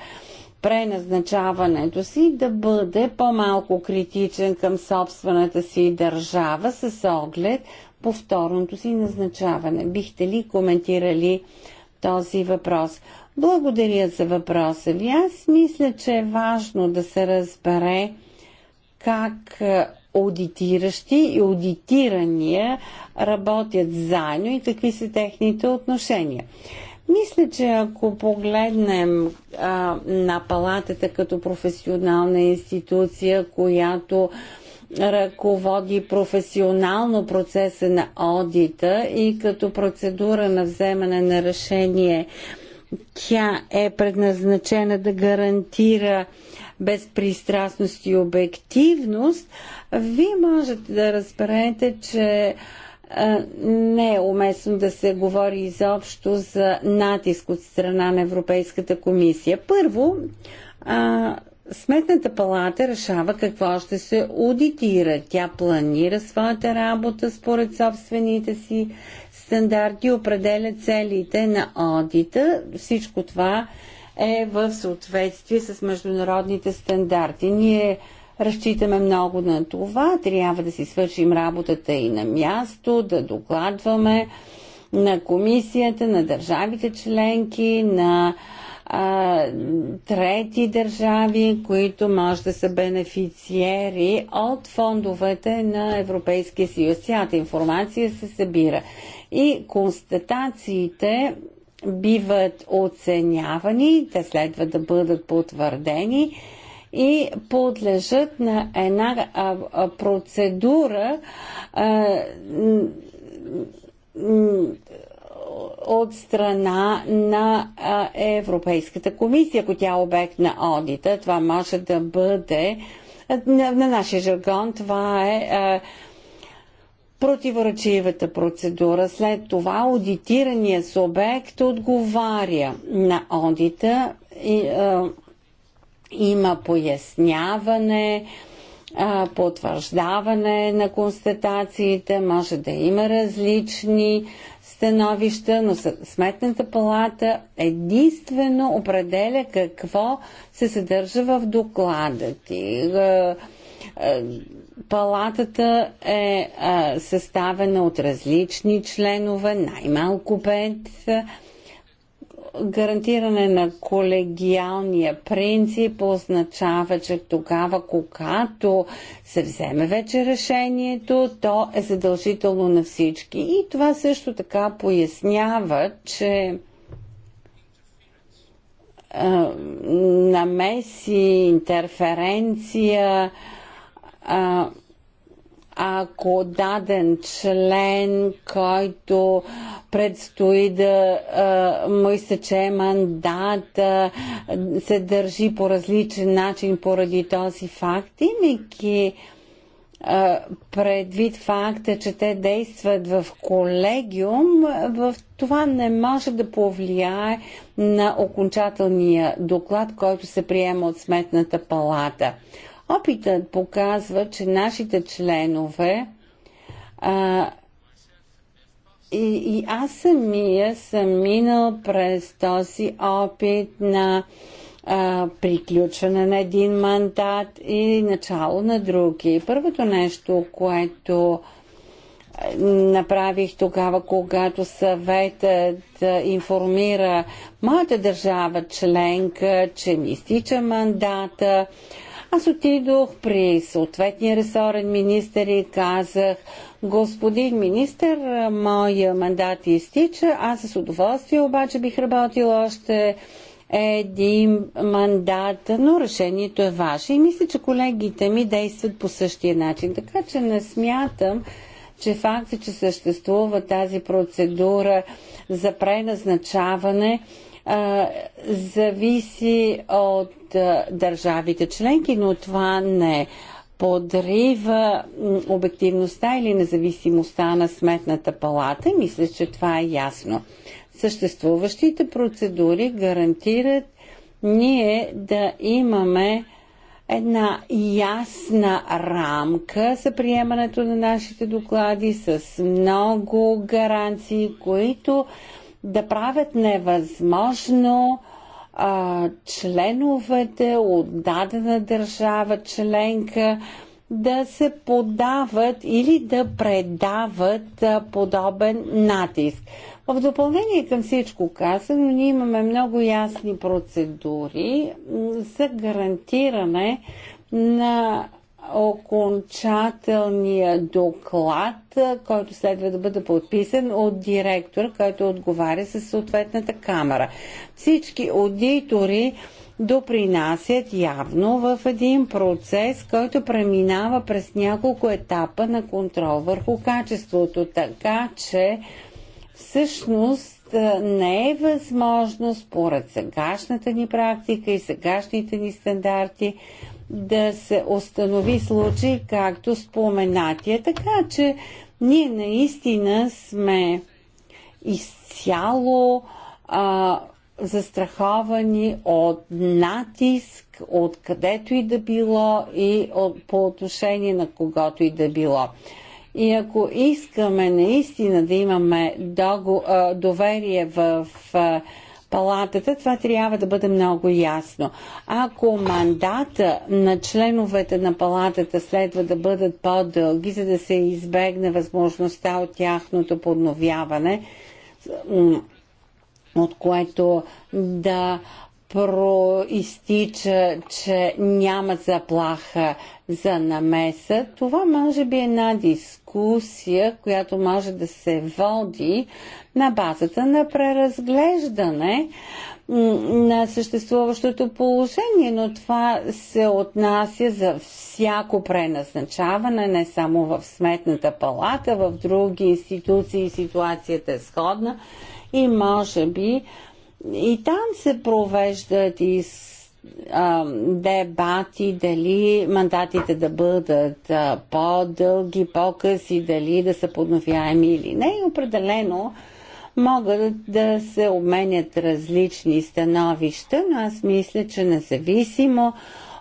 преназначаването си, да бъде по-малко критичен към собствената си държава с оглед повторното си назначаване? Бихте ли коментирали този въпрос? Благодаря за въпроса ви. Аз мисля, че е важно да се разбере как аудитиращи и аудитирания работят заедно и какви са техните отношения. Мисля, че ако погледнем а, на палатата като професионална институция, която ръководи професионално процеса на одита и като процедура на вземане на решение, тя е предназначена да гарантира а, безпристрастност и обективност, вие можете да разберете, че не е уместно да се говори изобщо за натиск от страна на Европейската комисия. Първо, а, Сметната палата решава какво ще се аудитира. Тя планира своята работа според собствените си стандарти, определя целите на аудита. Всичко това е в съответствие с международните стандарти. Ние разчитаме много на това, трябва да си свършим работата и на място, да докладваме на комисията, на държавите членки, на а, трети държави, които може да са бенефициери от фондовете на Европейския съюз. Цялата информация се събира. И констатациите биват оценявани, те следва да бъдат потвърдени и подлежат на една процедура от страна на Европейската комисия, ако тя е обект на одита. Това може да бъде на, нашия жаргон, това е противоречивата процедура. След това аудитирания субект отговаря на одита и а, има поясняване, а, потвърждаване на констатациите, може да има различни становища, но Сметната палата единствено определя какво се съдържа в доклада ти. Палатата е съставена от различни членове, най-малко пет. Гарантиране на колегиалния принцип означава, че тогава, когато се вземе вече решението, то е задължително на всички. И това също така пояснява, че намеси, интерференция, ако даден член, който предстои да а, му изтече мандат, а, се държи по различен начин поради този факт, имайки предвид факта, че те действат в колегиум, в това не може да повлияе на окончателния доклад, който се приема от Сметната палата. Опитът показва, че нашите членове а, и, и аз самия съм минал през този опит на а, приключване на един мандат и начало на други. Първото нещо, което направих тогава, когато съветът информира моята държава членка, че ми стича мандата, аз отидох при съответния ресорен министр и казах, господин министр, моя мандат изтича, аз с удоволствие обаче бих работил още един мандат, но решението е ваше. И мисля, че колегите ми действат по същия начин. Така че не смятам, че факта, че съществува тази процедура за преназначаване, зависи от държавите членки, но това не подрива обективността или независимостта на сметната палата. Мисля, че това е ясно. Съществуващите процедури гарантират ние да имаме една ясна рамка за приемането на нашите доклади с много гаранции, които да правят невъзможно а, членовете от дадена държава членка да се подават или да предават а, подобен натиск. В допълнение към всичко казано, ние имаме много ясни процедури за гарантиране на окончателния доклад, който следва да бъде подписан от директор, който отговаря със съответната камера. Всички аудитори допринасят явно в един процес, който преминава през няколко етапа на контрол върху качеството, така че всъщност не е възможно според сегашната ни практика и сегашните ни стандарти да се установи случай, както споменатия. Така че ние наистина сме изцяло а, застраховани от натиск, от където и да било и от, по отношение на когото и да било. И ако искаме наистина да имаме доверие в а, палатата, това трябва да бъде много ясно. Ако мандата на членовете на палатата следва да бъдат по-дълги, за да се избегне възможността от тяхното подновяване, от което да проистича, че няма заплаха за намеса, това може би е една дискусия дискусия, която може да се води на базата на преразглеждане на съществуващото положение, но това се отнася за всяко преназначаване, не само в Сметната палата, в други институции ситуацията е сходна и може би и там се провеждат и дебати дали мандатите да бъдат по-дълги, по-къси, дали да са подновяеми или не. И определено могат да се обменят различни становища, но аз мисля, че независимо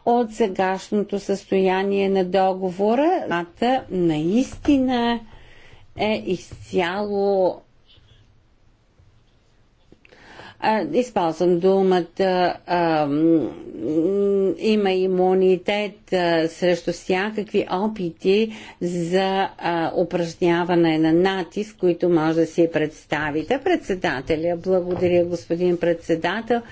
от сегашното състояние на договора, наистина е изцяло а, използвам думата, а, има имунитет а, срещу всякакви опити за а, упражняване на натиск, които може да си представите. Председателя, благодаря господин председател.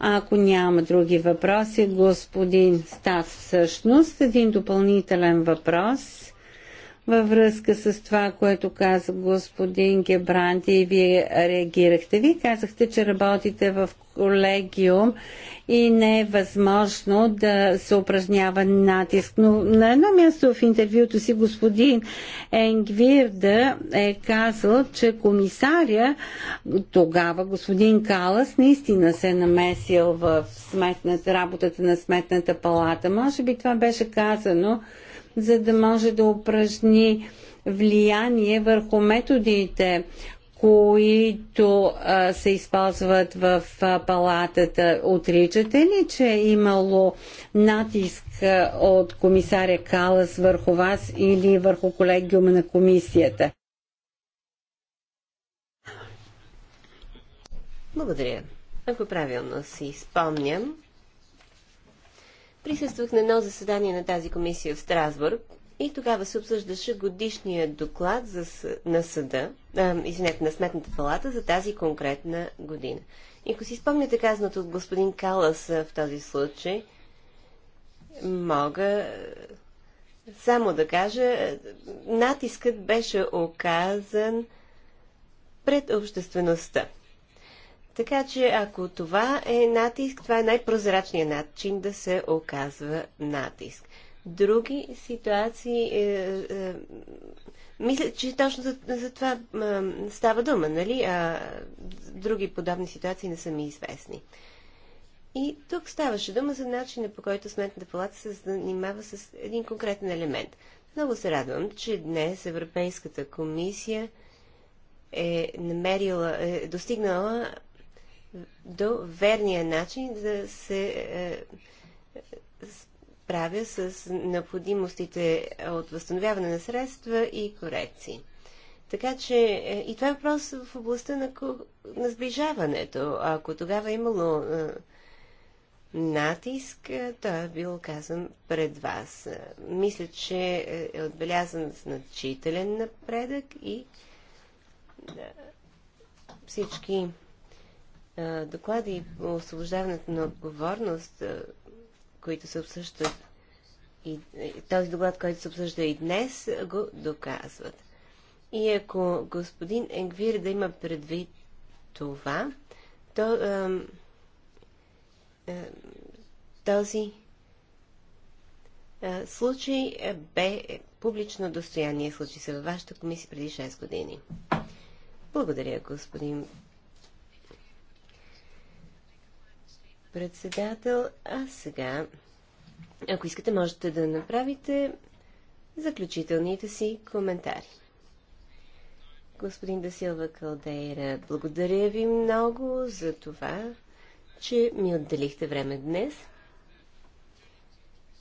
Ако няма други въпроси, господин Стас всъщност, един допълнителен въпрос – във връзка с това, което каза господин Гебранти и вие реагирахте. Вие казахте, че работите в колегиум и не е възможно да се упражнява натиск. Но на едно място в интервюто си господин Енгвирда е казал, че комисаря тогава господин Калас наистина се е намесил в сметната, работата на сметната палата. Може би това беше казано за да може да упражни влияние върху методите, които а, се използват в а, палатата. Отричате ли, че е имало натиск а, от комисаря Калас върху вас или върху колегиума на комисията? Благодаря. Ако правилно си спомням, Присъствах на едно заседание на тази комисия в Страсбург и тогава се обсъждаше годишния доклад за, на съда, а, извинете, на Сметната палата за тази конкретна година. И ако си спомняте казаното от господин Калас в този случай, мога само да кажа, натискът беше оказан пред обществеността. Така че ако това е натиск, това е най-прозрачният начин да се оказва натиск. Други ситуации. Е, е, мисля, че точно за, за това е, става дума, нали? А, други подобни ситуации не са ми известни. И тук ставаше дума за начина по който Сметната палата се занимава с един конкретен елемент. Много се радвам, че днес Европейската комисия е намерила, е достигнала до верния начин да се е, справя с необходимостите от възстановяване на средства и корекции. Така че е, и това е въпрос в областта на, на сближаването. Ако тогава е имало е, натиск, е, той е бил казан пред вас. Мисля, че е отбелязан значителен напредък и всички е, доклади по освобождаването на отговорност, е, които се обсъждат и е, този доклад, който се обсъжда и днес, го доказват. И ако господин Енгвир да има предвид това, то този а, случай бе публично достояние. Случи се във вашата комисия преди 6 години. Благодаря, господин председател. А сега, ако искате, можете да направите заключителните си коментари. Господин Дасилва Калдейра, благодаря ви много за това, че ми отделихте време днес.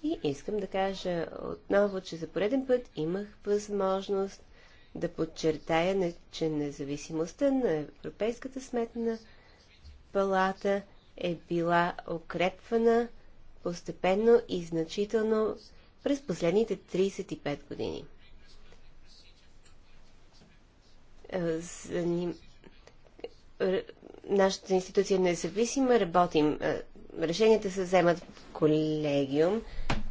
И искам да кажа отново, че за пореден път имах възможност да подчертая, че независимостта на Европейската сметна палата – е била укрепвана постепенно и значително през последните 35 години. Е, е, нашата институция е независима, работим. Е, решенията се вземат в колегиум.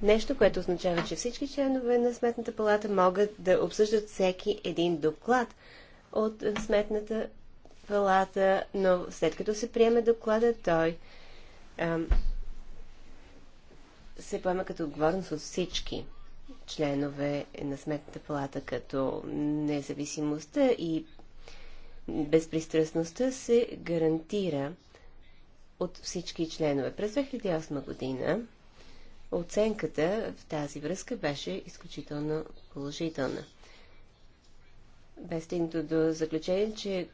Нещо, което означава, че всички членове на Сметната палата могат да обсъждат всеки един доклад от Сметната палата, но след като се приеме доклада, той ам, се поема като отговорност от всички членове на Сметната палата, като независимостта и безпристрастността се гарантира от всички членове. През 2008 година оценката в тази връзка беше изключително положителна. Бе стигнато до заключение, че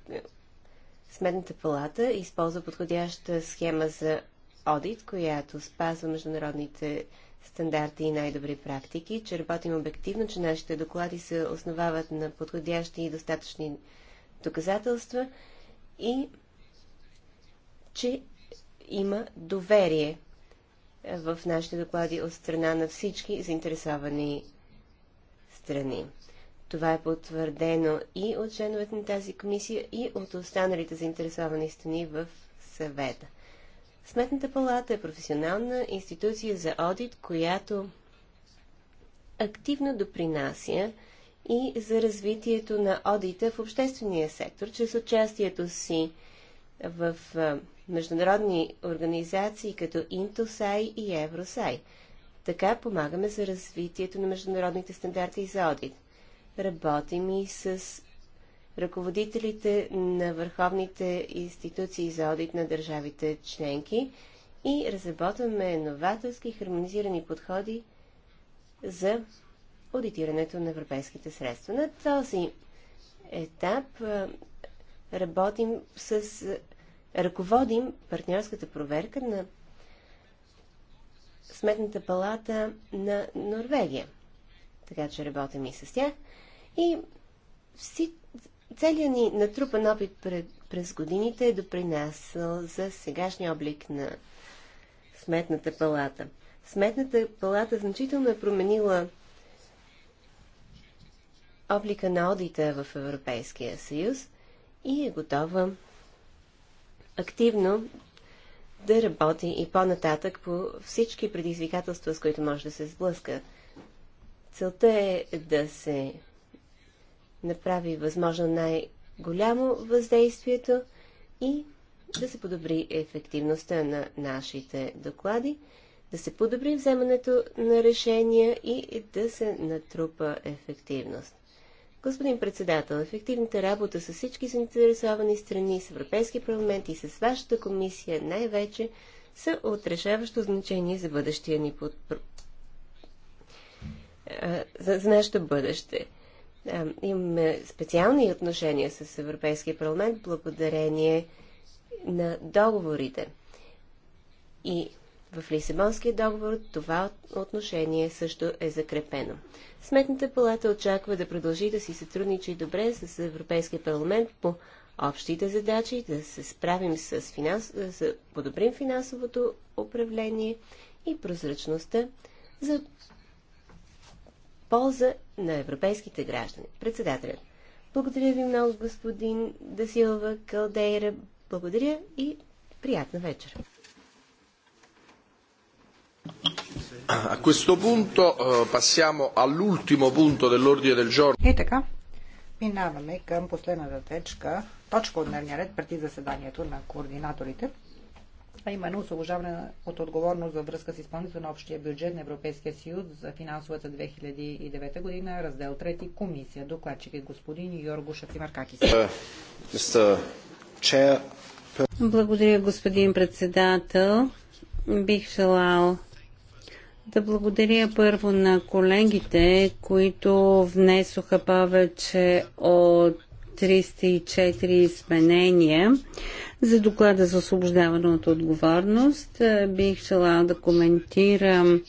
Сметната палата използва подходяща схема за одит, която спазва международните стандарти и най-добри практики, че работим обективно, че нашите доклади се основават на подходящи и достатъчни доказателства и че има доверие в нашите доклади от страна на всички заинтересовани страни. Това е потвърдено и от членовете на тази комисия, и от останалите заинтересовани страни в съвета. Сметната палата е професионална институция за одит, която активно допринася и за развитието на одита в обществения сектор, чрез участието си в международни организации като Интосай и Евросай. Така помагаме за развитието на международните стандарти за одит. Работим и с ръководителите на върховните институции за одит на държавите членки и разработваме новаторски хармонизирани подходи за аудитирането на европейските средства. На този етап работим с... ръководим партньорската проверка на Сметната палата на Норвегия. Така че работим и с тях. И си, целият ни натрупан опит пред... през годините е допринасял за сегашния облик на Сметната палата. Сметната палата значително е променила облика на одита в Европейския съюз и е готова активно да работи и по-нататък по всички предизвикателства, с които може да се сблъска. Целта е да се направи възможно най-голямо въздействието и да се подобри ефективността на нашите доклади, да се подобри вземането на решения и да се натрупа ефективност. Господин председател, ефективната работа с всички заинтересовани страни, с Европейски парламент и с вашата комисия най-вече са от решаващо значение за бъдещия ни под... за, за нашето бъдеще. Имаме специални отношения с Европейския парламент благодарение на договорите. И в Лисабонския договор това отношение също е закрепено. Сметната палата очаква да продължи да си сътрудничи добре с Европейския парламент по общите задачи, да се справим с финанс... да подобрим финансовото управление и прозрачността за полза на европейските граждани. Председателят. Благодаря ви много, господин Дасилва Калдейра. Благодаря и приятна вечер. A questo punto uh, passiamo all'ultimo punto dell'ordine del giorno. И така, минаваме към последната точка, точка от дневния ред преди заседанието на координаторите – а именно освобождаване от отговорност във връзка с изпълнението на общия бюджет на Европейския съюз за финансовата 2009 година, раздел 3, комисия. Докладчик е господин Йорго Шатимаркакис. Е, благодаря, господин председател. Бих желал да благодаря първо на колегите, които внесоха повече от 304 изменения за доклада за освобождаване от отговорност. Е, бих желала да коментирам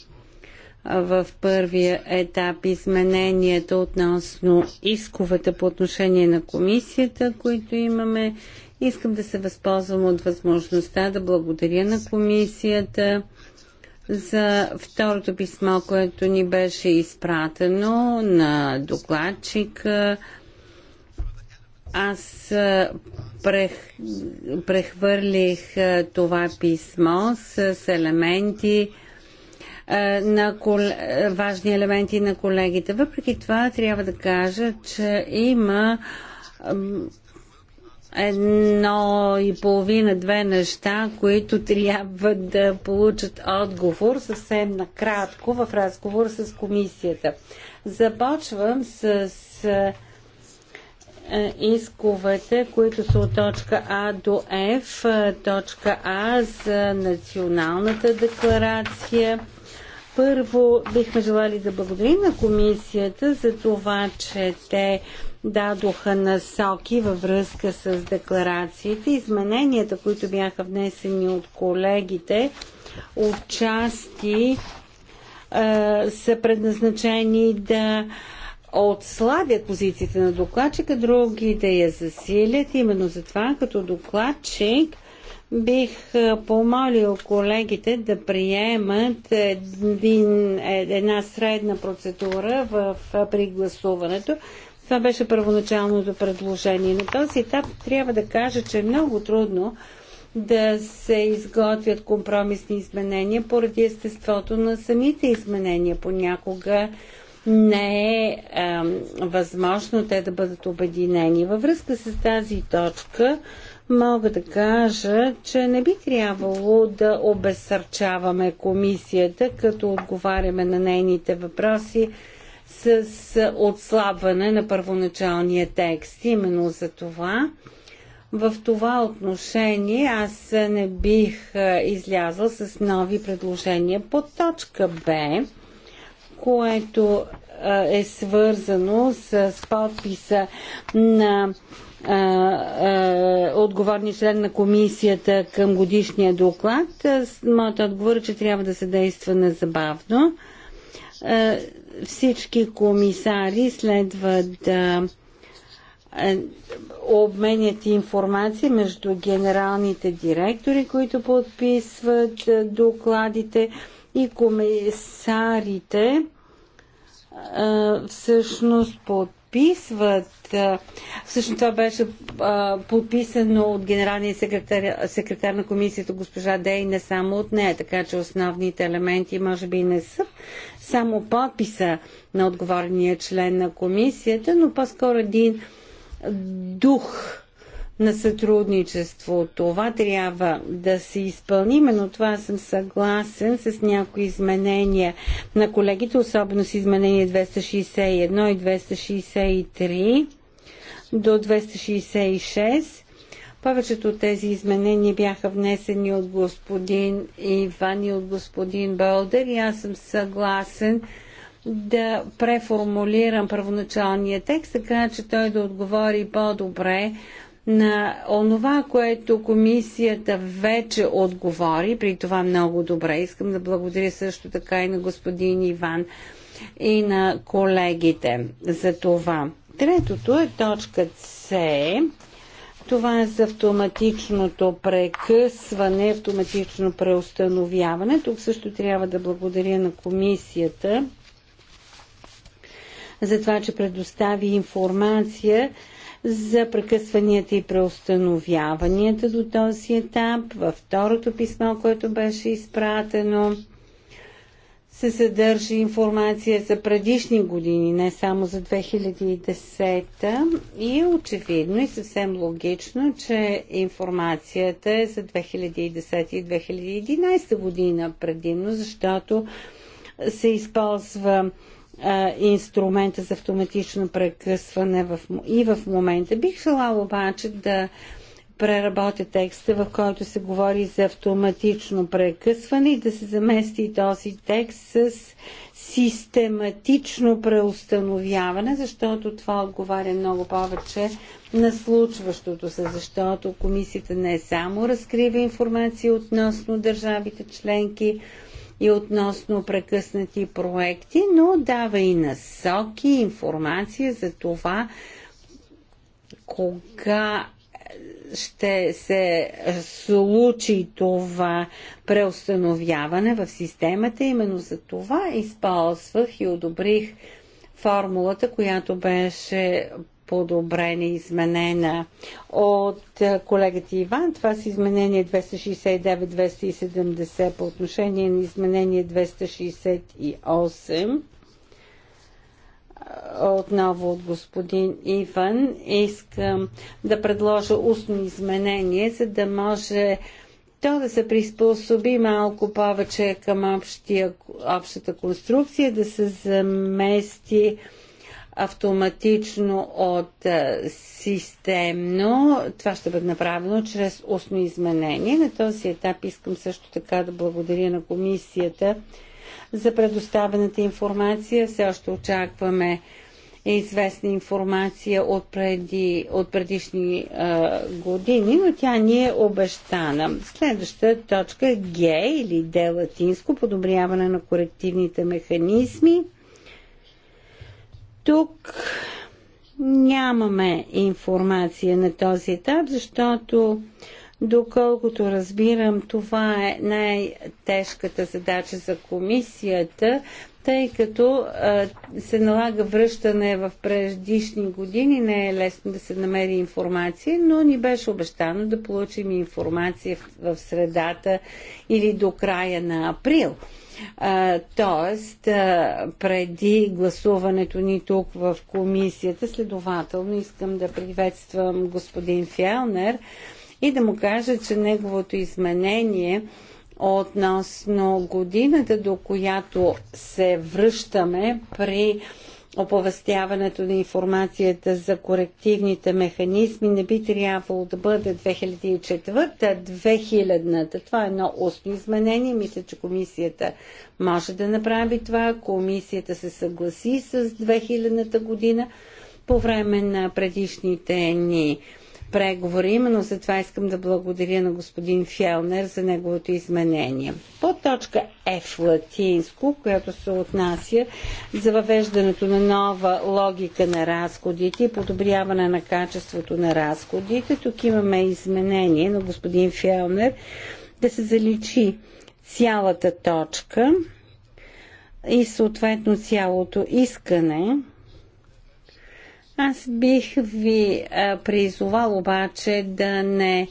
в първия етап измененията относно исковете по отношение на комисията, които имаме. Искам да се възползвам от възможността да благодаря на комисията за второто писмо, което ни беше изпратено на докладчика аз прех, прехвърлих това писмо с елементи на кол... важни елементи на колегите. Въпреки това трябва да кажа, че има едно и половина, две неща, които трябва да получат отговор съвсем накратко в разговор с комисията. Започвам с е, исковете, които са от точка А до Ф. Е, точка А за националната декларация. Първо бихме желали да благодарим на комисията за това, че те дадоха насоки във връзка с декларациите. Измененията, които бяха внесени от колегите, отчасти е, са предназначени да е, отслабят позицията на докладчика, други да я засилят. Именно затова, като докладчик, бих помолил колегите да приемат един, е, една средна процедура в, при гласуването. Това беше първоначалното предложение. На този етап трябва да кажа, че е много трудно да се изготвят компромисни изменения поради естеството на самите изменения. Понякога не е а, възможно те да бъдат обединени. Във връзка с тази точка мога да кажа, че не би трябвало да обесърчаваме комисията, като отговаряме на нейните въпроси с отслабване на първоначалния текст. Именно за това в това отношение аз не бих излязла с нови предложения. По точка Б което е свързано с подписа на отговорни член на комисията към годишния доклад. Моят отговор е, че трябва да се действа незабавно. Всички комисари следва да е, обменят информация между генералните директори, които подписват е, докладите и комисарите всъщност подписват. Всъщност това беше подписано от генералния секретар, секретар на комисията госпожа Дей, не само от нея, така че основните елементи може би не са само подписа на отговорния член на комисията, но по-скоро един дух на сътрудничество. Това трябва да се изпълни, но това съм съгласен с някои изменения на колегите, особено с изменения 261 и 263 до 266. Повечето от тези изменения бяха внесени от господин Иван и от господин Бълдер и аз съм съгласен да преформулирам първоначалния текст, така че той да отговори по-добре на онова, което комисията вече отговори, при това много добре. Искам да благодаря също така и на господин Иван и на колегите за това. Третото е точка С. Това е за автоматичното прекъсване, автоматично преустановяване. Тук също трябва да благодаря на комисията за това, че предостави информация за прекъсванията и преустановяванията до този етап. Във второто писмо, което беше изпратено, се съдържа информация за предишни години, не само за 2010 и е очевидно и съвсем логично, че информацията е за 2010 и 2011 година предимно, защото се използва инструмента за автоматично прекъсване в, и в момента. Бих желала обаче да преработя текста, в който се говори за автоматично прекъсване и да се замести този текст с систематично преустановяване, защото това отговаря много повече на случващото се, защото комисията не само разкрива информация относно държавите членки, и относно прекъснати проекти, но дава и насоки, информация за това, кога ще се случи това преустановяване в системата. Именно за това използвах и одобрих формулата, която беше подобрена, изменена от е, колегата Иван. Това са изменение 269-270 по отношение на изменение 268 е, отново от господин Иван. Искам да предложа устно изменение, за да може то да се приспособи малко повече към общия, общата конструкция, да се замести автоматично от системно. Това ще бъде направено чрез устно изменение. На този етап искам също така да благодаря на комисията за предоставената информация. Все още очакваме известна информация от, преди, от предишни а, години, но тя ни е обещана. Следващата точка е Г или Д латинско подобряване на корективните механизми – тук нямаме информация на този етап, защото Доколкото разбирам, това е най-тежката задача за комисията, тъй като а, се налага връщане в предишни години, не е лесно да се намери информация, но ни беше обещано да получим информация в, в средата или до края на април. Тоест, преди гласуването ни тук в комисията, следователно искам да приветствам господин Фелнер и да му кажа, че неговото изменение относно годината, до която се връщаме при оповестяването на информацията за корективните механизми не би трябвало да бъде 2004-2000-та. Това е едно устно изменение. Мисля, че комисията може да направи това. Комисията се съгласи с 2000-та година по време на предишните ни преговори. Именно за това искам да благодаря на господин Фелнер за неговото изменение. По точка F латинско, която се отнася за въвеждането на нова логика на разходите и подобряване на качеството на разходите, тук имаме изменение на господин Фелнер да се заличи цялата точка и съответно цялото искане аз бих ви призовал обаче да не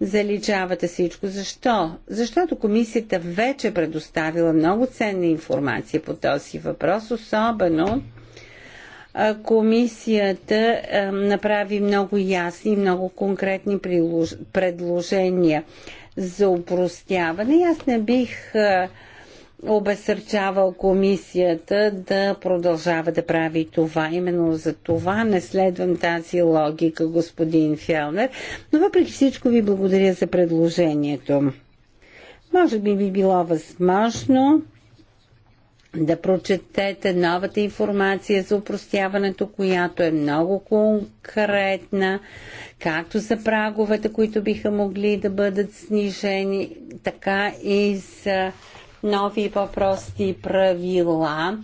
заличавате всичко. Защо? Защото комисията вече предоставила много ценна информация по този въпрос, особено комисията направи много ясни и много конкретни предложения за упростяване. Аз не бих обесърчавал комисията да продължава да прави това. Именно за това не следвам тази логика, господин Фелнер. Но въпреки всичко ви благодаря за предложението. Може би ви било възможно да прочетете новата информация за упростяването, която е много конкретна, както за праговете, които биха могли да бъдат снижени, така и за нови по-прости правила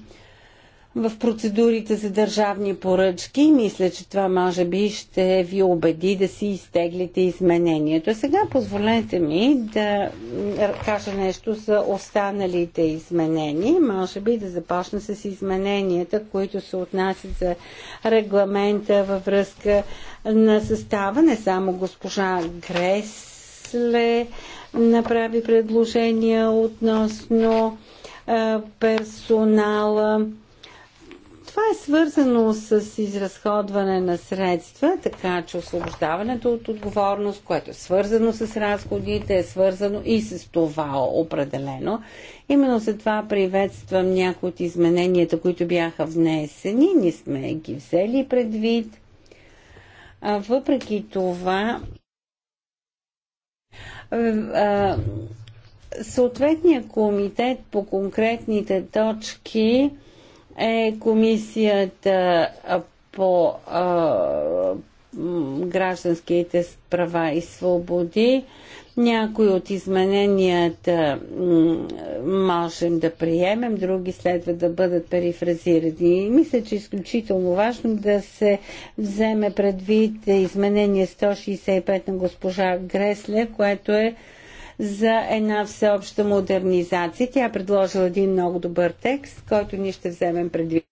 в процедурите за държавни поръчки. Мисля, че това може би ще ви убеди да си изтеглите изменението. Сега позволете ми да кажа нещо за останалите изменения. Може би да започна с измененията, които се отнасят за регламента във връзка на състава. Не само госпожа Грес после направи предложения относно персонала. Това е свързано с изразходване на средства, така че освобождаването от отговорност, което е свързано с разходите, е свързано и с това определено. Именно за това приветствам някои от измененията, които бяха внесени. Ние сме ги взели предвид. А въпреки това, е, е, съответният комитет по конкретните точки е комисията по а, е, гражданските права и свободи. Някои от измененията можем да приемем, други следва да бъдат перифразирани. И мисля, че е изключително важно да се вземе предвид изменение 165 на госпожа Гресле, което е за една всеобща модернизация. Тя предложила един много добър текст, който ние ще вземем предвид.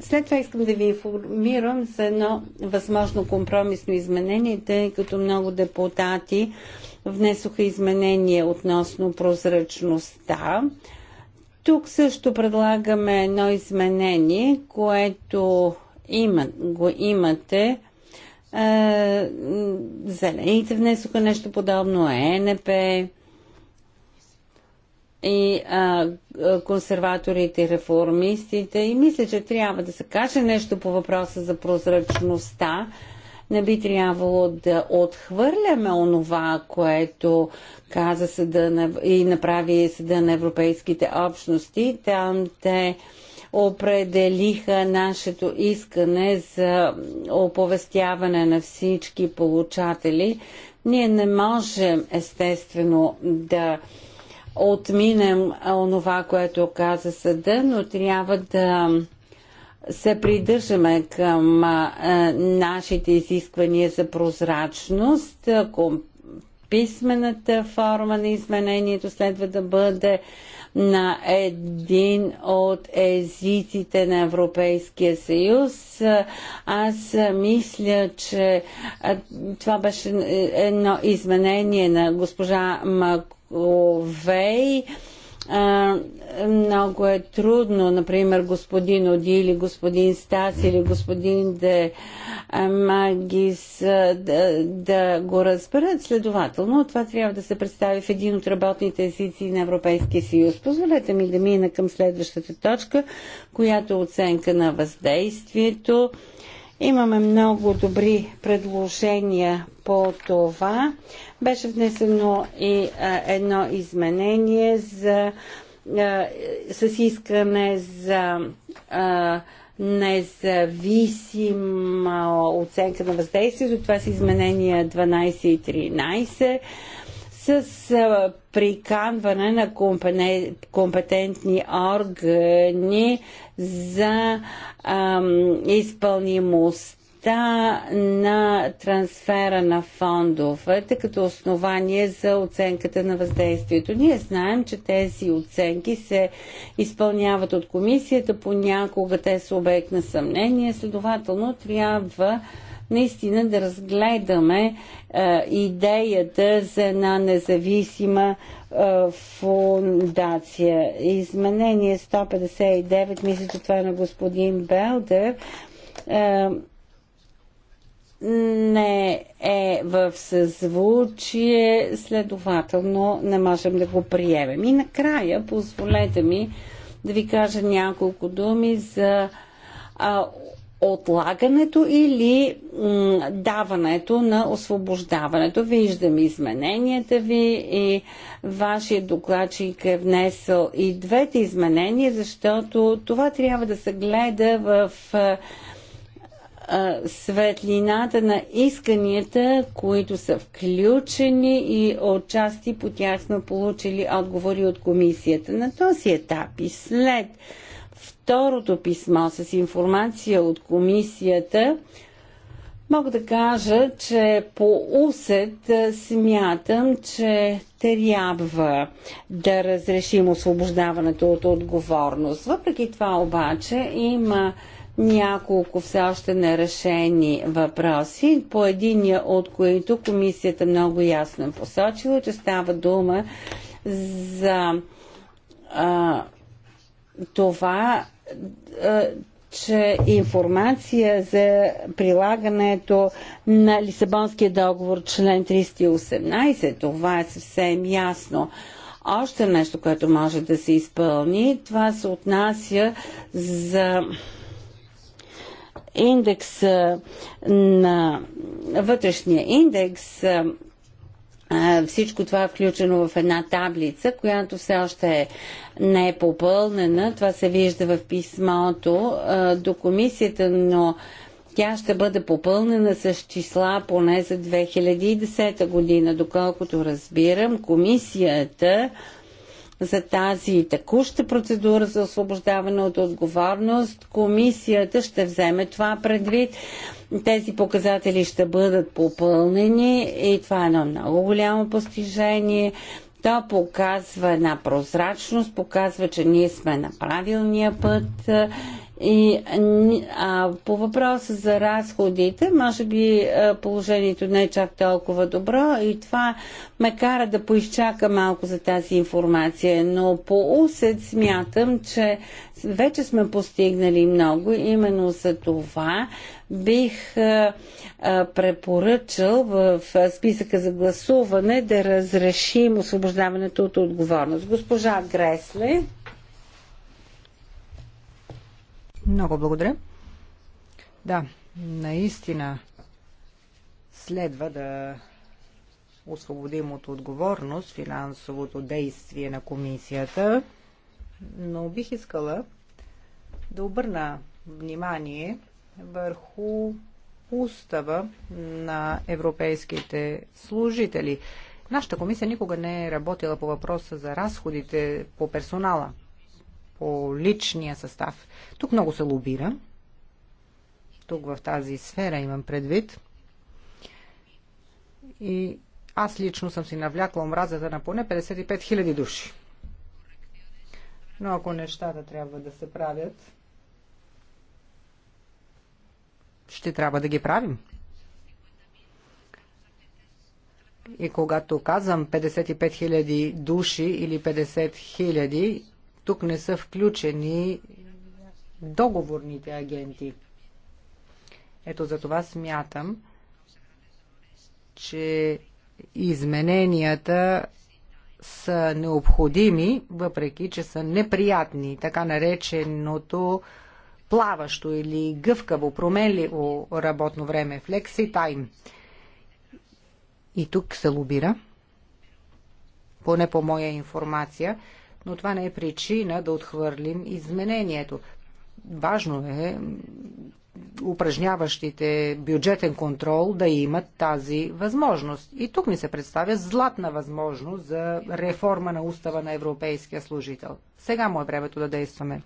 След това искам да ви информирам за едно възможно компромисно изменение, тъй като много депутати внесоха изменение относно прозрачността. Тук също предлагаме едно изменение, което има, го имате. Е, зелените внесоха нещо подобно, ЕНП, и а, консерваторите и реформистите. И мисля, че трябва да се каже нещо по въпроса за прозрачността. Не би трябвало да отхвърляме онова, което каза съда на, и направи съда на европейските общности. Там те определиха нашето искане за оповестяване на всички получатели. Ние не можем, естествено, да а, отминем онова, което каза съда, но трябва да се придържаме към нашите изисквания за прозрачност, писмената форма на изменението следва да бъде на един от езиците на Европейския съюз. Аз мисля, че това беше е, едно изменение на госпожа Мак Овей. Много е трудно, например, господин Оди или господин Стас или господин Де Магис да, да го разберат. Следователно, това трябва да се представи в един от работните езици на Европейския съюз. Позволете ми да мина към следващата точка, която е оценка на въздействието. Имаме много добри предложения по това. Беше внесено и а, едно изменение за, а, с искане за а, независима оценка на въздействието. Това са изменения 12 и 13 с а, приканване на компетентни органи за а, изпълнимост стойността на трансфера на фондовете като основание за оценката на въздействието. Ние знаем, че тези оценки се изпълняват от комисията, понякога те са обект на съмнение, следователно трябва наистина да разгледаме е, идеята за една независима е, фундация. Изменение 159, мисля, че това е на господин Белдер. Е, не е в съзвучие, следователно не можем да го приемем. И накрая, позволете ми да ви кажа няколко думи за а, отлагането или м, даването на освобождаването. Виждам измененията ви и вашия докладчик е внесъл и двете изменения, защото това трябва да се гледа в а, светлината на исканията, които са включени и отчасти по тях сме получили отговори от комисията. На този етап и след второто писмо с информация от комисията, мога да кажа, че по усет смятам, че трябва да разрешим освобождаването от отговорност. Въпреки това обаче има няколко все още нерешени въпроси, по единия от които комисията много ясно е посочила, че става дума за а, това, а, че информация за прилагането на Лисабонския договор член 318, това е съвсем ясно. Още нещо, което може да се изпълни, това се отнася за индекс на вътрешния индекс всичко това е включено в една таблица, която все още не е попълнена. Това се вижда в писмото до комисията, но тя ще бъде попълнена с числа поне за 2010 година. Доколкото разбирам, комисията за тази текуща процедура за освобождаване от отговорност. Комисията ще вземе това предвид. Тези показатели ще бъдат попълнени и това е едно много голямо постижение. То показва една прозрачност, показва, че ние сме на правилния път и а, по въпроса за разходите, може би положението не е чак толкова добро и това ме кара да поизчака малко за тази информация, но по усет смятам, че вече сме постигнали много, именно за това бих а, а, препоръчал в списъка за гласуване да разрешим освобождаването от отговорност. Госпожа Гресле. Много благодаря. Да, наистина следва да освободим от отговорност финансовото действие на комисията, но бих искала да обърна внимание върху устава на европейските служители. Нашата комисия никога не е работила по въпроса за разходите по персонала по личния състав. Тук много се лобира. Тук в тази сфера имам предвид. И аз лично съм си навлякла омразата на поне 55 000 души. Но ако нещата трябва да се правят, ще трябва да ги правим. И когато казвам 55 000 души или 50 000, тук не са включени договорните агенти. Ето за това смятам, че измененията са необходими, въпреки че са неприятни. Така нареченото плаващо или гъвкаво, променливо работно време, флекси тайм. И тук се лобира, поне по моя информация, но това не е причина да отхвърлим изменението. Важно е упражняващите бюджетен контрол да имат тази възможност. И тук ни се представя златна възможност за реформа на устава на европейския служител. Сега му е времето да действаме.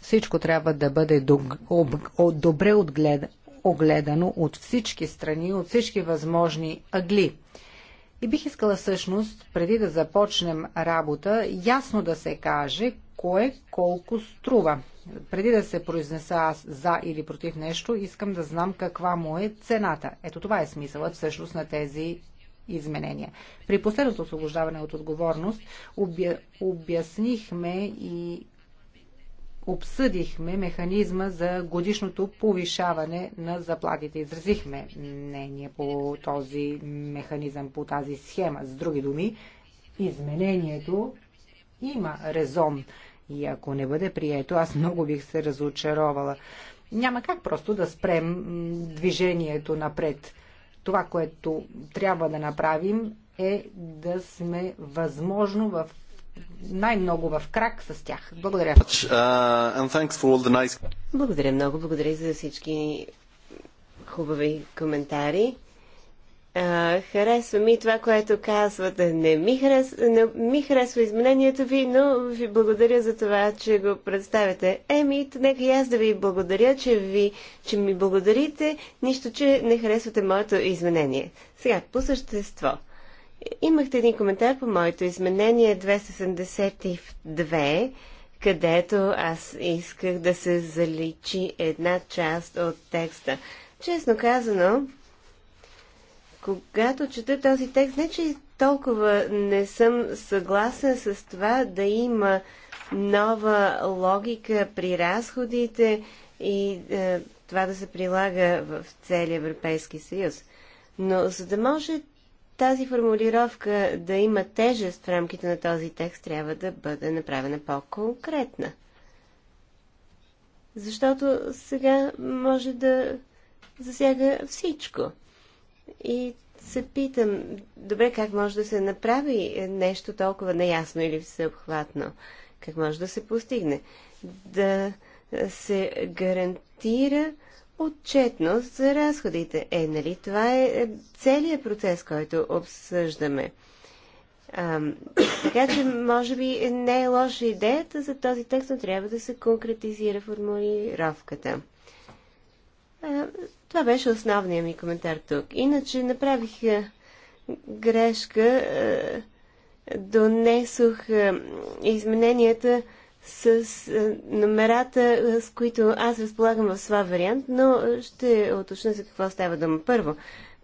Всичко трябва да бъде добре огледано от всички страни, от всички възможни агли. И бих искала всъщност, преди да започнем работа, ясно да се каже кое колко струва. Преди да се произнеса аз за или против нещо, искам да знам каква му е цената. Ето това е смисълът всъщност на тези изменения. При последното освобождаване от отговорност обяснихме и обсъдихме механизма за годишното повишаване на заплатите. Изразихме мнение по този механизъм, по тази схема. С други думи, изменението има резон. И ако не бъде прието, аз много бих се разочаровала. Няма как просто да спрем движението напред. Това, което трябва да направим, е да сме възможно в най-много в крак с тях. Благодаря. Uh, nice... Благодаря много. Благодаря за всички хубави коментари. А, харесва ми това, което казвате. Не ми, харес... не ми харесва изменението ви, но ви благодаря за това, че го представяте. Еми, нека и аз да ви благодаря, че, ви... че ми благодарите, нищо, че не харесвате моето изменение. Сега, по същество – Имахте един коментар по моето изменение 272, където аз исках да се заличи една част от текста. Честно казано, когато чета този текст, не че толкова не съм съгласен с това да има нова логика при разходите и е, това да се прилага в целия Европейски съюз. Но за да може тази формулировка да има тежест в рамките на този текст трябва да бъде направена по-конкретна. Защото сега може да засяга всичко. И се питам, добре, как може да се направи нещо толкова неясно или всеобхватно? Как може да се постигне? Да се гарантира отчетност за разходите. Е, нали? Това е, е целият процес, който обсъждаме. А, така че, може би, не е лоша идеята за този текст, но трябва да се конкретизира формулировката. А, това беше основният ми коментар тук. Иначе направих грешка, донесох измененията с е, номерата, е, с които аз разполагам в своя вариант, но ще уточня за какво става дума. Първо,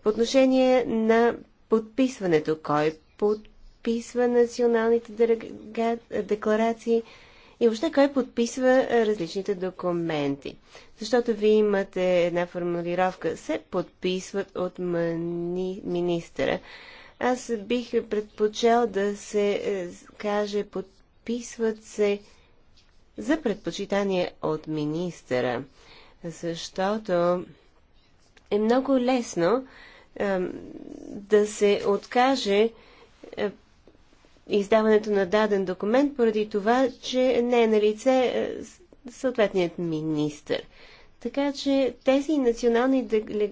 по отношение на подписването, кой подписва националните дърга... декларации и въобще кой подписва е, различните документи. Защото вие имате една формулировка се подписват от мани... министъра. Аз бих предпочел да се каже подписват се за предпочитание от министъра, защото е много лесно е, да се откаже е, издаването на даден документ поради това, че не е на лице е, съответният министър. Така че тези национални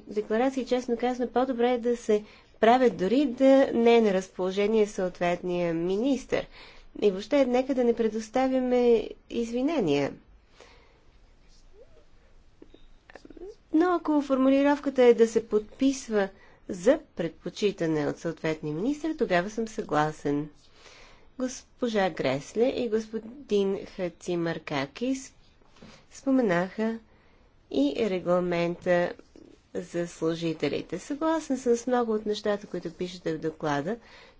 декларации, честно казано, по-добре е да се правят дори да не е на разположение съответния министр. И въобще, нека да не предоставяме извинения. Но ако формулировката е да се подписва за предпочитане от съответния министр, тогава съм съгласен. Госпожа Гресле и господин Хаци Маркакис споменаха и регламента за служителите. Съгласен съм с много от нещата, които пишете в доклада,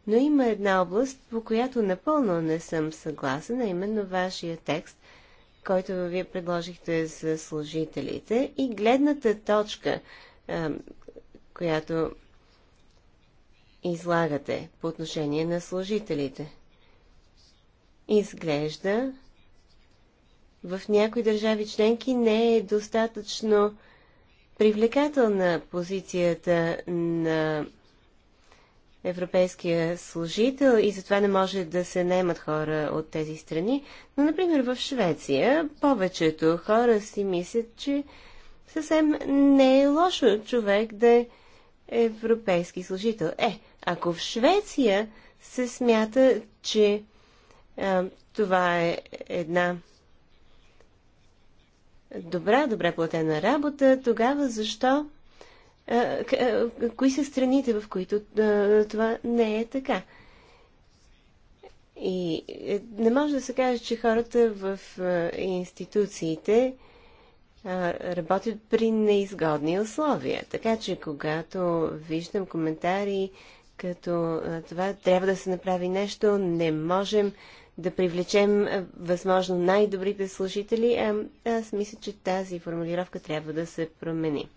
но има една област, по която напълно не съм съгласен, а именно вашия текст, който вие предложихте за служителите и гледната точка, която излагате по отношение на служителите. Изглежда, в някои държави членки не е достатъчно привлекателна позицията на европейския служител и затова не може да се наемат хора от тези страни. Но, например, в Швеция повечето хора си мислят, че съвсем не е лошо човек да е европейски служител. Е, ако в Швеция се смята, че а, това е една добра, добре платена работа, тогава защо кои са страните, в които това не е така. И е, не може да се каже, че хората в институциите работят при неизгодни условия. Така че, когато виждам коментари като това трябва да се направи нещо, не можем да привлечем възможно най-добрите служители, аз мисля, че тази формулировка трябва да се промени.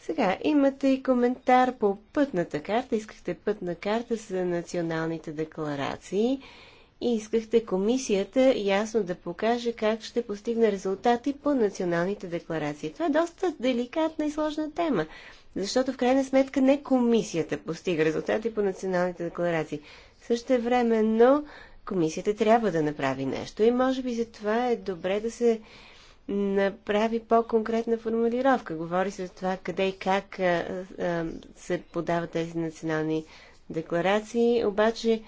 Сега имате и коментар по пътната карта. Искахте пътна карта за националните декларации и искахте комисията ясно да покаже как ще постигне резултати по националните декларации. Това е доста деликатна и сложна тема, защото в крайна сметка не комисията постига резултати по националните декларации. Също време, но комисията трябва да направи нещо и може би за това е добре да се направи по-конкретна формулировка. Говори се за това къде и как а, а, се подават тези национални декларации, обаче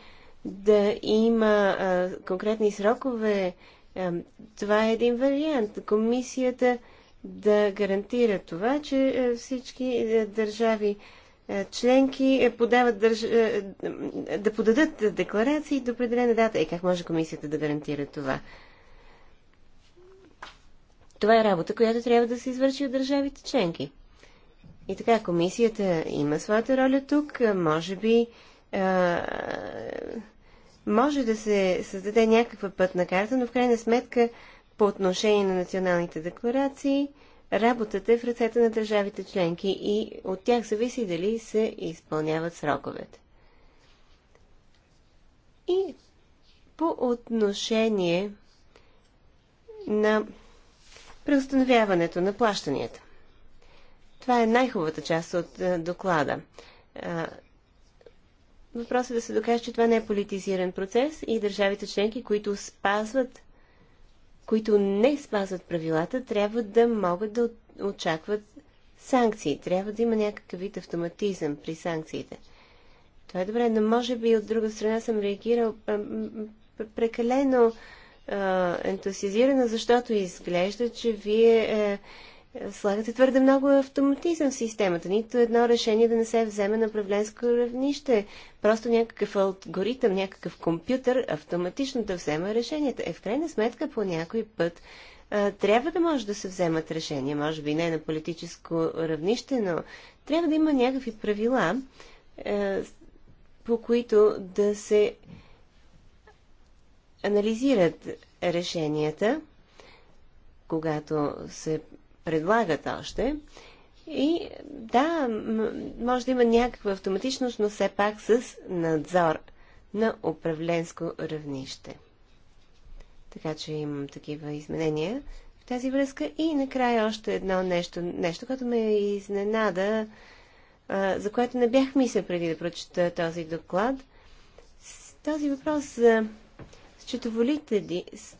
да има а, конкретни срокове, а, това е един вариант. Комисията да гарантира това, че всички държави членки е, подават държ... да подадат декларации до определена дата. Е, как може комисията да гарантира това? Това е работа, която трябва да се извърши от държавите членки. И така, комисията има своята роля тук. Може би а, може да се създаде някаква пътна карта, но в крайна сметка по отношение на националните декларации работата е в ръцете на държавите членки и от тях зависи дали се изпълняват сроковете. И по отношение на преустановяването на плащанията. Това е най-хубавата част от е, доклада. Е, въпросът е да се докаже, че това не е политизиран процес и държавите членки, които спазват, които не спазват правилата, трябва да могат да очакват санкции. Трябва да има някакъв вид автоматизъм при санкциите. Това е добре, но може би от друга страна съм реагирал прекалено ентусиазирана, защото изглежда, че вие е, слагате твърде много автоматизъм в системата. Нито едно решение да не се вземе на правленско равнище. Просто някакъв алгоритъм, някакъв компютър автоматично да взема решенията. Е, в крайна сметка, по някой път е, трябва да може да се вземат решения. Може би не на политическо равнище, но трябва да има някакви правила, е, по които да се анализират решенията, когато се предлагат още. И да, може да има някаква автоматичност, но все пак с надзор на управленско равнище. Така че имам такива изменения в тази връзка. И накрая още едно нещо, нещо, което ме изненада, за което не бях мисля преди да прочета този доклад. Този въпрос за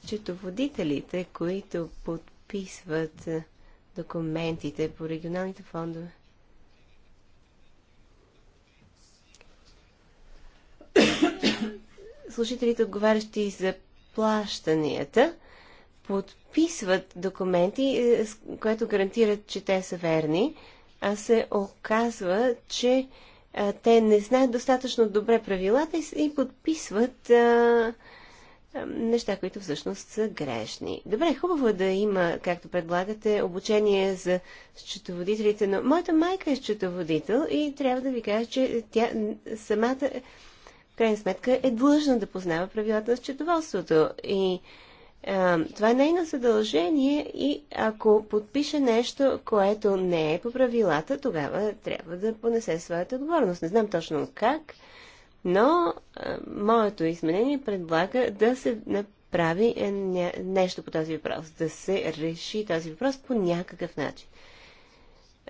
Счетоводителите, които подписват е, документите по регионалните фондове, служителите, отговарящи за плащанията, подписват документи, е, което гарантират, че те са верни, а се оказва, че а, е, те не знаят достатъчно добре правилата и, и подписват а, неща, които всъщност са грешни. Добре, хубаво е да има, както предлагате, обучение за счетоводителите, но моята майка е счетоводител и трябва да ви кажа, че тя самата, в крайна сметка, е длъжна да познава правилата на счетоводството. И а, това е нейно задължение и ако подпише нещо, което не е по правилата, тогава трябва да понесе своята отговорност. Не знам точно как, но а, моето изменение предлага да се направи е, нещо по този въпрос, да се реши този въпрос по някакъв начин.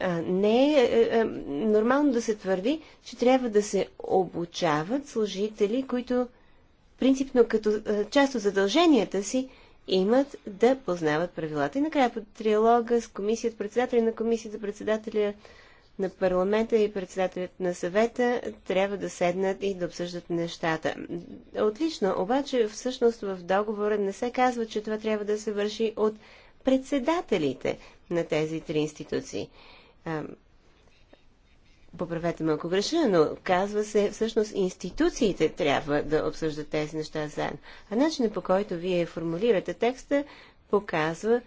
А, не е, е, е нормално да се твърди, че трябва да се обучават служители, които принципно като а, част от задълженията си имат да познават правилата. И накрая по триалога с комисията, председателя на комисията, председателя на парламента и председателят на съвета трябва да седнат и да обсъждат нещата. Отлично, обаче всъщност в договора не се казва, че това трябва да се върши от председателите на тези три институции. Поправете ме ако греша, но казва се, всъщност институциите трябва да обсъждат тези неща заедно. А начинът по който вие формулирате текста показва,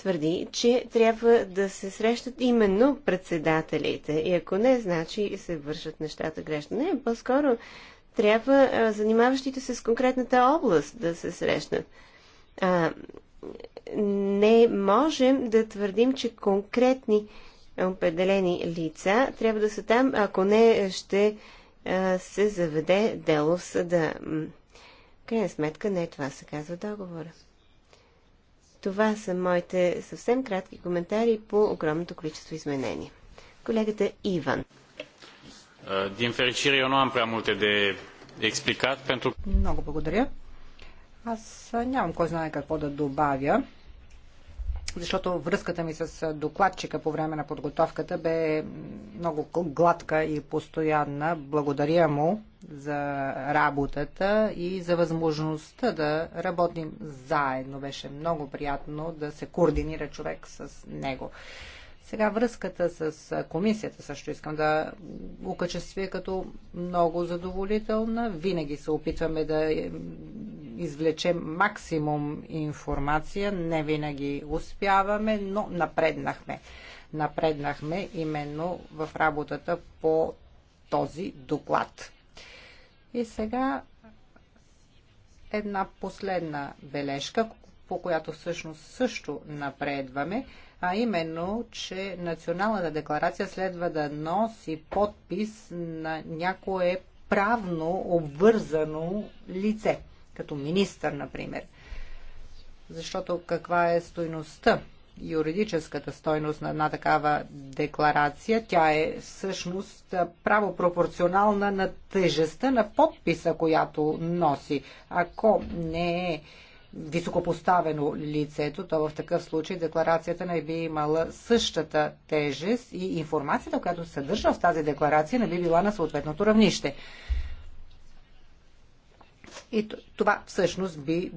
твърди, че трябва да се срещат именно председателите. И ако не, значи се вършат нещата грешно. Не, по-скоро трябва а, занимаващите се с конкретната област да се срещнат. А, не можем да твърдим, че конкретни определени лица трябва да са там, ако не ще а, се заведе дело в съда. В крайна сметка не това се казва договора. Това са моите съвсем кратки коментари по огромното количество изменения. Колегата Иван. Е, Din fericire, eu nu am prea multe de explicat pentru... Много благодаря. Аз нямам кой знае какво да добавя защото връзката ми с докладчика по време на подготовката бе много гладка и постоянна. Благодаря му за работата и за възможността да работим заедно. Беше много приятно да се координира човек с него. Сега връзката с комисията също искам да окачествя като много задоволителна. Винаги се опитваме да е, извлечем максимум информация. Не винаги успяваме, но напреднахме. Напреднахме именно в работата по този доклад. И сега една последна бележка, по която всъщност също напредваме а именно, че националната декларация следва да носи подпис на някое правно обвързано лице, като министър, например. Защото каква е стойността юридическата стойност на една такава декларация, тя е всъщност право пропорционална на тежестта на подписа, която носи. Ако не е високопоставено лицето, то в такъв случай декларацията не би имала същата тежест и информацията, която се съдържа в тази декларация, не би била на съответното равнище. И това всъщност би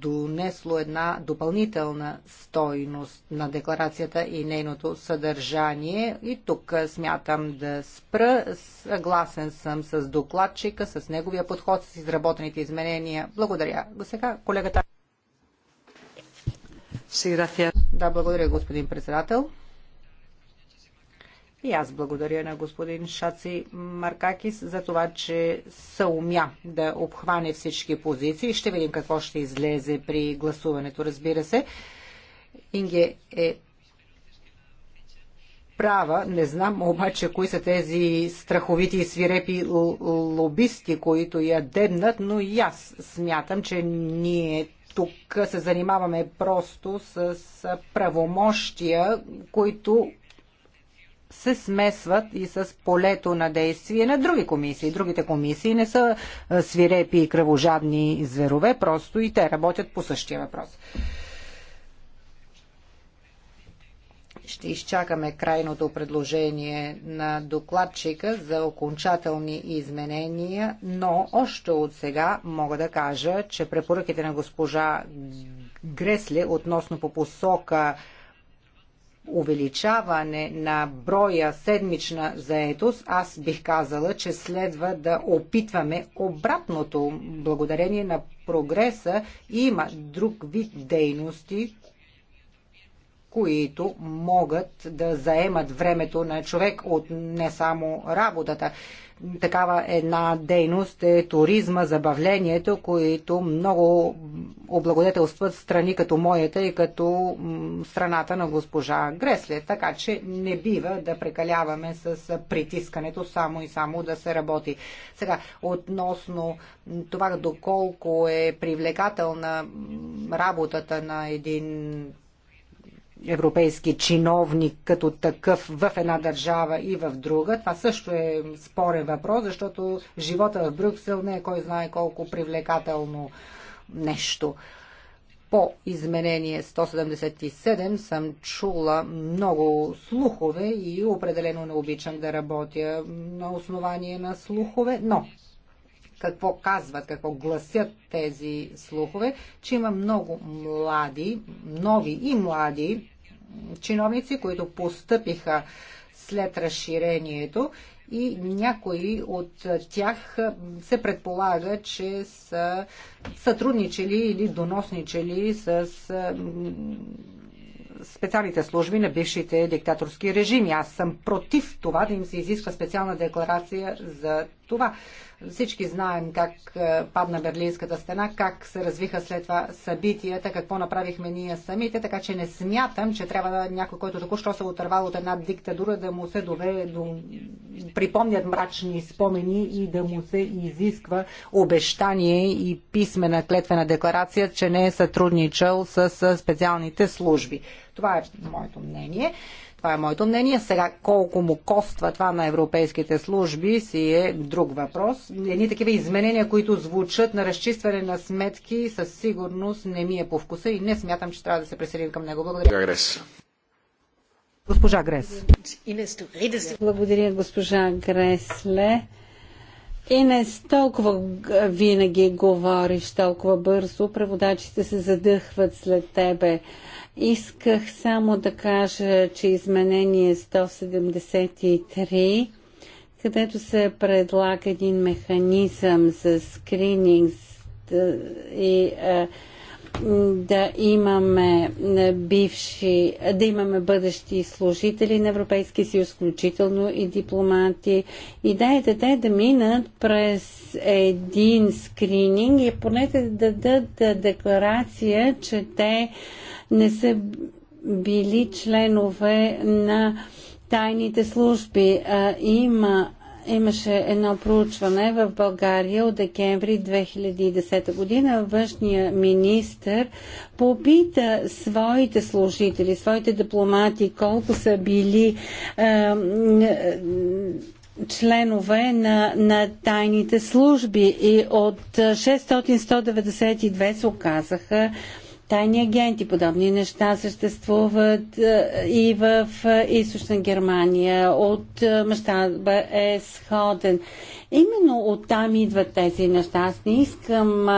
донесло една допълнителна стойност на декларацията и нейното съдържание. И тук смятам да спра. Съгласен съм с докладчика, с неговия подход, с изработените изменения. Благодаря. до Сега колегата. Да, благодаря, господин председател. И аз благодаря на господин Шаци Маркакис за това, че умя да обхване всички позиции. Ще видим какво ще излезе при гласуването, разбира се. Инге е права, не знам обаче кои са тези страховити и свирепи лобисти, които я дебнат, но и аз смятам, че ние тук се занимаваме просто с правомощия, които се смесват и с полето на действие на други комисии. Другите комисии не са свирепи и кръвожадни зверове, просто и те работят по същия въпрос. ще изчакаме крайното предложение на докладчика за окончателни изменения, но още от сега мога да кажа, че препоръките на госпожа Гресле относно по посока увеличаване на броя седмична заетост, аз бих казала, че следва да опитваме обратното. Благодарение на прогреса има друг вид дейности, които могат да заемат времето на човек от не само работата. Такава една дейност е туризма, забавлението, които много облагодетелстват страни като моята и като страната на госпожа Гресле. Така че не бива да прекаляваме с притискането само и само да се работи. Сега, относно това доколко е привлекателна работата на един европейски чиновник като такъв в една държава и в друга. Това също е спорен въпрос, защото живота в Брюксел не е кой знае колко привлекателно нещо. По изменение 177 съм чула много слухове и определено не обичам да работя на основание на слухове, но какво казват, какво гласят тези слухове, че има много млади, нови и млади чиновници, които постъпиха след разширението и някои от тях се предполага, че са сътрудничали или доносничали с специалните служби на бившите диктаторски режими. Аз съм против това да им се изисква специална декларация за това. Всички знаем как е, падна Берлинската стена, как се развиха след това събитията, какво направихме ние самите, така че не смятам, че трябва да някой, който току-що се отървал от една диктатура, да му се дове до... припомнят мрачни спомени и да му се изисква обещание и писмена клетвена декларация, че не е сътрудничал с специалните служби. Това е моето мнение. Това е моето мнение. Сега колко му коства това на европейските служби си е друг въпрос. Едни такива изменения, които звучат на разчистване на сметки, със сигурност не ми е по вкуса и не смятам, че трябва да се присъединим към него. Благодаря. Грес. Госпожа Грес. Благодаря, госпожа Гресле. И с толкова винаги говориш, толкова бързо, преводачите се задъхват след тебе. Исках само да кажа, че изменение 173, където се предлага един механизъм за скрининг и е, а, е, да имаме е, бивши, е, да имаме бъдещи служители на Европейския съюз, включително и дипломати. Идеята е да минат през един скрининг и поне да дадат е, декларация, че те не са били членове на тайните служби. Има Имаше едно проучване в България от декември 2010 година. Външния министр попита своите служители, своите дипломати, колко са били е, е, членове на, на тайните служби и от 600-192 се оказаха тайни агенти. Подобни неща съществуват е, и в е, източна Германия. От е, мащаба е сходен. Именно оттам идват тези неща. Аз не искам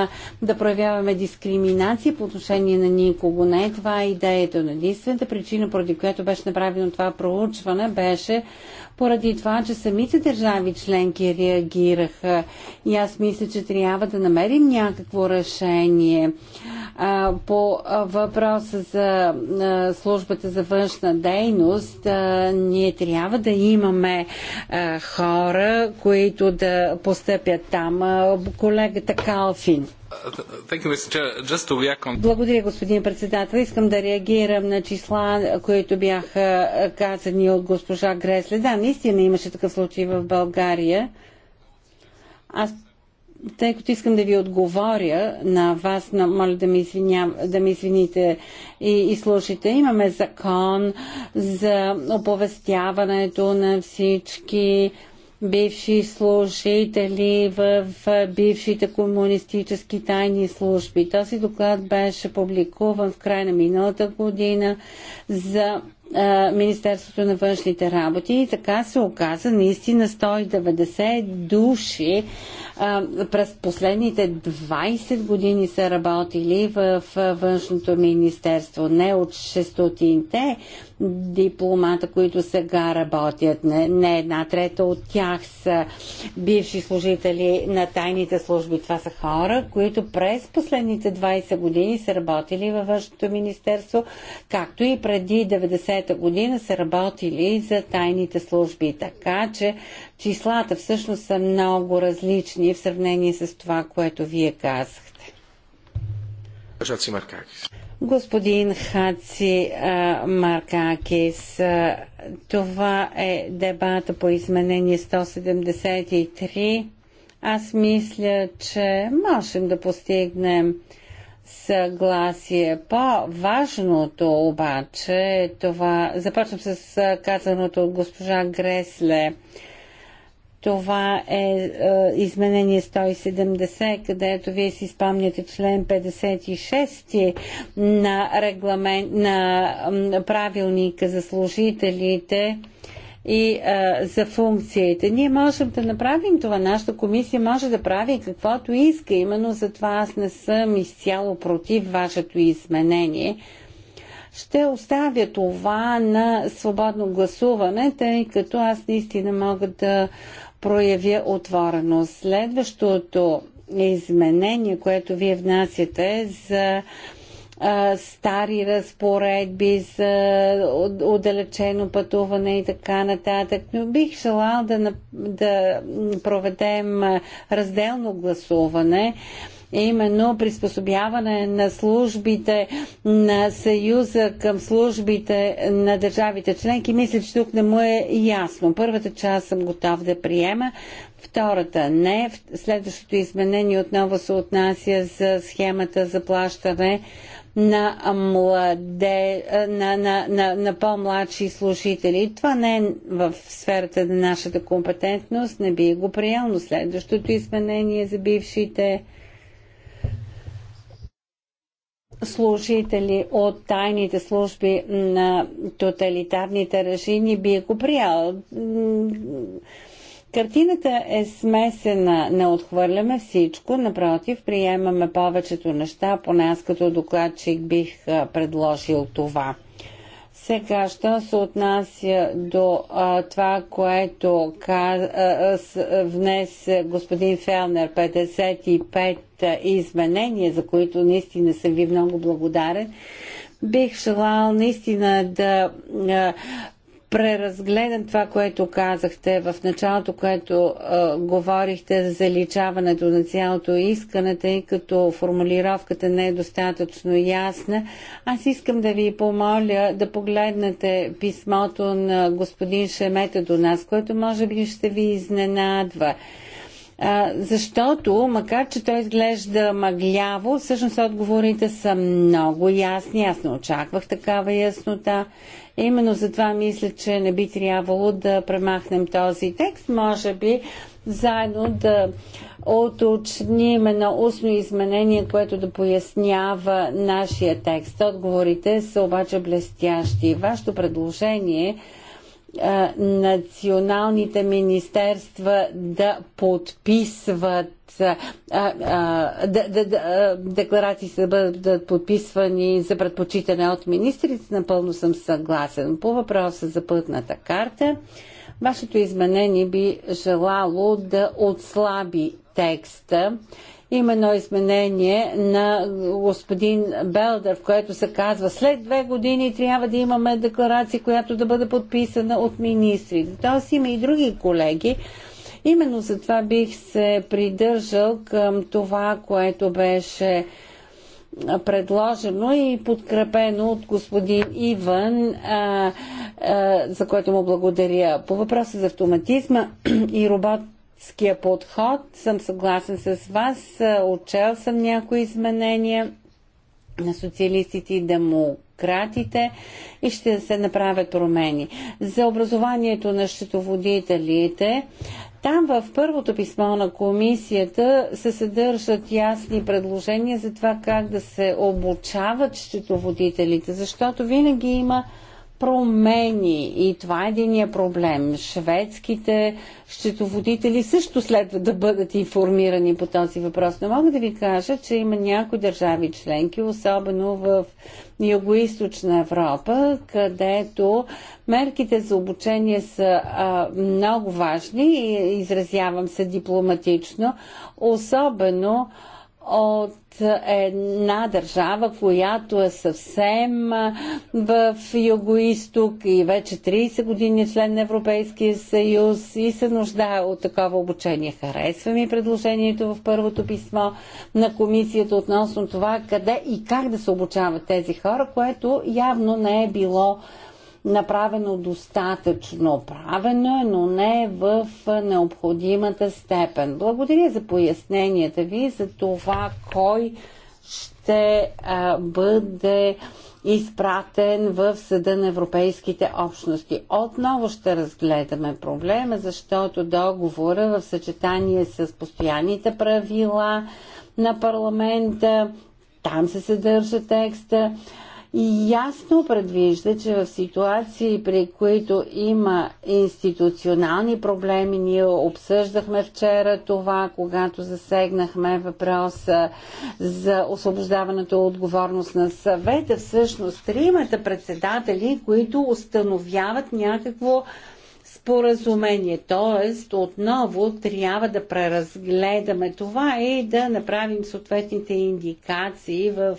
да проявяваме дискриминация по отношение на никого. Не, това е идеята. единствената причина, поради която беше направено това проучване, беше поради това, че самите държави членки реагираха. И аз мисля, че трябва да намерим някакво решение а, по въпроса за а, службата за външна дейност. А, ние трябва да имаме а, хора, които да постъпят там. А, колегата Калфин. Благодаря, господин председател. Искам да реагирам на числа, които бяха казани от госпожа Гресле. Да, наистина имаше такъв случай в България. Аз, тъй като искам да ви отговоря на вас, на, моля да ми, извиня, да ми извините и, и слушайте, имаме закон за оповестяването на всички бивши служители в бившите комунистически тайни служби. Този доклад беше публикуван в края на миналата година за Министерството на външните работи и така се оказа наистина 190 души през последните 20 години са работили в външното министерство. Не от 600-те дипломата, които сега работят. Не, не една трета от тях са бивши служители на тайните служби. Това са хора, които през последните 20 години са работили във външното министерство, както и преди 90-та година са работили за тайните служби. Така че числата всъщност са много различни в сравнение с това, което вие казахте. Господин Хаци Маркакис, това е дебата по изменение 173. Аз мисля, че можем да постигнем съгласие. По-важното обаче е това... Започвам с казаното от госпожа Гресле. Това е, е изменение 170, където вие си спомняте член 56 на, регламент, на, на правилника за служителите и а, е, за функциите. Ние можем да направим това. Нашата комисия може да прави каквото иска. Именно затова аз не съм изцяло против вашето изменение. Ще оставя това на свободно гласуване, тъй като аз наистина мога да проявя отвореност. Следващото изменение, което вие внасяте за стари разпоредби за отдалечено пътуване и така нататък. Но бих желал да, да проведем разделно гласуване е именно приспособяване на службите на Съюза към службите на държавите членки. Мисля, че тук не му е ясно. Първата част съм готов да приема, втората не. Следващото изменение отново се отнася за схемата за плащане на, младе, на, на, на, на по-младши служители. Това не е в сферата на нашата компетентност, не би го приел, но следващото изменение за бившите служители от тайните служби на тоталитарните режими би го приял. Картината е смесена. Не отхвърляме всичко, напротив, приемаме повечето неща, поне аз като докладчик бих предложил това. Сега, що се отнася до а, това, което каз, а, с, внес господин Фелнер, 55 изменения, за които наистина съм ви много благодарен, бих желал наистина да а, преразгледам това, което казахте в началото, което а, говорихте за заличаването на цялото искане, тъй като формулировката не е достатъчно ясна. Аз искам да ви помоля да погледнете писмото на господин Шемета до нас, което може би ще ви изненадва защото, макар че той изглежда мъгляво, всъщност отговорите са много ясни. Аз не очаквах такава яснота. Именно затова мисля, че не би трябвало да премахнем този текст. Може би заедно да оточним едно устно изменение, което да пояснява нашия текст. Отговорите са обаче блестящи. Вашето предложение е е, националните министерства да подписват е, е, да, да, да, декларации да бъдат подписвани за предпочитане от министрите. Напълно съм съгласен. По въпроса за пътната карта, вашето изменение би желало да отслаби текста има едно изменение на господин Белдър, в което се казва след две години трябва да имаме декларация, която да бъде подписана от министрите. Тоест има и други колеги, Именно за това бих се придържал към това, което беше предложено и подкрепено от господин Иван, а, а, за което му благодаря. По въпроса за автоматизма и робот, ския подход. Съм съгласен с вас. Отчел съм някои изменения на социалистите и демократите и ще се направят промени. За образованието на щитоводителите, там в първото писмо на комисията се съдържат ясни предложения за това как да се обучават щитоводителите, защото винаги има промени и това е единия проблем. Шведските счетоводители също следва да бъдат информирани по този въпрос. Но мога да ви кажа, че има някои държави членки, особено в Юго-Источна Европа, където мерките за обучение са а, много важни и изразявам се дипломатично, особено а, от една държава, която е съвсем в югоисток и вече 30 години е член на Европейския съюз и се нуждае от такова обучение. Харесва ми предложението в първото писмо на комисията относно това къде и как да се обучават тези хора, което явно не е било направено достатъчно. Правено но не в необходимата степен. Благодаря за поясненията ви за това кой ще а, бъде изпратен в Съда на Европейските общности. Отново ще разгледаме проблема, защото договора в съчетание с постоянните правила на парламента, там се съдържа текста, ясно предвижда, че в ситуации, при които има институционални проблеми, ние обсъждахме вчера това, когато засегнахме въпроса за освобождаването от отговорност на съвета, всъщност тримата председатели, които установяват някакво споразумение. т.е. отново трябва да преразгледаме това и да направим съответните индикации в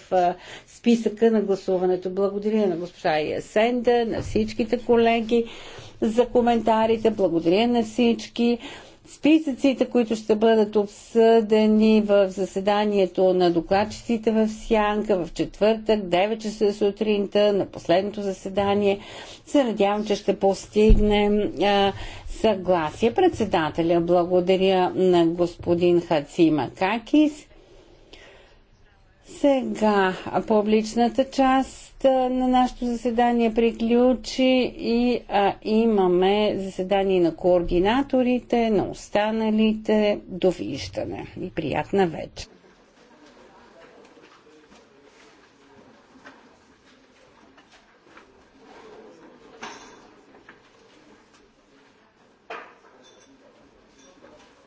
списъка на гласуването. Благодаря на госпожа Ясенда, на всичките колеги за коментарите. Благодаря на всички. Списъците, които ще бъдат обсъдени в заседанието на докладчиците в Сянка в четвъртък, 9 часа сутринта, на последното заседание, се надявам, че ще постигнем а, съгласие. Председателя благодаря на господин Хацима Какис. Сега публичната част на нашето заседание приключи и а, имаме заседание на координаторите, на останалите. Довиждане и приятна вечер.